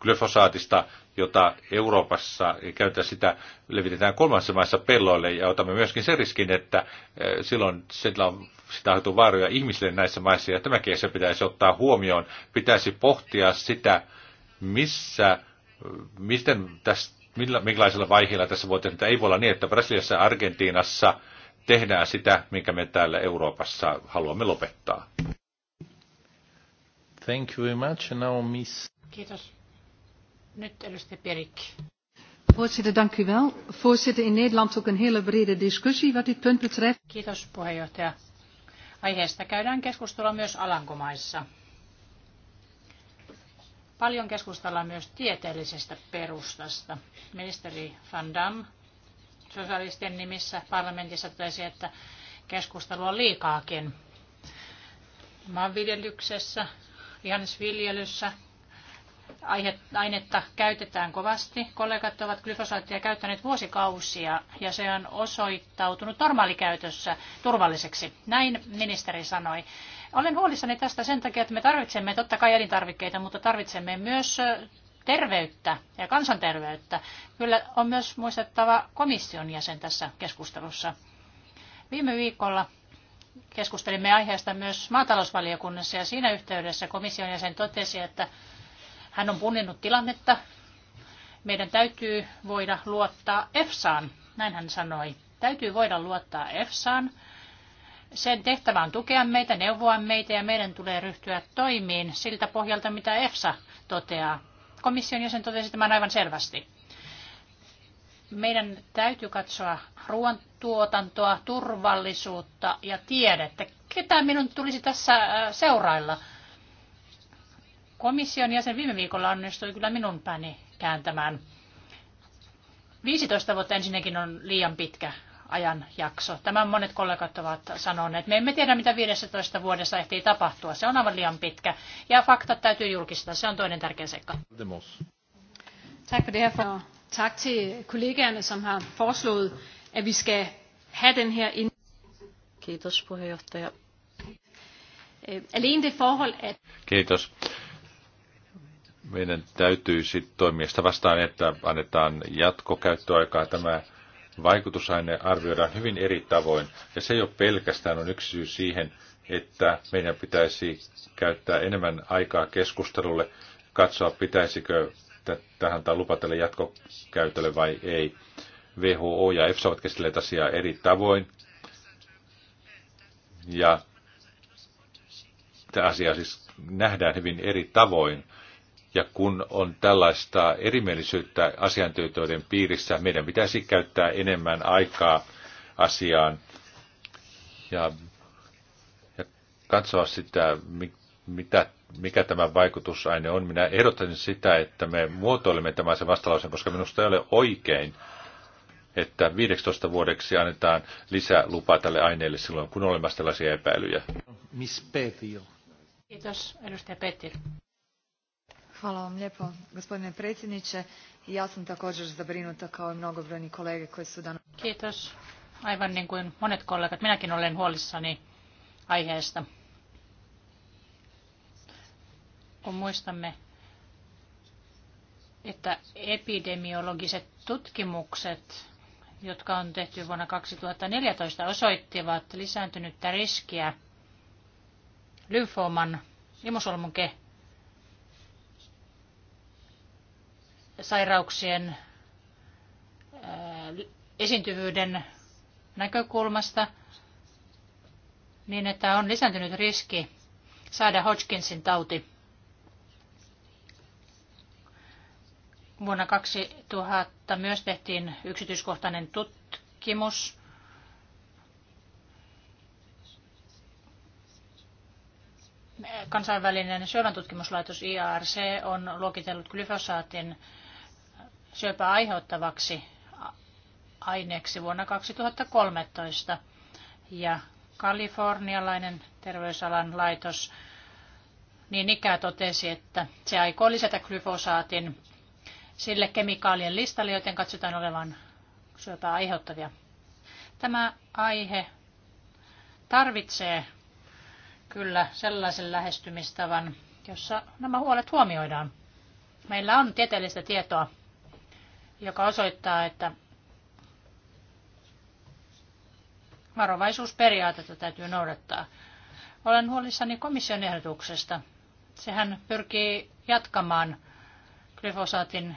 glyfosaatista jota Euroopassa käytetään sitä, levitetään kolmansissa maissa pelloille ja otamme myöskin sen riskin, että eh, silloin sillä on sitä aiheutuu vaaroja ihmisille näissä maissa ja tämäkin se pitäisi ottaa huomioon. Pitäisi pohtia sitä, missä, miten tästä, millä, minkälaisella vaiheella tässä voi tehdä. Ei voi olla niin, että Brasiliassa ja Argentiinassa tehdään sitä, minkä me täällä Euroopassa haluamme lopettaa. Thank you very much. now miss... Kiitos. Voorzitter, dank u wel. Voorzitter, in Nederland ook een hele brede discussie wat dit punt betreft. Kiitos puheenjohtaja. Aiheesta käydään keskustelua myös Alankomaissa. Paljon keskustellaan myös tieteellisestä perustasta. Ministeri Van Dam sosialistien nimissä parlamentissa totesi, että keskustelua on liikaakin. Maanviljelyksessä, vihannesviljelyssä, ainetta käytetään kovasti. Kollegat ovat glyfosaattia käyttäneet vuosikausia ja se on osoittautunut normaalikäytössä turvalliseksi. Näin ministeri sanoi. Olen huolissani tästä sen takia, että me tarvitsemme totta kai elintarvikkeita, mutta tarvitsemme myös terveyttä ja kansanterveyttä. Kyllä on myös muistettava komission jäsen tässä keskustelussa. Viime viikolla keskustelimme aiheesta myös maatalousvaliokunnassa ja siinä yhteydessä komission jäsen totesi, että hän on punninnut tilannetta. Meidän täytyy voida luottaa EFSAan, näin hän sanoi. Täytyy voida luottaa EFSAan. Sen tehtävä on tukea meitä, neuvoa meitä ja meidän tulee ryhtyä toimiin siltä pohjalta, mitä EFSA toteaa. Komission jäsen totesi tämän aivan selvästi. Meidän täytyy katsoa ruoantuotantoa, turvallisuutta ja tiedettä. Ketä minun tulisi tässä äh, seurailla? Komission jäsen viime viikolla onnistui kyllä minun pääni kääntämään. 15 vuotta ensinnäkin on liian pitkä ajanjakso. Tämän monet kollegat ovat sanoneet. Me emme tiedä, mitä 15 vuodessa ehtii tapahtua. Se on aivan liian pitkä. Ja faktat täytyy julkistaa. Se on toinen tärkeä seikka. Tak for det her, for tak til som har foreslået, at vi skal have den her ind. Kiitos puheenjohtaja. Øh, alene det forhold, at... Kiitos meidän täytyisi toimia sitä vastaan, että annetaan jatkokäyttöaikaa tämä vaikutusaine arvioidaan hyvin eri tavoin. Ja se jo pelkästään on yksi syy siihen, että meidän pitäisi käyttää enemmän aikaa keskustelulle, katsoa pitäisikö tähän tai lupa tälle jatkokäytölle vai ei. WHO ja EFSA ovat käsitelleet asiaa eri tavoin. Ja tämä asia siis nähdään hyvin eri tavoin. Ja kun on tällaista erimielisyyttä asiantuntijoiden piirissä, meidän pitäisi käyttää enemmän aikaa asiaan ja, ja katsoa sitä, mitä, mikä tämä vaikutusaine on. Minä ehdotan sitä, että me muotoilemme tämän sen vastalauseen, koska minusta ei ole oikein, että 15 vuodeksi annetaan lisälupa tälle aineelle silloin, kun on olemassa tällaisia epäilyjä. Miss Petio. Kiitos, edustaja Petir gospodine predsjednie i Ja sam takoer zabrinuta kao i mnogobrojni kolege koji su danas... Kiitos. Aivan niin kuin monet kollegat, minäkin olen huolissani aiheesta. Kun muistamme, että epidemiologiset tutkimukset, jotka on tehty vuonna 2014, osoittivat lisääntynyttä riskiä lymfooman imusolmun sairauksien esiintyvyyden näkökulmasta niin, että on lisääntynyt riski saada Hodgkinsin tauti. Vuonna 2000 myös tehtiin yksityiskohtainen tutkimus. Kansainvälinen syövän tutkimuslaitos IARC on luokitellut glyfosaatin syöpää aiheuttavaksi aineeksi vuonna 2013. Ja kalifornialainen terveysalan laitos niin ikää totesi, että se aikoo lisätä glyfosaatin sille kemikaalien listalle, joten katsotaan olevan syöpää aiheuttavia. Tämä aihe tarvitsee kyllä sellaisen lähestymistavan, jossa nämä huolet huomioidaan. Meillä on tieteellistä tietoa joka osoittaa, että varovaisuusperiaatetta täytyy noudattaa. Olen huolissani komission ehdotuksesta. Sehän pyrkii jatkamaan glyfosaatin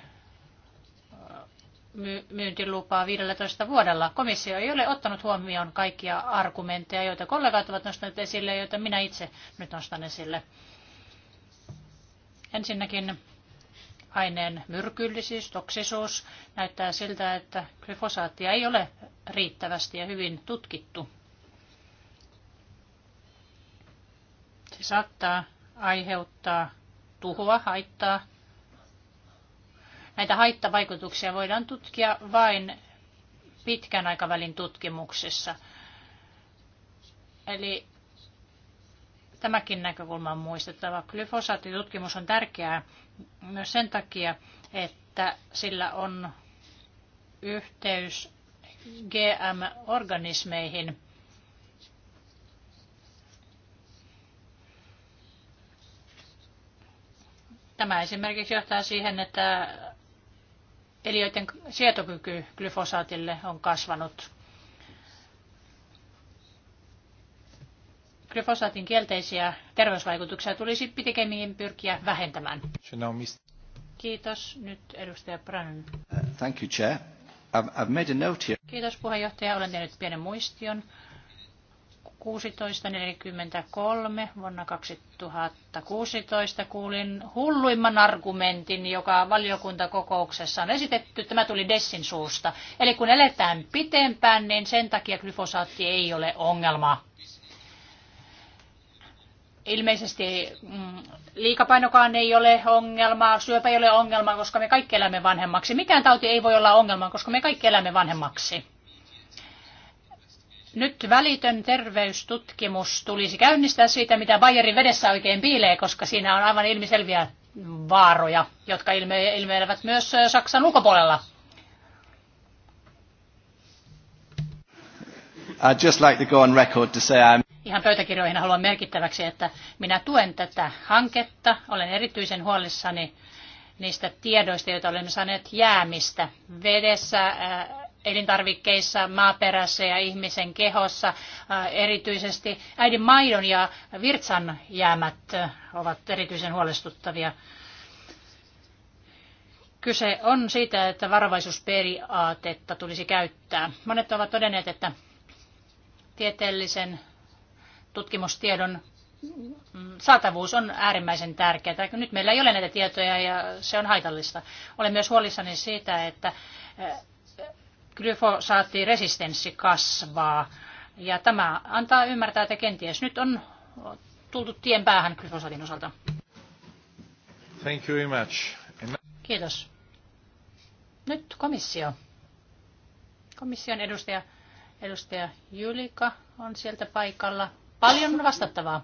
myyntilupaa 15 vuodella. Komissio ei ole ottanut huomioon kaikkia argumentteja, joita kollegat ovat nostaneet esille ja joita minä itse nyt nostan esille. Ensinnäkin aineen myrkyllisyys, toksisuus. Näyttää siltä, että glyfosaattia ei ole riittävästi ja hyvin tutkittu. Se saattaa aiheuttaa tuhoa, haittaa. Näitä haittavaikutuksia voidaan tutkia vain pitkän aikavälin tutkimuksessa. Eli tämäkin näkökulma on muistettava. Glyfosaattitutkimus on tärkeää myös sen takia, että sillä on yhteys GM-organismeihin. Tämä esimerkiksi johtaa siihen, että eliöiden sietokyky glyfosaatille on kasvanut. glyfosaatin kielteisiä terveysvaikutuksia tulisi pikemmin pyrkiä vähentämään. Kiitos. Nyt edustaja Brannan. Thank you, Chair. I've made a note here. Kiitos puheenjohtaja. Olen tehnyt pienen muistion. 16.43 vuonna 2016 kuulin hulluimman argumentin, joka valiokuntakokouksessa on esitetty. Tämä tuli Dessin suusta. Eli kun eletään pitempään, niin sen takia glyfosaatti ei ole ongelma. Ilmeisesti mm, liikapainokaan ei ole ongelma, syöpä ei ole ongelma, koska me kaikki elämme vanhemmaksi. Mikään tauti ei voi olla ongelma, koska me kaikki elämme vanhemmaksi. Nyt välitön terveystutkimus tulisi käynnistää siitä, mitä Bayerin vedessä oikein piilee, koska siinä on aivan ilmiselviä vaaroja, jotka ilme- ilmeilevät myös Saksan ulkopuolella. I'd just like to go on record to say I'm ihan pöytäkirjoihin haluan merkittäväksi, että minä tuen tätä hanketta. Olen erityisen huolissani niistä tiedoista, joita olemme saaneet jäämistä vedessä, äh, elintarvikkeissa, maaperässä ja ihmisen kehossa. Äh, erityisesti äidin maidon ja virtsan jäämät äh, ovat erityisen huolestuttavia. Kyse on siitä, että varovaisuusperiaatetta tulisi käyttää. Monet ovat todenneet, että tieteellisen tutkimustiedon saatavuus on äärimmäisen tärkeää. Nyt meillä ei ole näitä tietoja ja se on haitallista. Olen myös huolissani siitä, että eh, glyfosaattiresistenssi kasvaa. Ja tämä antaa ymmärtää, että kenties nyt on tultu tien päähän glyfosaatin osalta. Thank you very much. Kiitos. Nyt komissio. Komission edustaja, edustaja Julika on sieltä paikalla. Paljon vastattavaa.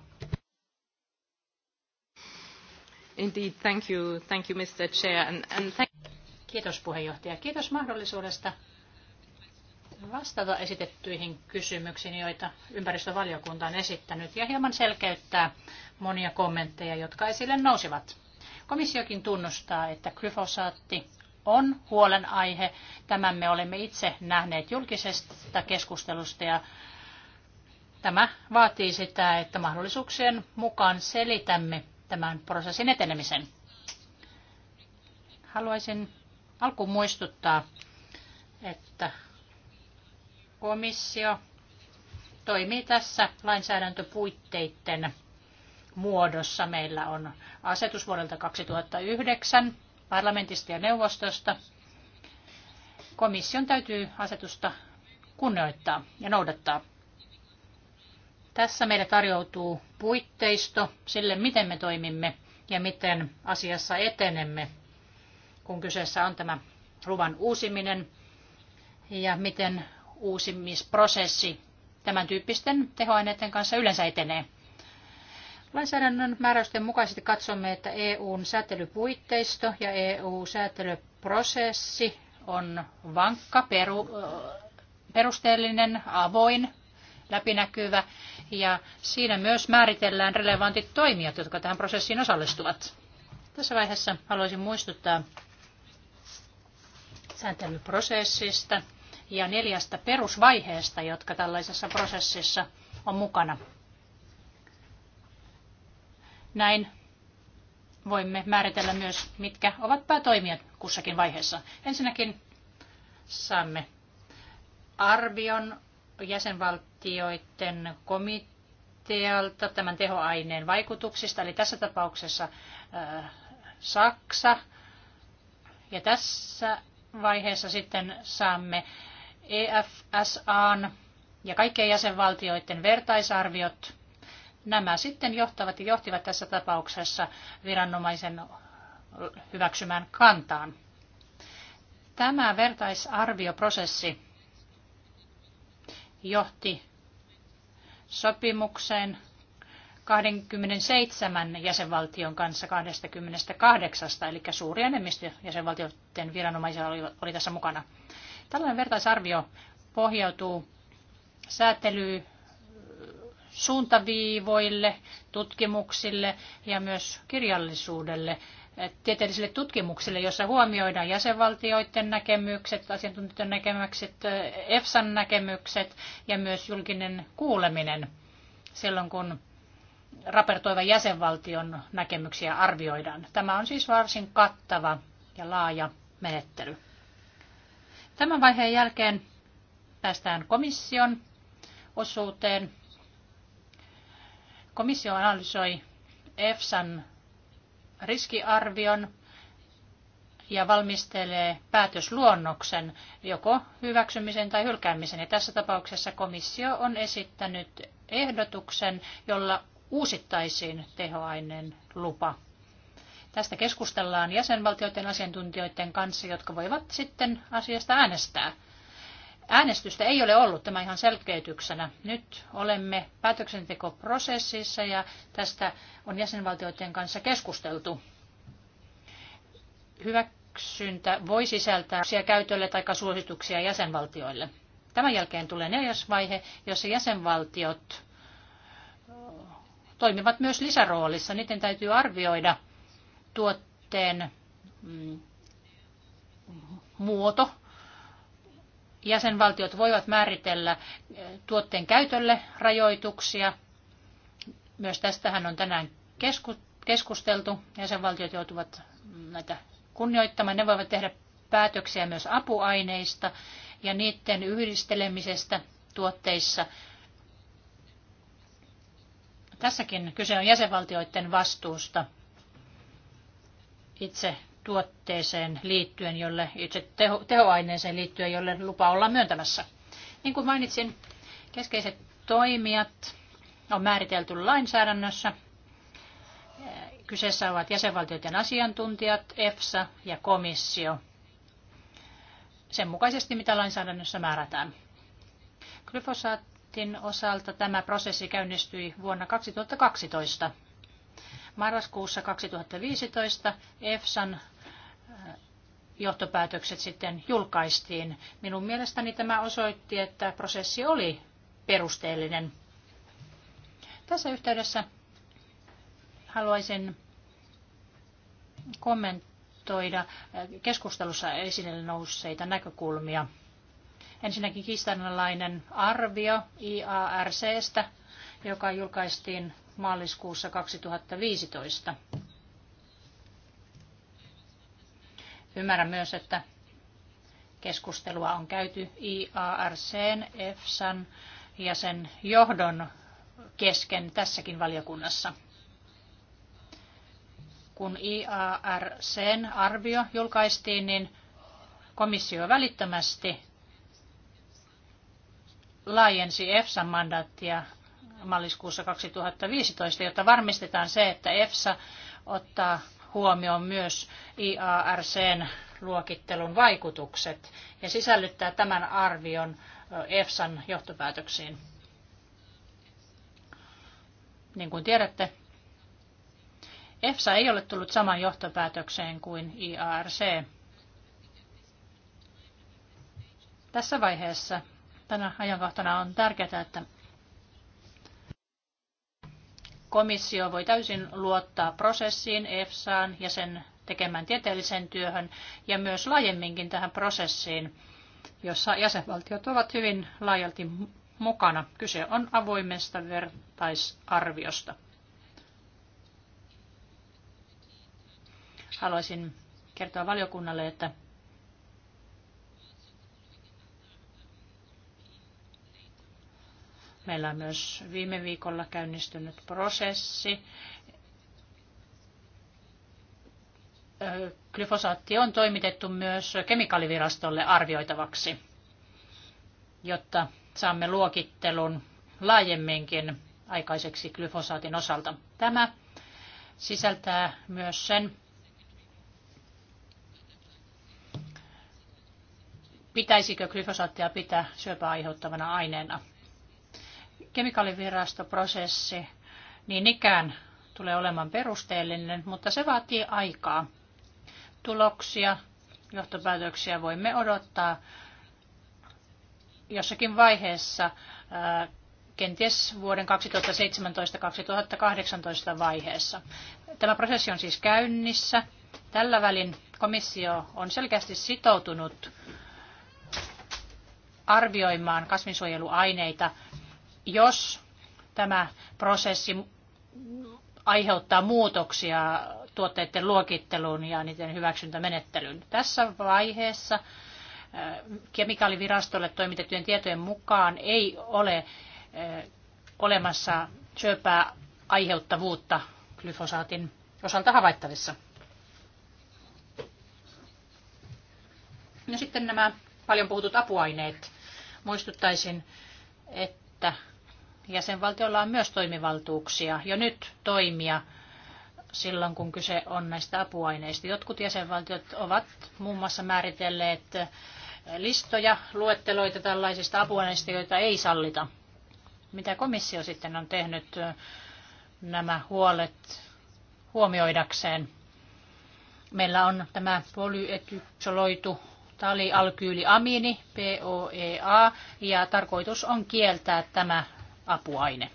Indeed, thank you, thank you Mr. Chair. And, and thank... Kiitos puheenjohtaja. Kiitos mahdollisuudesta vastata esitettyihin kysymyksiin, joita ympäristövaliokunta on esittänyt, ja hieman selkeyttää monia kommentteja, jotka esille nousivat. Komissiokin tunnustaa, että glyfosaatti on huolenaihe. Tämän me olemme itse nähneet julkisesta keskustelusta ja Tämä vaatii sitä, että mahdollisuuksien mukaan selitämme tämän prosessin etenemisen. Haluaisin alkuun muistuttaa, että komissio toimii tässä lainsäädäntöpuitteiden muodossa. Meillä on asetus vuodelta 2009 parlamentista ja neuvostosta. Komission täytyy asetusta kunnioittaa ja noudattaa. Tässä meille tarjoutuu puitteisto sille, miten me toimimme ja miten asiassa etenemme, kun kyseessä on tämä luvan uusiminen ja miten uusimisprosessi tämän tyyppisten tehoaineiden kanssa yleensä etenee. Lainsäädännön määräysten mukaisesti katsomme, että EUn säätelypuitteisto ja EU-säätelyprosessi on vankka, peru, perusteellinen, avoin, läpinäkyvä ja siinä myös määritellään relevantit toimijat, jotka tähän prosessiin osallistuvat. Tässä vaiheessa haluaisin muistuttaa sääntelyprosessista ja neljästä perusvaiheesta, jotka tällaisessa prosessissa on mukana. Näin voimme määritellä myös, mitkä ovat päätoimijat kussakin vaiheessa. Ensinnäkin saamme arvion jäsenvaltioon valtioiden komitealta tämän tehoaineen vaikutuksista, eli tässä tapauksessa äh, Saksa. Ja tässä vaiheessa sitten saamme EFSAn ja kaikkien jäsenvaltioiden vertaisarviot. Nämä sitten johtavat ja johtivat tässä tapauksessa viranomaisen hyväksymään kantaan. Tämä vertaisarvioprosessi johti sopimukseen 27 jäsenvaltion kanssa 28, eli suuri enemmistö jäsenvaltioiden viranomaisilla oli, oli tässä mukana. Tällainen vertaisarvio pohjautuu säätelyyn suuntaviivoille, tutkimuksille ja myös kirjallisuudelle tieteelliselle tutkimukselle, jossa huomioidaan jäsenvaltioiden näkemykset, asiantuntijoiden näkemykset, EFSAn näkemykset ja myös julkinen kuuleminen silloin, kun raportoivan jäsenvaltion näkemyksiä arvioidaan. Tämä on siis varsin kattava ja laaja menettely. Tämän vaiheen jälkeen päästään komission osuuteen. Komissio analysoi EFSAn riskiarvion ja valmistelee päätösluonnoksen joko hyväksymisen tai hylkäämisen. Ja tässä tapauksessa komissio on esittänyt ehdotuksen, jolla uusittaisiin tehoaineen lupa. Tästä keskustellaan jäsenvaltioiden asiantuntijoiden kanssa, jotka voivat sitten asiasta äänestää. Äänestystä ei ole ollut tämä ihan selkeytyksenä. Nyt olemme päätöksentekoprosessissa ja tästä on jäsenvaltioiden kanssa keskusteltu. Hyväksyntä voi sisältää käytölle tai suosituksia jäsenvaltioille. Tämän jälkeen tulee neljäs vaihe, jossa jäsenvaltiot toimivat myös lisäroolissa. Niiden täytyy arvioida tuotteen mm, muoto, jäsenvaltiot voivat määritellä eh, tuotteen käytölle rajoituksia. Myös tästähän on tänään keskusteltu. Jäsenvaltiot joutuvat näitä kunnioittamaan. Ne voivat tehdä päätöksiä myös apuaineista ja niiden yhdistelemisestä tuotteissa. Tässäkin kyse on jäsenvaltioiden vastuusta itse tuotteeseen liittyen, jolle itse teho, tehoaineeseen liittyen, jolle lupa ollaan myöntämässä. Niin kuin mainitsin, keskeiset toimijat on määritelty lainsäädännössä. Kyseessä ovat jäsenvaltioiden asiantuntijat, EFSA ja komissio sen mukaisesti, mitä lainsäädännössä määrätään. Glyfosaatin osalta tämä prosessi käynnistyi vuonna 2012 marraskuussa 2015 EFSAn johtopäätökset sitten julkaistiin. Minun mielestäni tämä osoitti, että prosessi oli perusteellinen. Tässä yhteydessä haluaisin kommentoida keskustelussa esille nousseita näkökulmia. Ensinnäkin kiistanalainen arvio IARCstä, joka julkaistiin maaliskuussa 2015. Ymmärrän myös, että keskustelua on käyty IARCn, EFSAn ja sen johdon kesken tässäkin valiokunnassa. Kun IARCn arvio julkaistiin, niin komissio välittömästi laajensi EFSAn mandaattia maaliskuussa 2015, jotta varmistetaan se, että EFSA ottaa huomioon myös IARCn luokittelun vaikutukset ja sisällyttää tämän arvion EFSAn johtopäätöksiin. Niin kuin tiedätte, EFSA ei ole tullut saman johtopäätökseen kuin IARC. Tässä vaiheessa tänä ajankohtana on tärkeää, että komissio voi täysin luottaa prosessiin, EFSAan ja sen tekemään tieteelliseen työhön ja myös laajemminkin tähän prosessiin, jossa jäsenvaltiot ovat hyvin laajalti mukana. Kyse on avoimesta vertaisarviosta. Haluaisin kertoa valiokunnalle, että Meillä on myös viime viikolla käynnistynyt prosessi. Glyfosaatti on toimitettu myös kemikaalivirastolle arvioitavaksi, jotta saamme luokittelun laajemminkin aikaiseksi glyfosaatin osalta. Tämä sisältää myös sen, pitäisikö glyfosaattia pitää syöpää aiheuttavana aineena kemikaalivirastoprosessi niin ikään tulee olemaan perusteellinen, mutta se vaatii aikaa. Tuloksia, johtopäätöksiä voimme odottaa jossakin vaiheessa, kenties vuoden 2017-2018 vaiheessa. Tämä prosessi on siis käynnissä. Tällä välin komissio on selkeästi sitoutunut arvioimaan kasvinsuojeluaineita jos tämä prosessi aiheuttaa muutoksia tuotteiden luokitteluun ja niiden hyväksyntämenettelyyn. Tässä vaiheessa äh, kemikaalivirastolle toimitettujen tietojen mukaan ei ole äh, olemassa syöpää aiheuttavuutta glyfosaatin osalta havaittavissa. No sitten nämä paljon puhutut apuaineet. Muistuttaisin, että Jäsenvaltiolla on myös toimivaltuuksia jo nyt toimia silloin, kun kyse on näistä apuaineista. Jotkut jäsenvaltiot ovat muun muassa määritelleet listoja, luetteloita tällaisista apuaineista, joita ei sallita. Mitä komissio sitten on tehnyt nämä huolet huomioidakseen? Meillä on tämä polyetyksoloitu talialkyyliamiini, POEA, ja tarkoitus on kieltää tämä apuaine.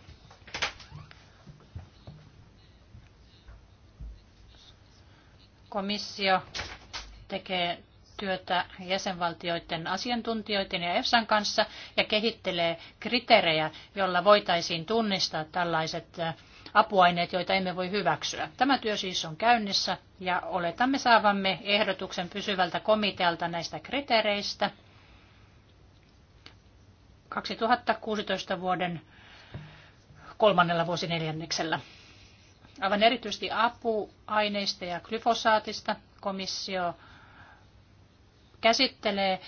Komissio tekee työtä jäsenvaltioiden asiantuntijoiden ja EFSAn kanssa ja kehittelee kriteerejä, joilla voitaisiin tunnistaa tällaiset äh, apuaineet, joita emme voi hyväksyä. Tämä työ siis on käynnissä ja oletamme saavamme ehdotuksen pysyvältä komitealta näistä kriteereistä 2016 vuoden kolmannella vuosineljänneksellä. Aivan erityisesti apuaineista ja glyfosaatista komissio käsittelee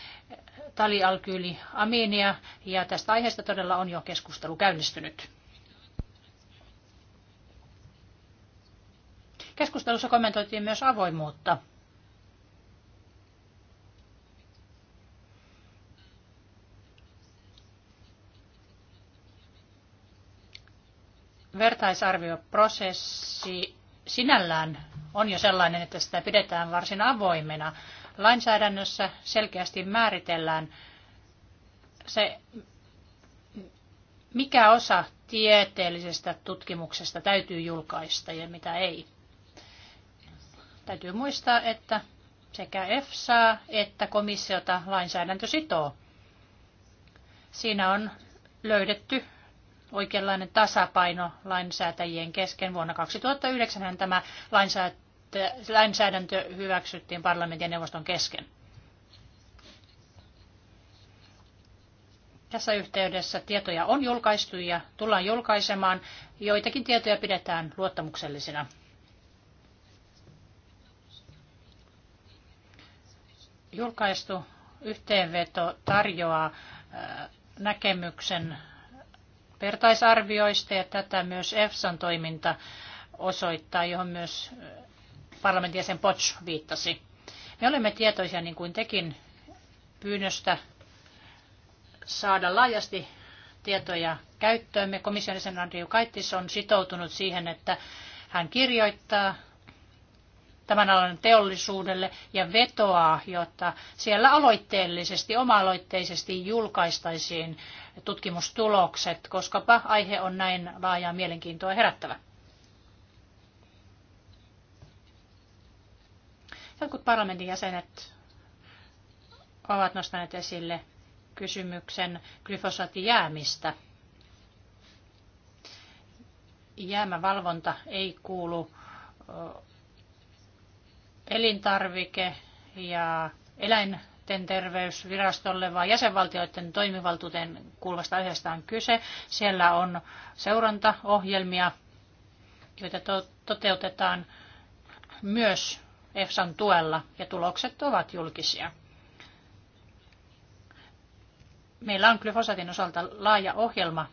talialkyyliamiinia ja tästä aiheesta todella on jo keskustelu käynnistynyt. Keskustelussa kommentoitiin myös avoimuutta vertaisarvioprosessi sinällään on jo sellainen, että sitä pidetään varsin avoimena. Lainsäädännössä selkeästi määritellään se, mikä osa tieteellisestä tutkimuksesta täytyy julkaista ja mitä ei. Täytyy muistaa, että sekä EFSA että komissiota lainsäädäntö sitoo. Siinä on löydetty oikeanlainen tasapaino lainsäätäjien kesken. Vuonna 2009 tämä lainsäädäntö hyväksyttiin parlamentin ja neuvoston kesken. Tässä yhteydessä tietoja on julkaistu ja tullaan julkaisemaan. Joitakin tietoja pidetään luottamuksellisina. Julkaistu yhteenveto tarjoaa näkemyksen vertaisarvioista ja tätä myös EFSAn toiminta osoittaa, johon myös parlamentin jäsen Potsch viittasi. Me olemme tietoisia, niin kuin tekin, pyynnöstä saada laajasti tietoja käyttöömme. Komission jäsen Andrew Kaittis on sitoutunut siihen, että hän kirjoittaa tämän alan teollisuudelle ja vetoaa, jotta siellä aloitteellisesti, oma-aloitteisesti julkaistaisiin tutkimustulokset, koskapa aihe on näin laajaa mielenkiintoa herättävä. Jotkut parlamentin jäsenet ovat nostaneet esille kysymyksen glyfosaatin jäämistä. Jäämävalvonta ei kuulu elintarvike- ja eläinten terveysvirastolle, vaan jäsenvaltioiden toimivaltuuteen kuuluvasta aiheesta on kyse. Siellä on seurantaohjelmia, joita to- toteutetaan myös EFSAn tuella ja tulokset ovat julkisia. Meillä on glyfosatin osalta laaja ohjelma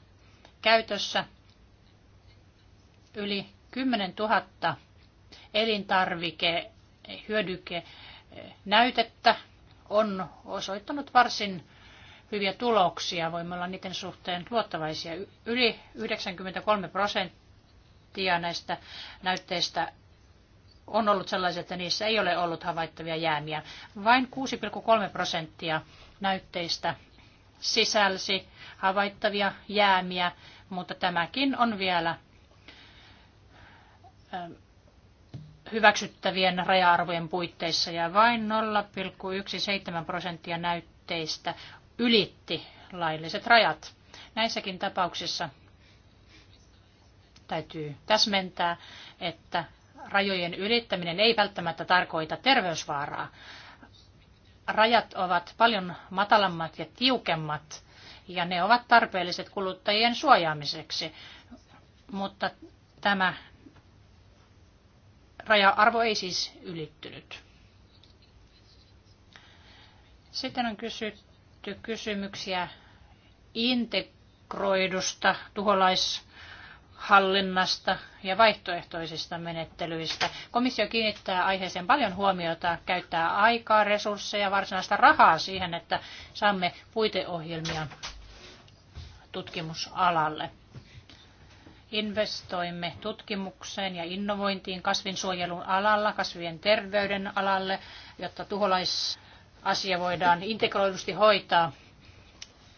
käytössä. Yli 10 000 elintarvike hyödykenäytettä eh, näytettä on osoittanut varsin hyviä tuloksia. Voimme olla niiden suhteen luottavaisia. Yli 93 prosenttia näistä näytteistä on ollut sellaisia, että niissä ei ole ollut havaittavia jäämiä. Vain 6,3 prosenttia näytteistä sisälsi havaittavia jäämiä, mutta tämäkin on vielä eh, hyväksyttävien raja-arvojen puitteissa ja vain 0,17 prosenttia näytteistä ylitti lailliset rajat. Näissäkin tapauksissa täytyy täsmentää, että rajojen ylittäminen ei välttämättä tarkoita terveysvaaraa. Rajat ovat paljon matalammat ja tiukemmat ja ne ovat tarpeelliset kuluttajien suojaamiseksi, mutta tämä Raja-arvo ei siis ylittynyt. Sitten on kysytty kysymyksiä integroidusta tuholaishallinnasta ja vaihtoehtoisista menettelyistä. Komissio kiinnittää aiheeseen paljon huomiota, käyttää aikaa, resursseja, varsinaista rahaa siihen, että saamme puiteohjelmia tutkimusalalle investoimme tutkimukseen ja innovointiin kasvinsuojelun alalla, kasvien terveyden alalle, jotta tuholaisasia voidaan integroidusti hoitaa.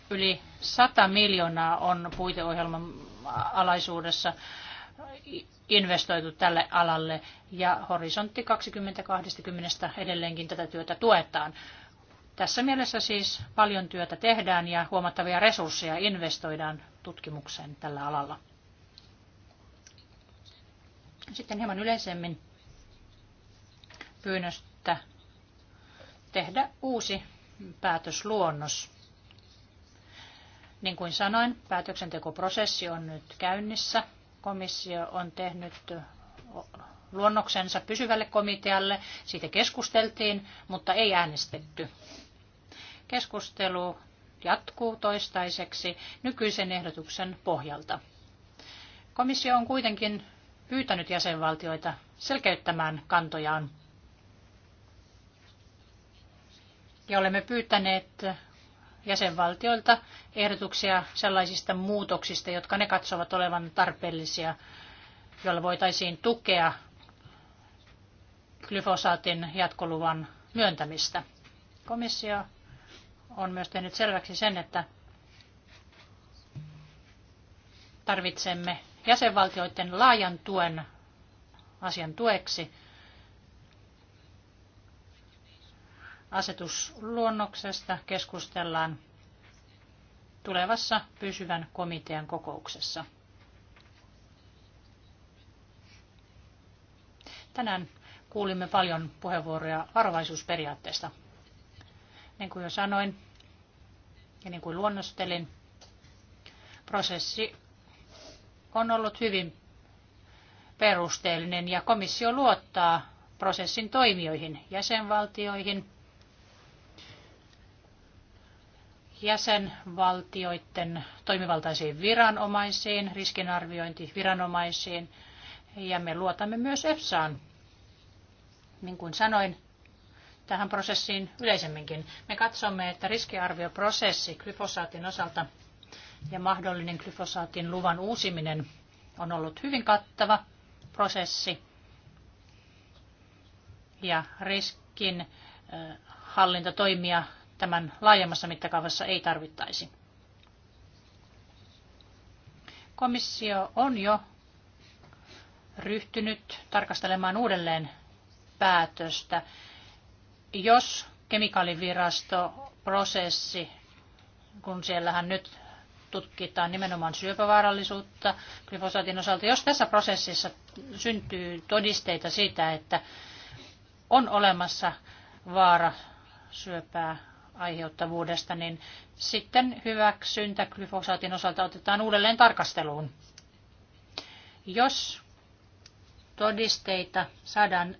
Yli 100 miljoonaa on puiteohjelman alaisuudessa investoitu tälle alalle ja horisontti 2020 edelleenkin tätä työtä tuetaan. Tässä mielessä siis paljon työtä tehdään ja huomattavia resursseja investoidaan tutkimukseen tällä alalla. Sitten hieman yleisemmin pyynnöstä tehdä uusi päätösluonnos. Niin kuin sanoin, päätöksentekoprosessi on nyt käynnissä. Komissio on tehnyt luonnoksensa pysyvälle komitealle. Siitä keskusteltiin, mutta ei äänestetty. Keskustelu jatkuu toistaiseksi nykyisen ehdotuksen pohjalta. Komissio on kuitenkin pyytänyt jäsenvaltioita selkeyttämään kantojaan. Ja olemme pyytäneet jäsenvaltioilta ehdotuksia sellaisista muutoksista, jotka ne katsovat olevan tarpeellisia, joilla voitaisiin tukea glyfosaatin jatkoluvan myöntämistä. Komissio on myös tehnyt selväksi sen, että tarvitsemme jäsenvaltioiden laajan tuen asian tueksi. Asetusluonnoksesta keskustellaan tulevassa pysyvän komitean kokouksessa. Tänään kuulimme paljon puheenvuoroja varovaisuusperiaatteesta. Niin kuin jo sanoin ja niin kuin luonnostelin, prosessi on ollut hyvin perusteellinen ja komissio luottaa prosessin toimijoihin, jäsenvaltioihin, jäsenvaltioiden toimivaltaisiin viranomaisiin, riskinarviointiviranomaisiin ja me luotamme myös EFSAan. Niin kuin sanoin, tähän prosessiin yleisemminkin. Me katsomme, että riskiarvioprosessi glyfosaatin osalta ja mahdollinen glyfosaatin luvan uusiminen on ollut hyvin kattava prosessi ja riskin hallintatoimia tämän laajemmassa mittakaavassa ei tarvittaisi. Komissio on jo ryhtynyt tarkastelemaan uudelleen päätöstä, jos kemikaalivirasto prosessi, kun siellähän nyt tutkitaan nimenomaan syöpävaarallisuutta glyfosaatin osalta. Jos tässä prosessissa syntyy todisteita siitä, että on olemassa vaara syöpää aiheuttavuudesta, niin sitten hyväksyntä glyfosaatin osalta otetaan uudelleen tarkasteluun. Jos todisteita saadaan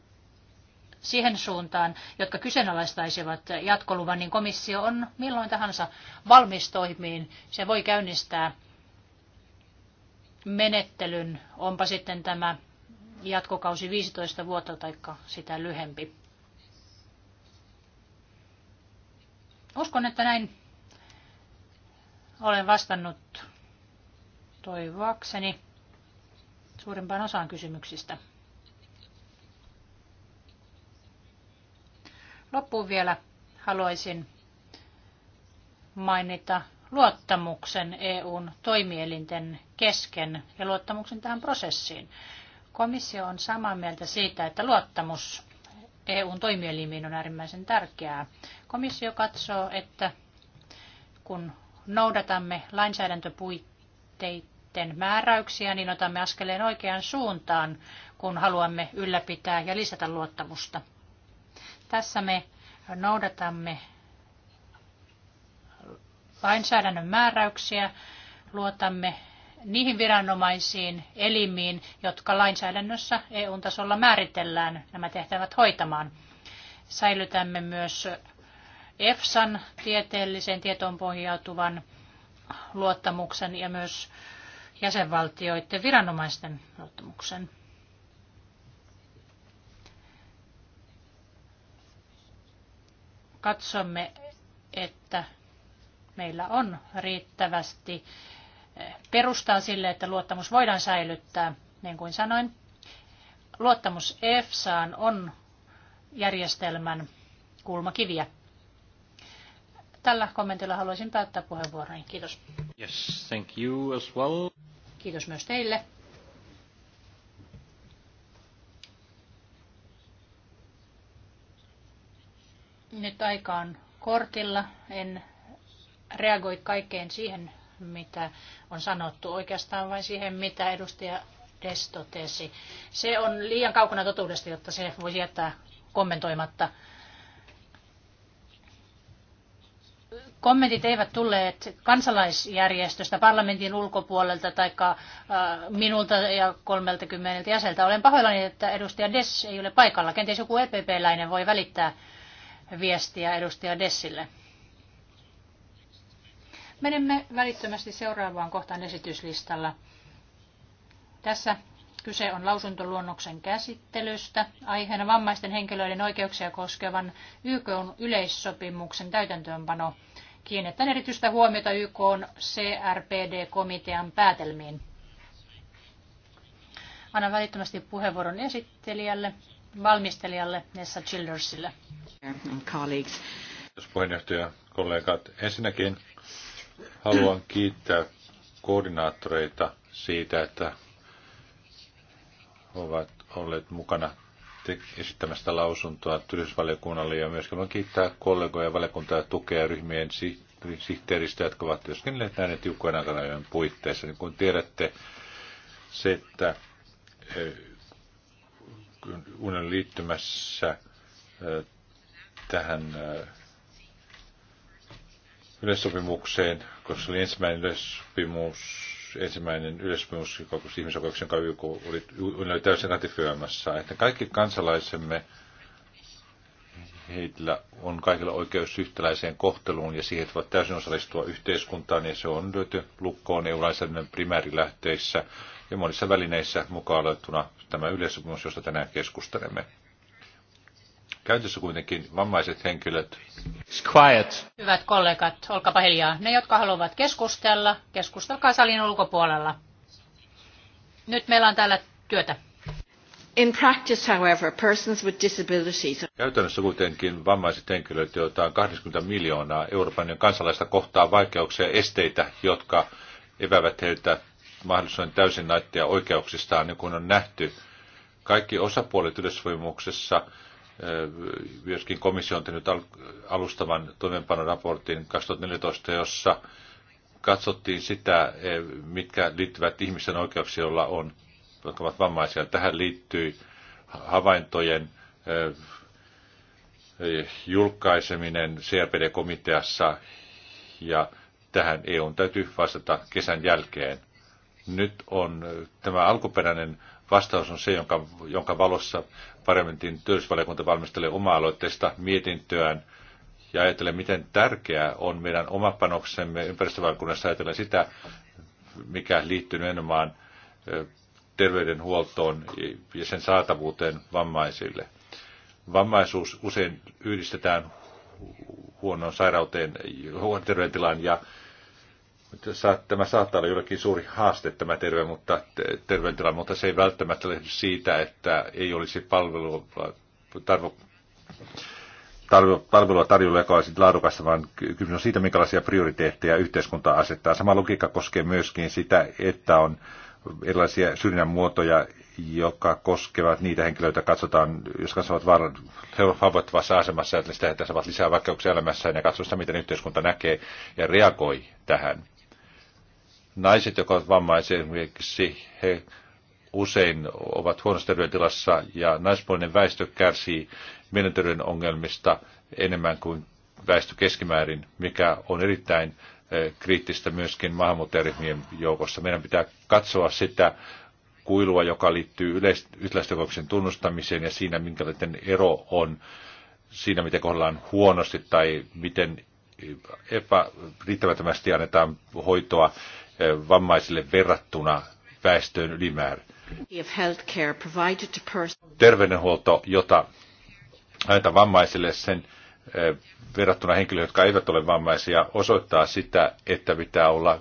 siihen suuntaan, jotka kyseenalaistaisivat jatkoluvan, niin komissio on milloin tahansa valmis toimiin. Se voi käynnistää menettelyn, onpa sitten tämä jatkokausi 15 vuotta tai sitä lyhempi. Uskon, että näin olen vastannut toivoakseni suurimpaan osaan kysymyksistä. Loppuun vielä haluaisin mainita luottamuksen EUn toimielinten kesken ja luottamuksen tähän prosessiin. Komissio on samaa mieltä siitä, että luottamus EUn toimielimiin on äärimmäisen tärkeää. Komissio katsoo, että kun noudatamme lainsäädäntöpuitteiden määräyksiä, niin otamme askeleen oikeaan suuntaan, kun haluamme ylläpitää ja lisätä luottamusta. Tässä me noudatamme lainsäädännön määräyksiä, luotamme niihin viranomaisiin, elimiin, jotka lainsäädännössä EU-tasolla määritellään nämä tehtävät hoitamaan. Säilytämme myös EFSAn tieteelliseen tietoon pohjautuvan luottamuksen ja myös jäsenvaltioiden viranomaisten luottamuksen. katsomme, että meillä on riittävästi eh, perustaa sille, että luottamus voidaan säilyttää, niin kuin sanoin. Luottamus EFSAan on järjestelmän kulmakiviä. Tällä kommentilla haluaisin päättää puheenvuoroni. Kiitos. Yes, thank you as well. Kiitos myös teille. Nyt aika on kortilla. En reagoi kaikkeen siihen, mitä on sanottu. Oikeastaan vain siihen, mitä edustaja Des totesi. Se on liian kaukana totuudesta, jotta se voisi jättää kommentoimatta. kommentit eivät tulleet kansalaisjärjestöstä, parlamentin ulkopuolelta tai äh, minulta ja 30 jäseltä. Olen pahoillani, että edustaja Des ei ole paikalla. Kenties joku EPP-läinen voi välittää viestiä edustaja Dessille. Menemme välittömästi seuraavaan kohtaan esityslistalla. Tässä kyse on lausuntoluonnoksen käsittelystä aiheena vammaisten henkilöiden oikeuksia koskevan YK yleissopimuksen täytäntöönpano. Kiinnitän erityistä huomiota YK CRPD-komitean päätelmiin. Annan välittömästi puheenvuoron esittelijälle, valmistelijalle Nessa Childersille. Jos puheenjohtaja, kollegat. Ensinnäkin haluan kiittää koordinaattoreita siitä, että ovat olleet mukana esittämästä lausuntoa työllisyysvaliokunnalle ja myöskin haluan kiittää kollegoja valiokuntaa ja tukea ryhmien sihteeristä, jotka ovat työskennelleet näiden tiukkojen aikarajojen puitteissa. Niin kuin tiedätte, se, että unen liittymässä tähän äh, yleissopimukseen, koska se oli ensimmäinen yleissopimus, ensimmäinen yleissopimus, joka oli ihmisoikeuksien jonka oli, oli täysin ratifioimassa, että kaikki kansalaisemme, heillä on kaikilla oikeus yhtäläiseen kohteluun ja siihen, että voivat täysin osallistua yhteiskuntaan, ja se on löyty lukkoon EU-lainsäädännön primäärilähteissä ja monissa välineissä mukaan löytynä tämä yleissopimus, josta tänään keskustelemme. Käytössä kuitenkin vammaiset henkilöt. Quiet. Hyvät kollegat, olkaapa hiljaa. Ne, jotka haluavat keskustella, keskustelkaa salin ulkopuolella. Nyt meillä on täällä työtä. In practice, however, persons with disabilities... Käytännössä kuitenkin vammaiset henkilöt, joita on 20 miljoonaa Euroopan kansalaista kohtaa vaikeuksia ja esteitä, jotka evävät heiltä mahdollisuuden täysin naittia oikeuksistaan, niin kuin on nähty. Kaikki osapuolet yleissopimuksessa Myöskin komissio on tehnyt alustavan toimeenpanoraportin 2014, jossa katsottiin sitä, e, mitkä liittyvät ihmisten oikeuksiin, joilla on, jotka ovat vammaisia. Tähän liittyy havaintojen e, julkaiseminen CRPD-komiteassa ja tähän EUn täytyy vastata kesän jälkeen. Nyt on tämä alkuperäinen vastaus on se, jonka, jonka valossa parlamentin työllisyysvaliokunta valmistelee oma-aloitteista mietintöään ja ajattelee, miten tärkeää on meidän oma panoksemme ympäristövaliokunnassa ajatellen sitä, mikä liittyy nimenomaan terveydenhuoltoon ja sen saatavuuteen vammaisille. Vammaisuus usein yhdistetään huonoon sairauteen, huonoon terveydentilaan ja tämä saattaa olla jollekin suuri haaste tämä terve, mutta, terveydentila, mutta se ei välttämättä lähde siitä, että ei olisi palvelua, tarvo, tarvo, palvelua tarjolla, joka olisi laadukasta, vaan kysymys on siitä, minkälaisia prioriteetteja yhteiskunta asettaa. Sama logiikka koskee myöskin sitä, että on erilaisia syrjinnän muotoja, jotka koskevat niitä henkilöitä, katsotaan, jos katsovat ovat haavoittuvassa asemassa, että he että saavat lisää vaikeuksia elämässään ja katsotaan sitä, miten yhteiskunta näkee ja reagoi tähän. Naiset, jotka ovat vammaisia esimerkiksi, he usein ovat huonossa terveydentilassa ja naispuolinen väestö kärsii mielenterveyden ongelmista enemmän kuin väestö keskimäärin, mikä on erittäin eh, kriittistä myöskin maahanmuuttajaryhmien joukossa. Meidän pitää katsoa sitä kuilua, joka liittyy yleisläästökokouksen tunnustamiseen ja siinä, minkälainen ero on siinä, miten kohdellaan huonosti tai miten eh, epäriittämättömästi annetaan hoitoa vammaisille verrattuna väestöön ylimäärä. Terveydenhuolto, jota näitä vammaisille sen verrattuna henkilöihin, jotka eivät ole vammaisia, osoittaa sitä, että pitää olla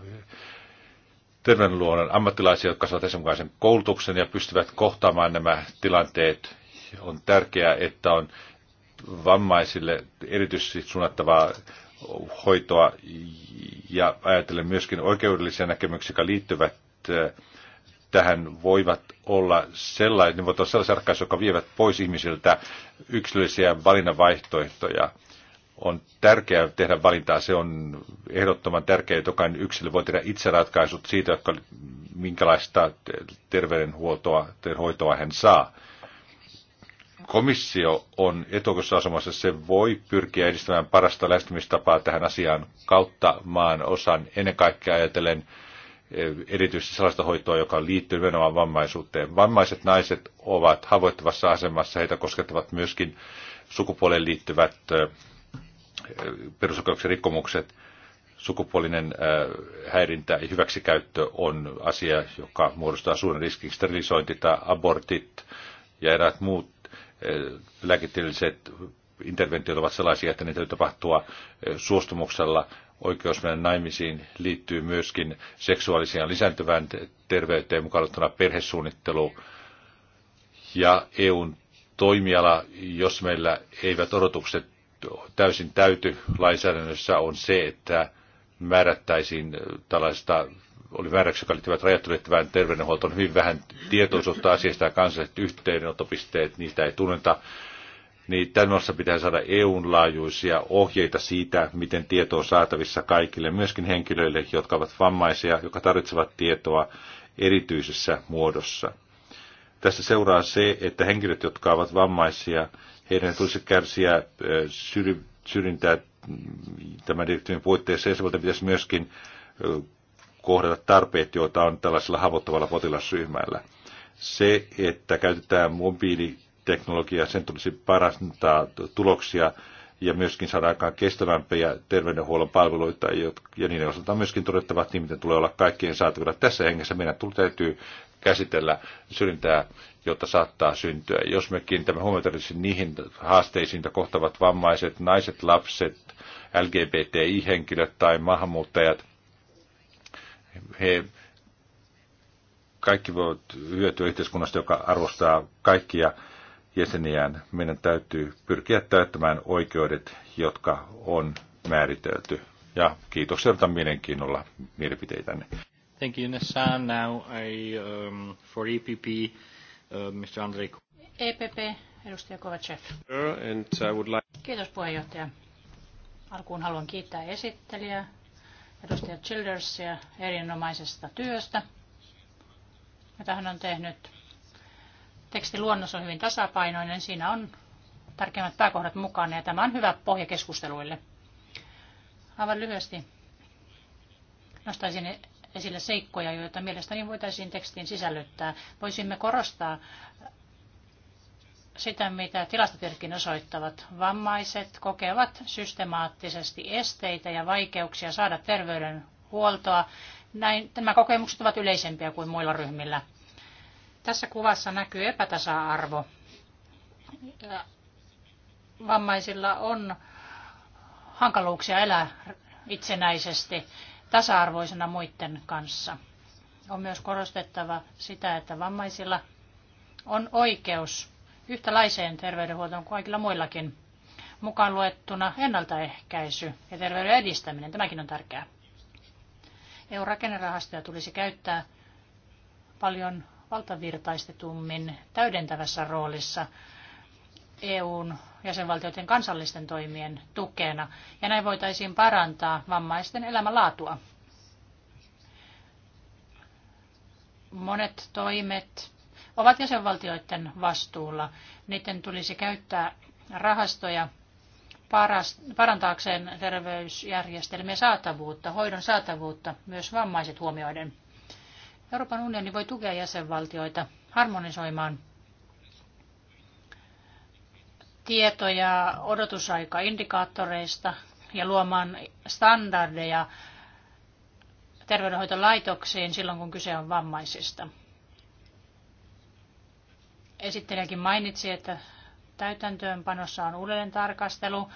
terveydenhuollon ammattilaisia, jotka saavat esimerkiksi koulutuksen ja pystyvät kohtaamaan nämä tilanteet. On tärkeää, että on vammaisille erityisesti suunnattavaa hoitoa ja ajatellen myöskin oikeudellisia näkemyksiä, jotka liittyvät tähän voivat olla sellaisia, ne voivat olla sellaisia ratkaisuja, jotka vievät pois ihmisiltä yksilöllisiä valinnanvaihtoehtoja. On tärkeää tehdä valintaa, se on ehdottoman tärkeää, että jokainen yksilö voi tehdä itse ratkaisut siitä, jotka, minkälaista terveydenhuoltoa hoitoa hän saa komissio on etuokossa asemassa, se voi pyrkiä edistämään parasta lähestymistapaa tähän asiaan kautta maan osan, ennen kaikkea ajatellen eh, erityisesti sellaista hoitoa, joka liittyy nimenomaan vammaisuuteen. Vammaiset naiset ovat havoittavassa asemassa, heitä koskettavat myöskin sukupuoleen liittyvät eh, perusoikeuksien rikkomukset. Sukupuolinen eh, häirintä ja hyväksikäyttö on asia, joka muodostaa suuren riskin. Sterilisointi tai abortit ja eräät muut Äh, lääketieteelliset interventiot ovat sellaisia, että niitä tapahtua äh, suostumuksella. Oikeus mennä naimisiin liittyy myöskin seksuaalisiin lisääntyvään terveyteen mukaan perhesuunnittelu ja EUn toimiala, jos meillä eivät odotukset täysin täyty lainsäädännössä, on se, että määrättäisiin tällaista oli vääräksi, jotka liittyvät rajat ylittävään terveydenhuoltoon. Hyvin vähän tietoisuutta asiasta ja kansalliset yhteydenottopisteet, niitä ei tunneta. Niin tämmössä pitää saada EUn laajuisia ohjeita siitä, miten tieto on saatavissa kaikille, myöskin henkilöille, jotka ovat vammaisia, jotka tarvitsevat tietoa erityisessä muodossa. Tässä seuraa se, että henkilöt, jotka ovat vammaisia, heidän tulisi kärsiä syrjintää mm, tämän direktiivin puitteissa. Ja pitäisi myöskin kohdata tarpeet, joita on tällaisella haavoittuvalla potilasryhmällä. Se, että käytetään mobiiliteknologiaa, sen tulisi parantaa tuloksia ja myöskin saada aikaan kestävämpiä terveydenhuollon palveluita, ja niiden osalta on myöskin todettava, että niiden tulee olla kaikkien saatavilla. Tässä hengessä meidän täytyy käsitellä syrjintää, jota saattaa syntyä. Jos me kiinnitämme huomiota niihin haasteisiin, joita kohtavat vammaiset, naiset, lapset, LGBTI-henkilöt tai maahanmuuttajat, he kaikki voivat hyötyä yhteiskunnasta, joka arvostaa kaikkia jäseniään. Meidän täytyy pyrkiä täyttämään oikeudet, jotka on määritelty. Ja kiitoksia että mielenkiinnolla mielipiteitänne. Thank you, Nessa. Now I, um, for EPP, uh, Mr. Andrei. EPP, edustaja Kovacev. And I would like... Kiitos puheenjohtaja. Alkuun haluan kiittää esittelijää edustaja Childersia erinomaisesta työstä, mitä hän on tehnyt. Tekstiluonnos on hyvin tasapainoinen. Siinä on tärkeimmät pääkohdat mukana ja tämä on hyvä pohja keskusteluille. Aivan lyhyesti nostaisin esille seikkoja, joita mielestäni voitaisiin tekstiin sisällyttää. Voisimme korostaa sitä, mitä tilastotietokin osoittavat. Vammaiset kokevat systemaattisesti esteitä ja vaikeuksia saada terveydenhuoltoa. Näin, nämä kokemukset ovat yleisempiä kuin muilla ryhmillä. Tässä kuvassa näkyy epätasa-arvo. Vammaisilla on hankaluuksia elää itsenäisesti tasa-arvoisena muiden kanssa. On myös korostettava sitä, että vammaisilla on oikeus yhtälaiseen terveydenhuoltoon kuin kaikilla muillakin, mukaan luettuna ennaltaehkäisy ja terveyden edistäminen. Tämäkin on tärkeää. EU-rakennerahastoja tulisi käyttää paljon valtavirtaistetummin täydentävässä roolissa EUn jäsenvaltioiden kansallisten toimien tukena, ja näin voitaisiin parantaa vammaisten elämänlaatua. Monet toimet ovat jäsenvaltioiden vastuulla. Niiden tulisi käyttää rahastoja parantaakseen terveysjärjestelmien saatavuutta, hoidon saatavuutta, myös vammaiset huomioiden. Euroopan unioni voi tukea jäsenvaltioita harmonisoimaan tietoja odotusaikaindikaattoreista ja luomaan standardeja terveydenhoitolaitoksiin silloin, kun kyse on vammaisista. Esittelijäkin mainitsi, että täytäntöönpanossa on uudelleen tarkastelu.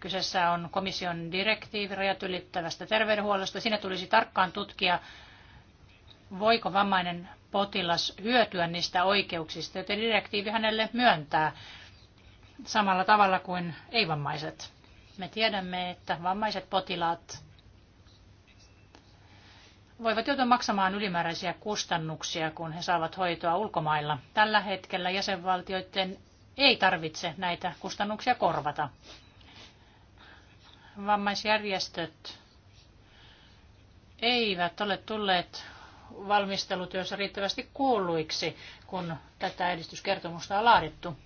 Kyseessä on komission direktiivi rajat ylittävästä terveydenhuollosta. Siinä tulisi tarkkaan tutkia, voiko vammainen potilas hyötyä niistä oikeuksista, joita direktiivi hänelle myöntää samalla tavalla kuin ei-vammaiset. Me tiedämme, että vammaiset potilaat voivat joutua maksamaan ylimääräisiä kustannuksia, kun he saavat hoitoa ulkomailla. Tällä hetkellä jäsenvaltioiden ei tarvitse näitä kustannuksia korvata. Vammaisjärjestöt eivät ole tulleet valmistelutyössä riittävästi kuulluiksi, kun tätä edistyskertomusta on laadittu.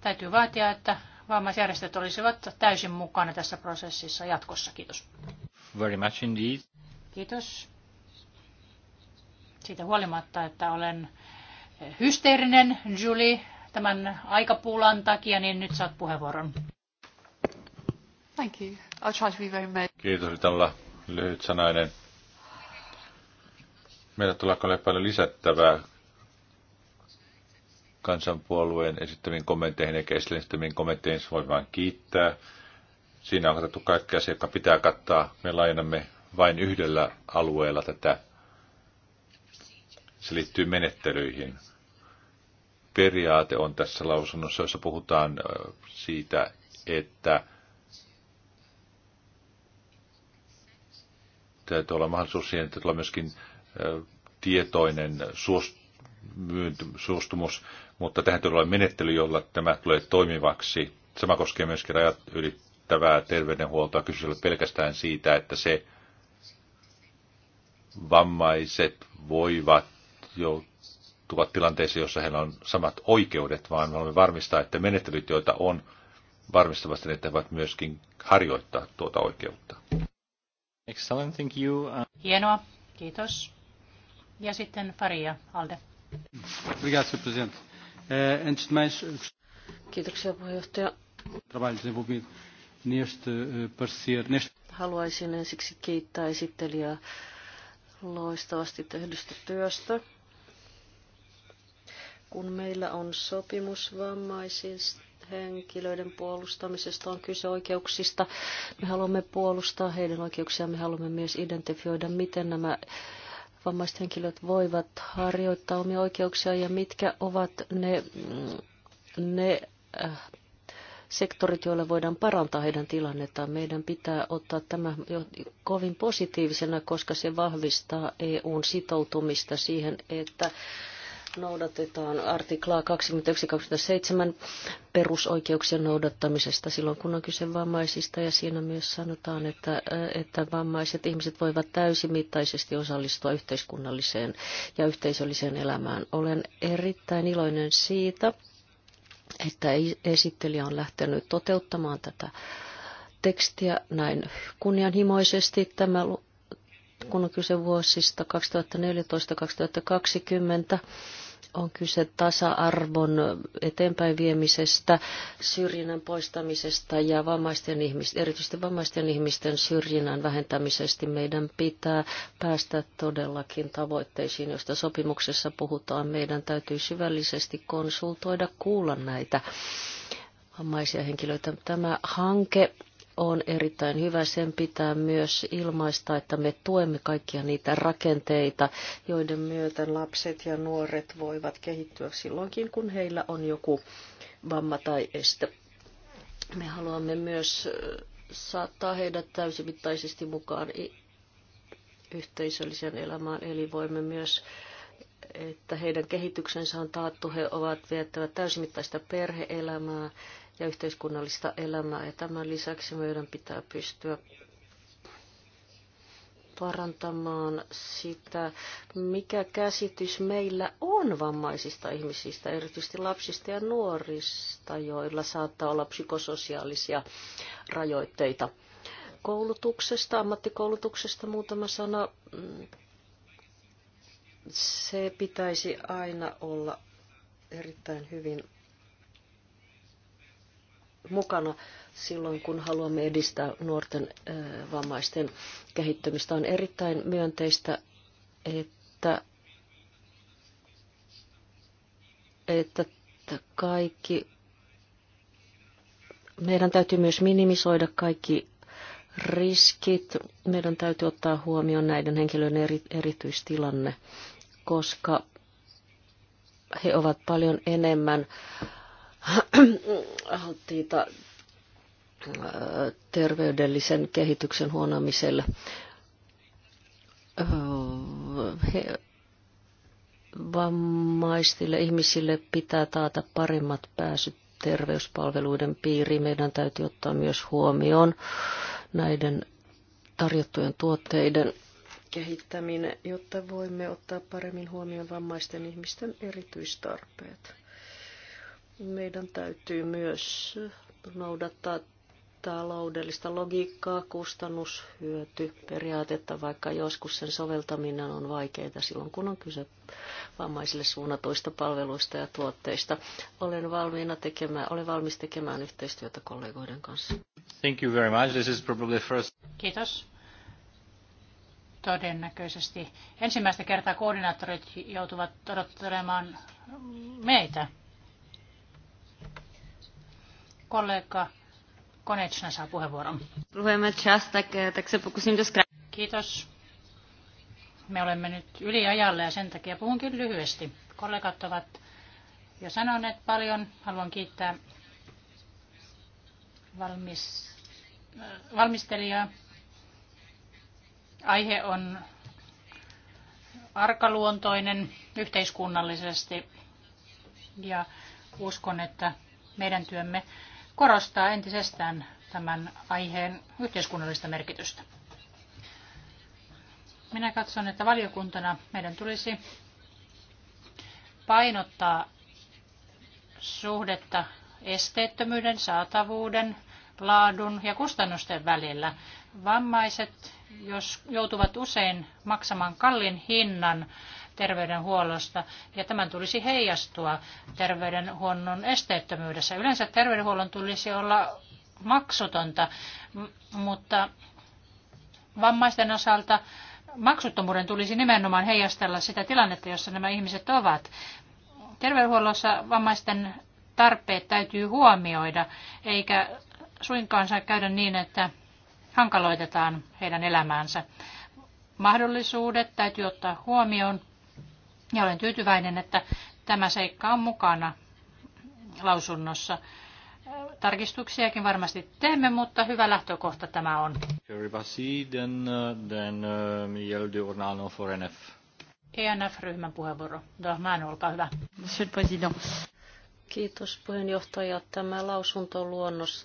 Täytyy vaatia, että vammaisjärjestöt olisivat täysin mukana tässä prosessissa jatkossa. Kiitos. Very much indeed. Kiitos. Siitä huolimatta, että olen hysteerinen, Julie, tämän aikapuulan takia, niin nyt saat puheenvuoron. Thank you. I'll try to be very Kiitos, yritän olla lyhyt sanainen. Meillä tulee olemaan paljon lisättävää kansanpuolueen esittämiin kommentteihin ja esille esittämiin kommentteihin. Voin vain kiittää. Siinä on katsottu kaikkea se, joka pitää kattaa. Me lainamme vain yhdellä alueella tätä. Se liittyy menettelyihin. Periaate on tässä lausunnossa, jossa puhutaan siitä, että täytyy olla mahdollisuus siihen, että tulee myöskin tietoinen suostumus, mutta tähän tulee menettely, jolla tämä tulee toimivaksi. Sama koskee myöskin rajat ylittävää terveydenhuoltoa. kysyä pelkästään siitä, että se vammaiset voivat joutua tilanteeseen, jossa heillä on samat oikeudet, vaan haluamme varmistaa, että menettelyt, joita on, varmistavasti, että he voivat myöskin harjoittaa tuota oikeutta. Excellent, thank you. Hienoa, kiitos. Ja sitten Faria Alde. Eh, Kiitoksia, puheenjohtaja. neste eh, Neste... Haluaisin ensiksi kiittää esittelijää loistavasti tehdystä työstä. Kun meillä on sopimus vammaisiin henkilöiden puolustamisesta on kyse oikeuksista. Me haluamme puolustaa heidän oikeuksiaan. Me haluamme myös identifioida, miten nämä vammaiset henkilöt voivat harjoittaa omia oikeuksia ja mitkä ovat ne, mm, ne äh, sektorit, joilla voidaan parantaa heidän tilannettaan. Meidän pitää ottaa tämä kovin positiivisena, koska se vahvistaa EUn sitoutumista siihen, että noudatetaan artiklaa 21.27 perusoikeuksien noudattamisesta silloin, kun on kyse vammaisista. Ja siinä myös sanotaan, että, että vammaiset ihmiset voivat täysimittaisesti osallistua yhteiskunnalliseen ja yhteisölliseen elämään. Olen erittäin iloinen siitä, että esittelijä on lähtenyt toteuttamaan tätä tekstiä näin kunnianhimoisesti. Tämä, kun on kyse vuosista 2014-2020, on kyse tasa-arvon eteenpäin viemisestä, syrjinnän poistamisesta ja vammaisten ihmisten, erityisesti vammaisten ihmisten syrjinnän vähentämisestä. Meidän pitää päästä todellakin tavoitteisiin, joista sopimuksessa puhutaan. Meidän täytyy syvällisesti konsultoida, kuulla näitä vammaisia henkilöitä. Tämä hanke on erittäin hyvä. Sen pitää myös ilmaista, että me tuemme kaikkia niitä rakenteita, joiden myötä lapset ja nuoret voivat kehittyä silloinkin, kun heillä on joku vamma tai este. Me haluamme myös saattaa heidät täysimittaisesti mukaan yhteisölliseen elämään, eli voimme myös että heidän kehityksensä on taattu, he ovat viettävät täysimittaista perheelämää ja yhteiskunnallista elämää. Ja tämän lisäksi meidän pitää pystyä parantamaan sitä, mikä käsitys meillä on vammaisista ihmisistä, erityisesti lapsista ja nuorista, joilla saattaa olla psykososiaalisia rajoitteita. Koulutuksesta, ammattikoulutuksesta muutama sana. Se pitäisi aina olla erittäin hyvin mukana silloin, kun haluamme edistää nuorten vammaisten kehittymistä. On erittäin myönteistä, että, että kaikki, meidän täytyy myös minimisoida kaikki riskit. Meidän täytyy ottaa huomioon näiden henkilöiden eri, erityistilanne, koska he ovat paljon enemmän äh, alttiita äh, terveydellisen kehityksen huonomiselle. Äh, he, vammaistille ihmisille pitää taata paremmat pääsyt terveyspalveluiden piiriin. Meidän täytyy ottaa myös huomioon näiden tarjottujen tuotteiden kehittäminen, jotta voimme ottaa paremmin huomioon vammaisten ihmisten erityistarpeet. Meidän täytyy myös noudattaa taloudellista logiikkaa, kustannus, hyöty, periaatetta, vaikka joskus sen soveltaminen on vaikeaa silloin, kun on kyse vammaisille suunnatuista palveluista ja tuotteista. Olen, valmiina tekemään, olen valmis tekemään yhteistyötä kollegoiden kanssa. Thank you very much. This is probably first... Kiitos. Todennäköisesti ensimmäistä kertaa koordinaattorit joutuvat odottelemaan meitä. Kollega Konečna saa puheenvuoron. Luemme čas, tak, eh, tak se pokusim to Kiitos. Me olemme nyt ajalle ja sen takia puhunkin lyhyesti. Kollegat ovat jo sanoneet paljon. Haluan kiittää valmis, eh, valmistelijaa. Aihe on arkaluontoinen yhteiskunnallisesti ja uskon, että meidän työmme korostaa entisestään tämän aiheen yhteiskunnallista merkitystä. Minä katson, että valiokuntana meidän tulisi painottaa suhdetta esteettömyyden, saatavuuden, laadun ja kustannusten välillä. Vammaiset jos joutuvat usein maksamaan kallin hinnan terveydenhuollosta ja tämän tulisi heijastua terveydenhuollon esteettömyydessä. Yleensä terveydenhuollon tulisi olla maksutonta, mutta vammaisten osalta maksuttomuuden tulisi nimenomaan heijastella sitä tilannetta, jossa nämä ihmiset ovat. Terveydenhuollossa vammaisten tarpeet täytyy huomioida, eikä suinkaan saa käydä niin, että hankaloitetaan heidän elämäänsä. Mahdollisuudet täytyy ottaa huomioon ja olen tyytyväinen, että tämä seikka on mukana lausunnossa. Tarkistuksiakin varmasti teemme, mutta hyvä lähtökohta tämä on. ENF-ryhmän uh, uh, e puheenvuoro. Dorman, olkaa hyvä. Monsieur le Président. Kiitos puheenjohtaja. Tämä lausuntoluonnos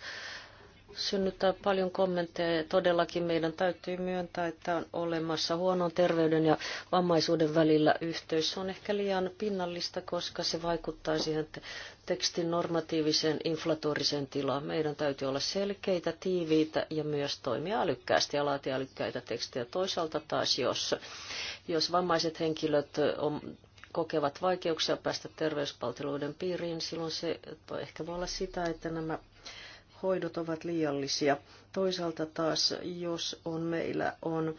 synnyttää paljon kommentteja ja todellakin meidän täytyy myöntää, että on olemassa huonon terveyden ja vammaisuuden välillä yhteys. Se on ehkä liian pinnallista, koska se vaikuttaa siihen että tekstin normatiiviseen inflatoriseen tilaan. Meidän täytyy olla selkeitä, tiiviitä ja myös toimia älykkäästi ja laatia älykkäitä tekstejä. Toisaalta taas, jos, jos vammaiset henkilöt on kokevat vaikeuksia päästä terveyspalveluiden piiriin, silloin se ehkä voi olla sitä, että nämä hoidot ovat liiallisia. Toisaalta taas, jos on meillä on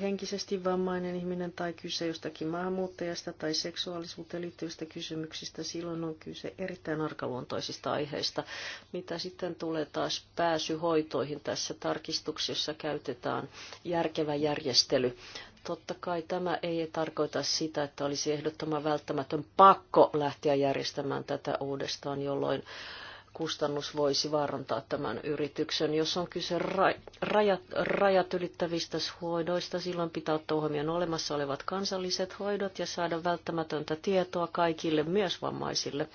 henkisesti vammainen ihminen tai kyse jostakin maahanmuuttajasta tai seksuaalisuuteen liittyvistä kysymyksistä, silloin on kyse erittäin arkaluontoisista aiheista. Mitä sitten tulee taas pääsyhoitoihin tässä tarkistuksessa käytetään järkevä järjestely. Totta kai tämä ei tarkoita sitä, että olisi ehdottoman välttämätön pakko lähteä järjestämään tätä uudestaan, jolloin kustannus voisi vaarantaa tämän yrityksen. Jos on kyse rajat, rajat ylittävistä hoidoista, silloin pitää ottaa huomioon olemassa olevat kansalliset hoidot ja saada välttämätöntä tietoa kaikille, myös vammaisille.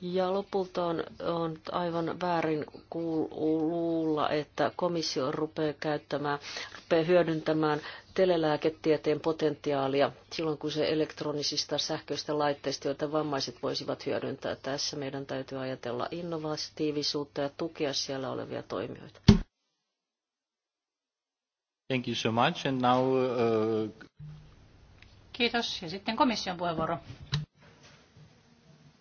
Ja lopulta on, on aivan väärin kuulla, että komissio rupeaa käyttämään, rupeaa hyödyntämään telelääketieteen potentiaalia silloin, kun se elektronisista sähköistä laitteista, joita vammaiset voisivat hyödyntää. Tässä meidän täytyy ajatella innovatiivisuutta ja tukea siellä olevia toimijoita. Thank you so much. And now, uh... Kiitos. Ja sitten komission puheenvuoro.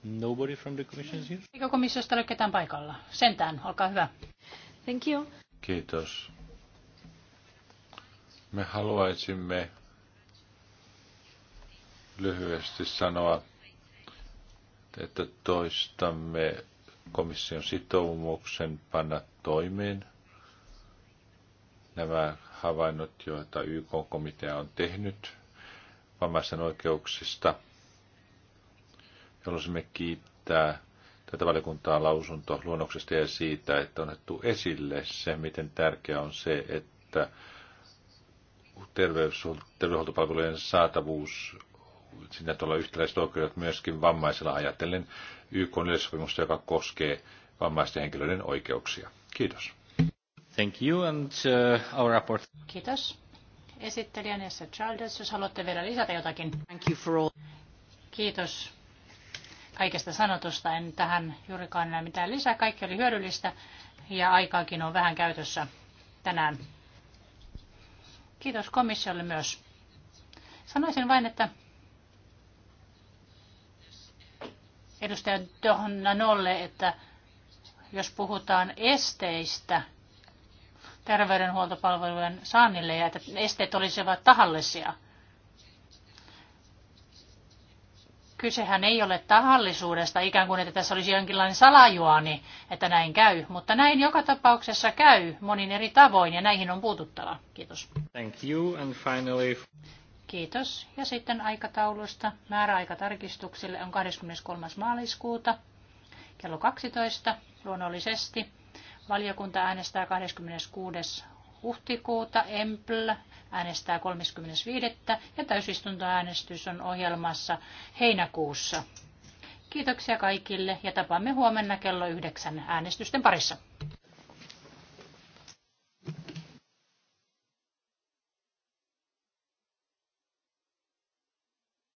Nobody from the commission is here? Eikö komissiosta ole ketään paikalla? Sentään, olkaa hyvä. Thank you. Kiitos. Me haluaisimme lyhyesti sanoa, että toistamme komission sitoumuksen panna toimeen nämä havainnot, joita YK-komitea on tehnyt vammaisten oikeuksista. Haluaisimme kiittää tätä valiokuntaa lausuntoluonnoksesta ja siitä, että on otettu esille se, miten tärkeää on se, että terveys, terveydenhuoltopalvelujen saatavuus, sinne tuolla yhtäläiset oikeudet myöskin vammaisilla ajatellen YK yleissopimusta, joka koskee vammaisten henkilöiden oikeuksia. Kiitos. Thank you and uh, our report. Kiitos. Esittelijän Jesse Childers, jos haluatte vielä lisätä jotakin. Thank you for all. Kiitos kaikesta sanotusta. En tähän juurikaan enää mitään lisää. Kaikki oli hyödyllistä ja aikaakin on vähän käytössä tänään. Kiitos komissiolle myös. Sanoisin vain, että edustaja Nolle, että jos puhutaan esteistä terveydenhuoltopalvelujen saannille ja että esteet olisivat tahallisia – Kysehän ei ole tahallisuudesta, ikään kuin että tässä olisi jonkinlainen salajuoni, että näin käy. Mutta näin joka tapauksessa käy monin eri tavoin ja näihin on puututtava. Kiitos. Thank you and finally... Kiitos. Ja sitten aikataulusta. Määräaika tarkistuksille on 23. maaliskuuta kello 12 luonnollisesti. Valiokunta äänestää 26 huhtikuuta, EMPL äänestää 35. ja täysistuntoäänestys on ohjelmassa heinäkuussa. Kiitoksia kaikille ja tapaamme huomenna kello yhdeksän äänestysten parissa.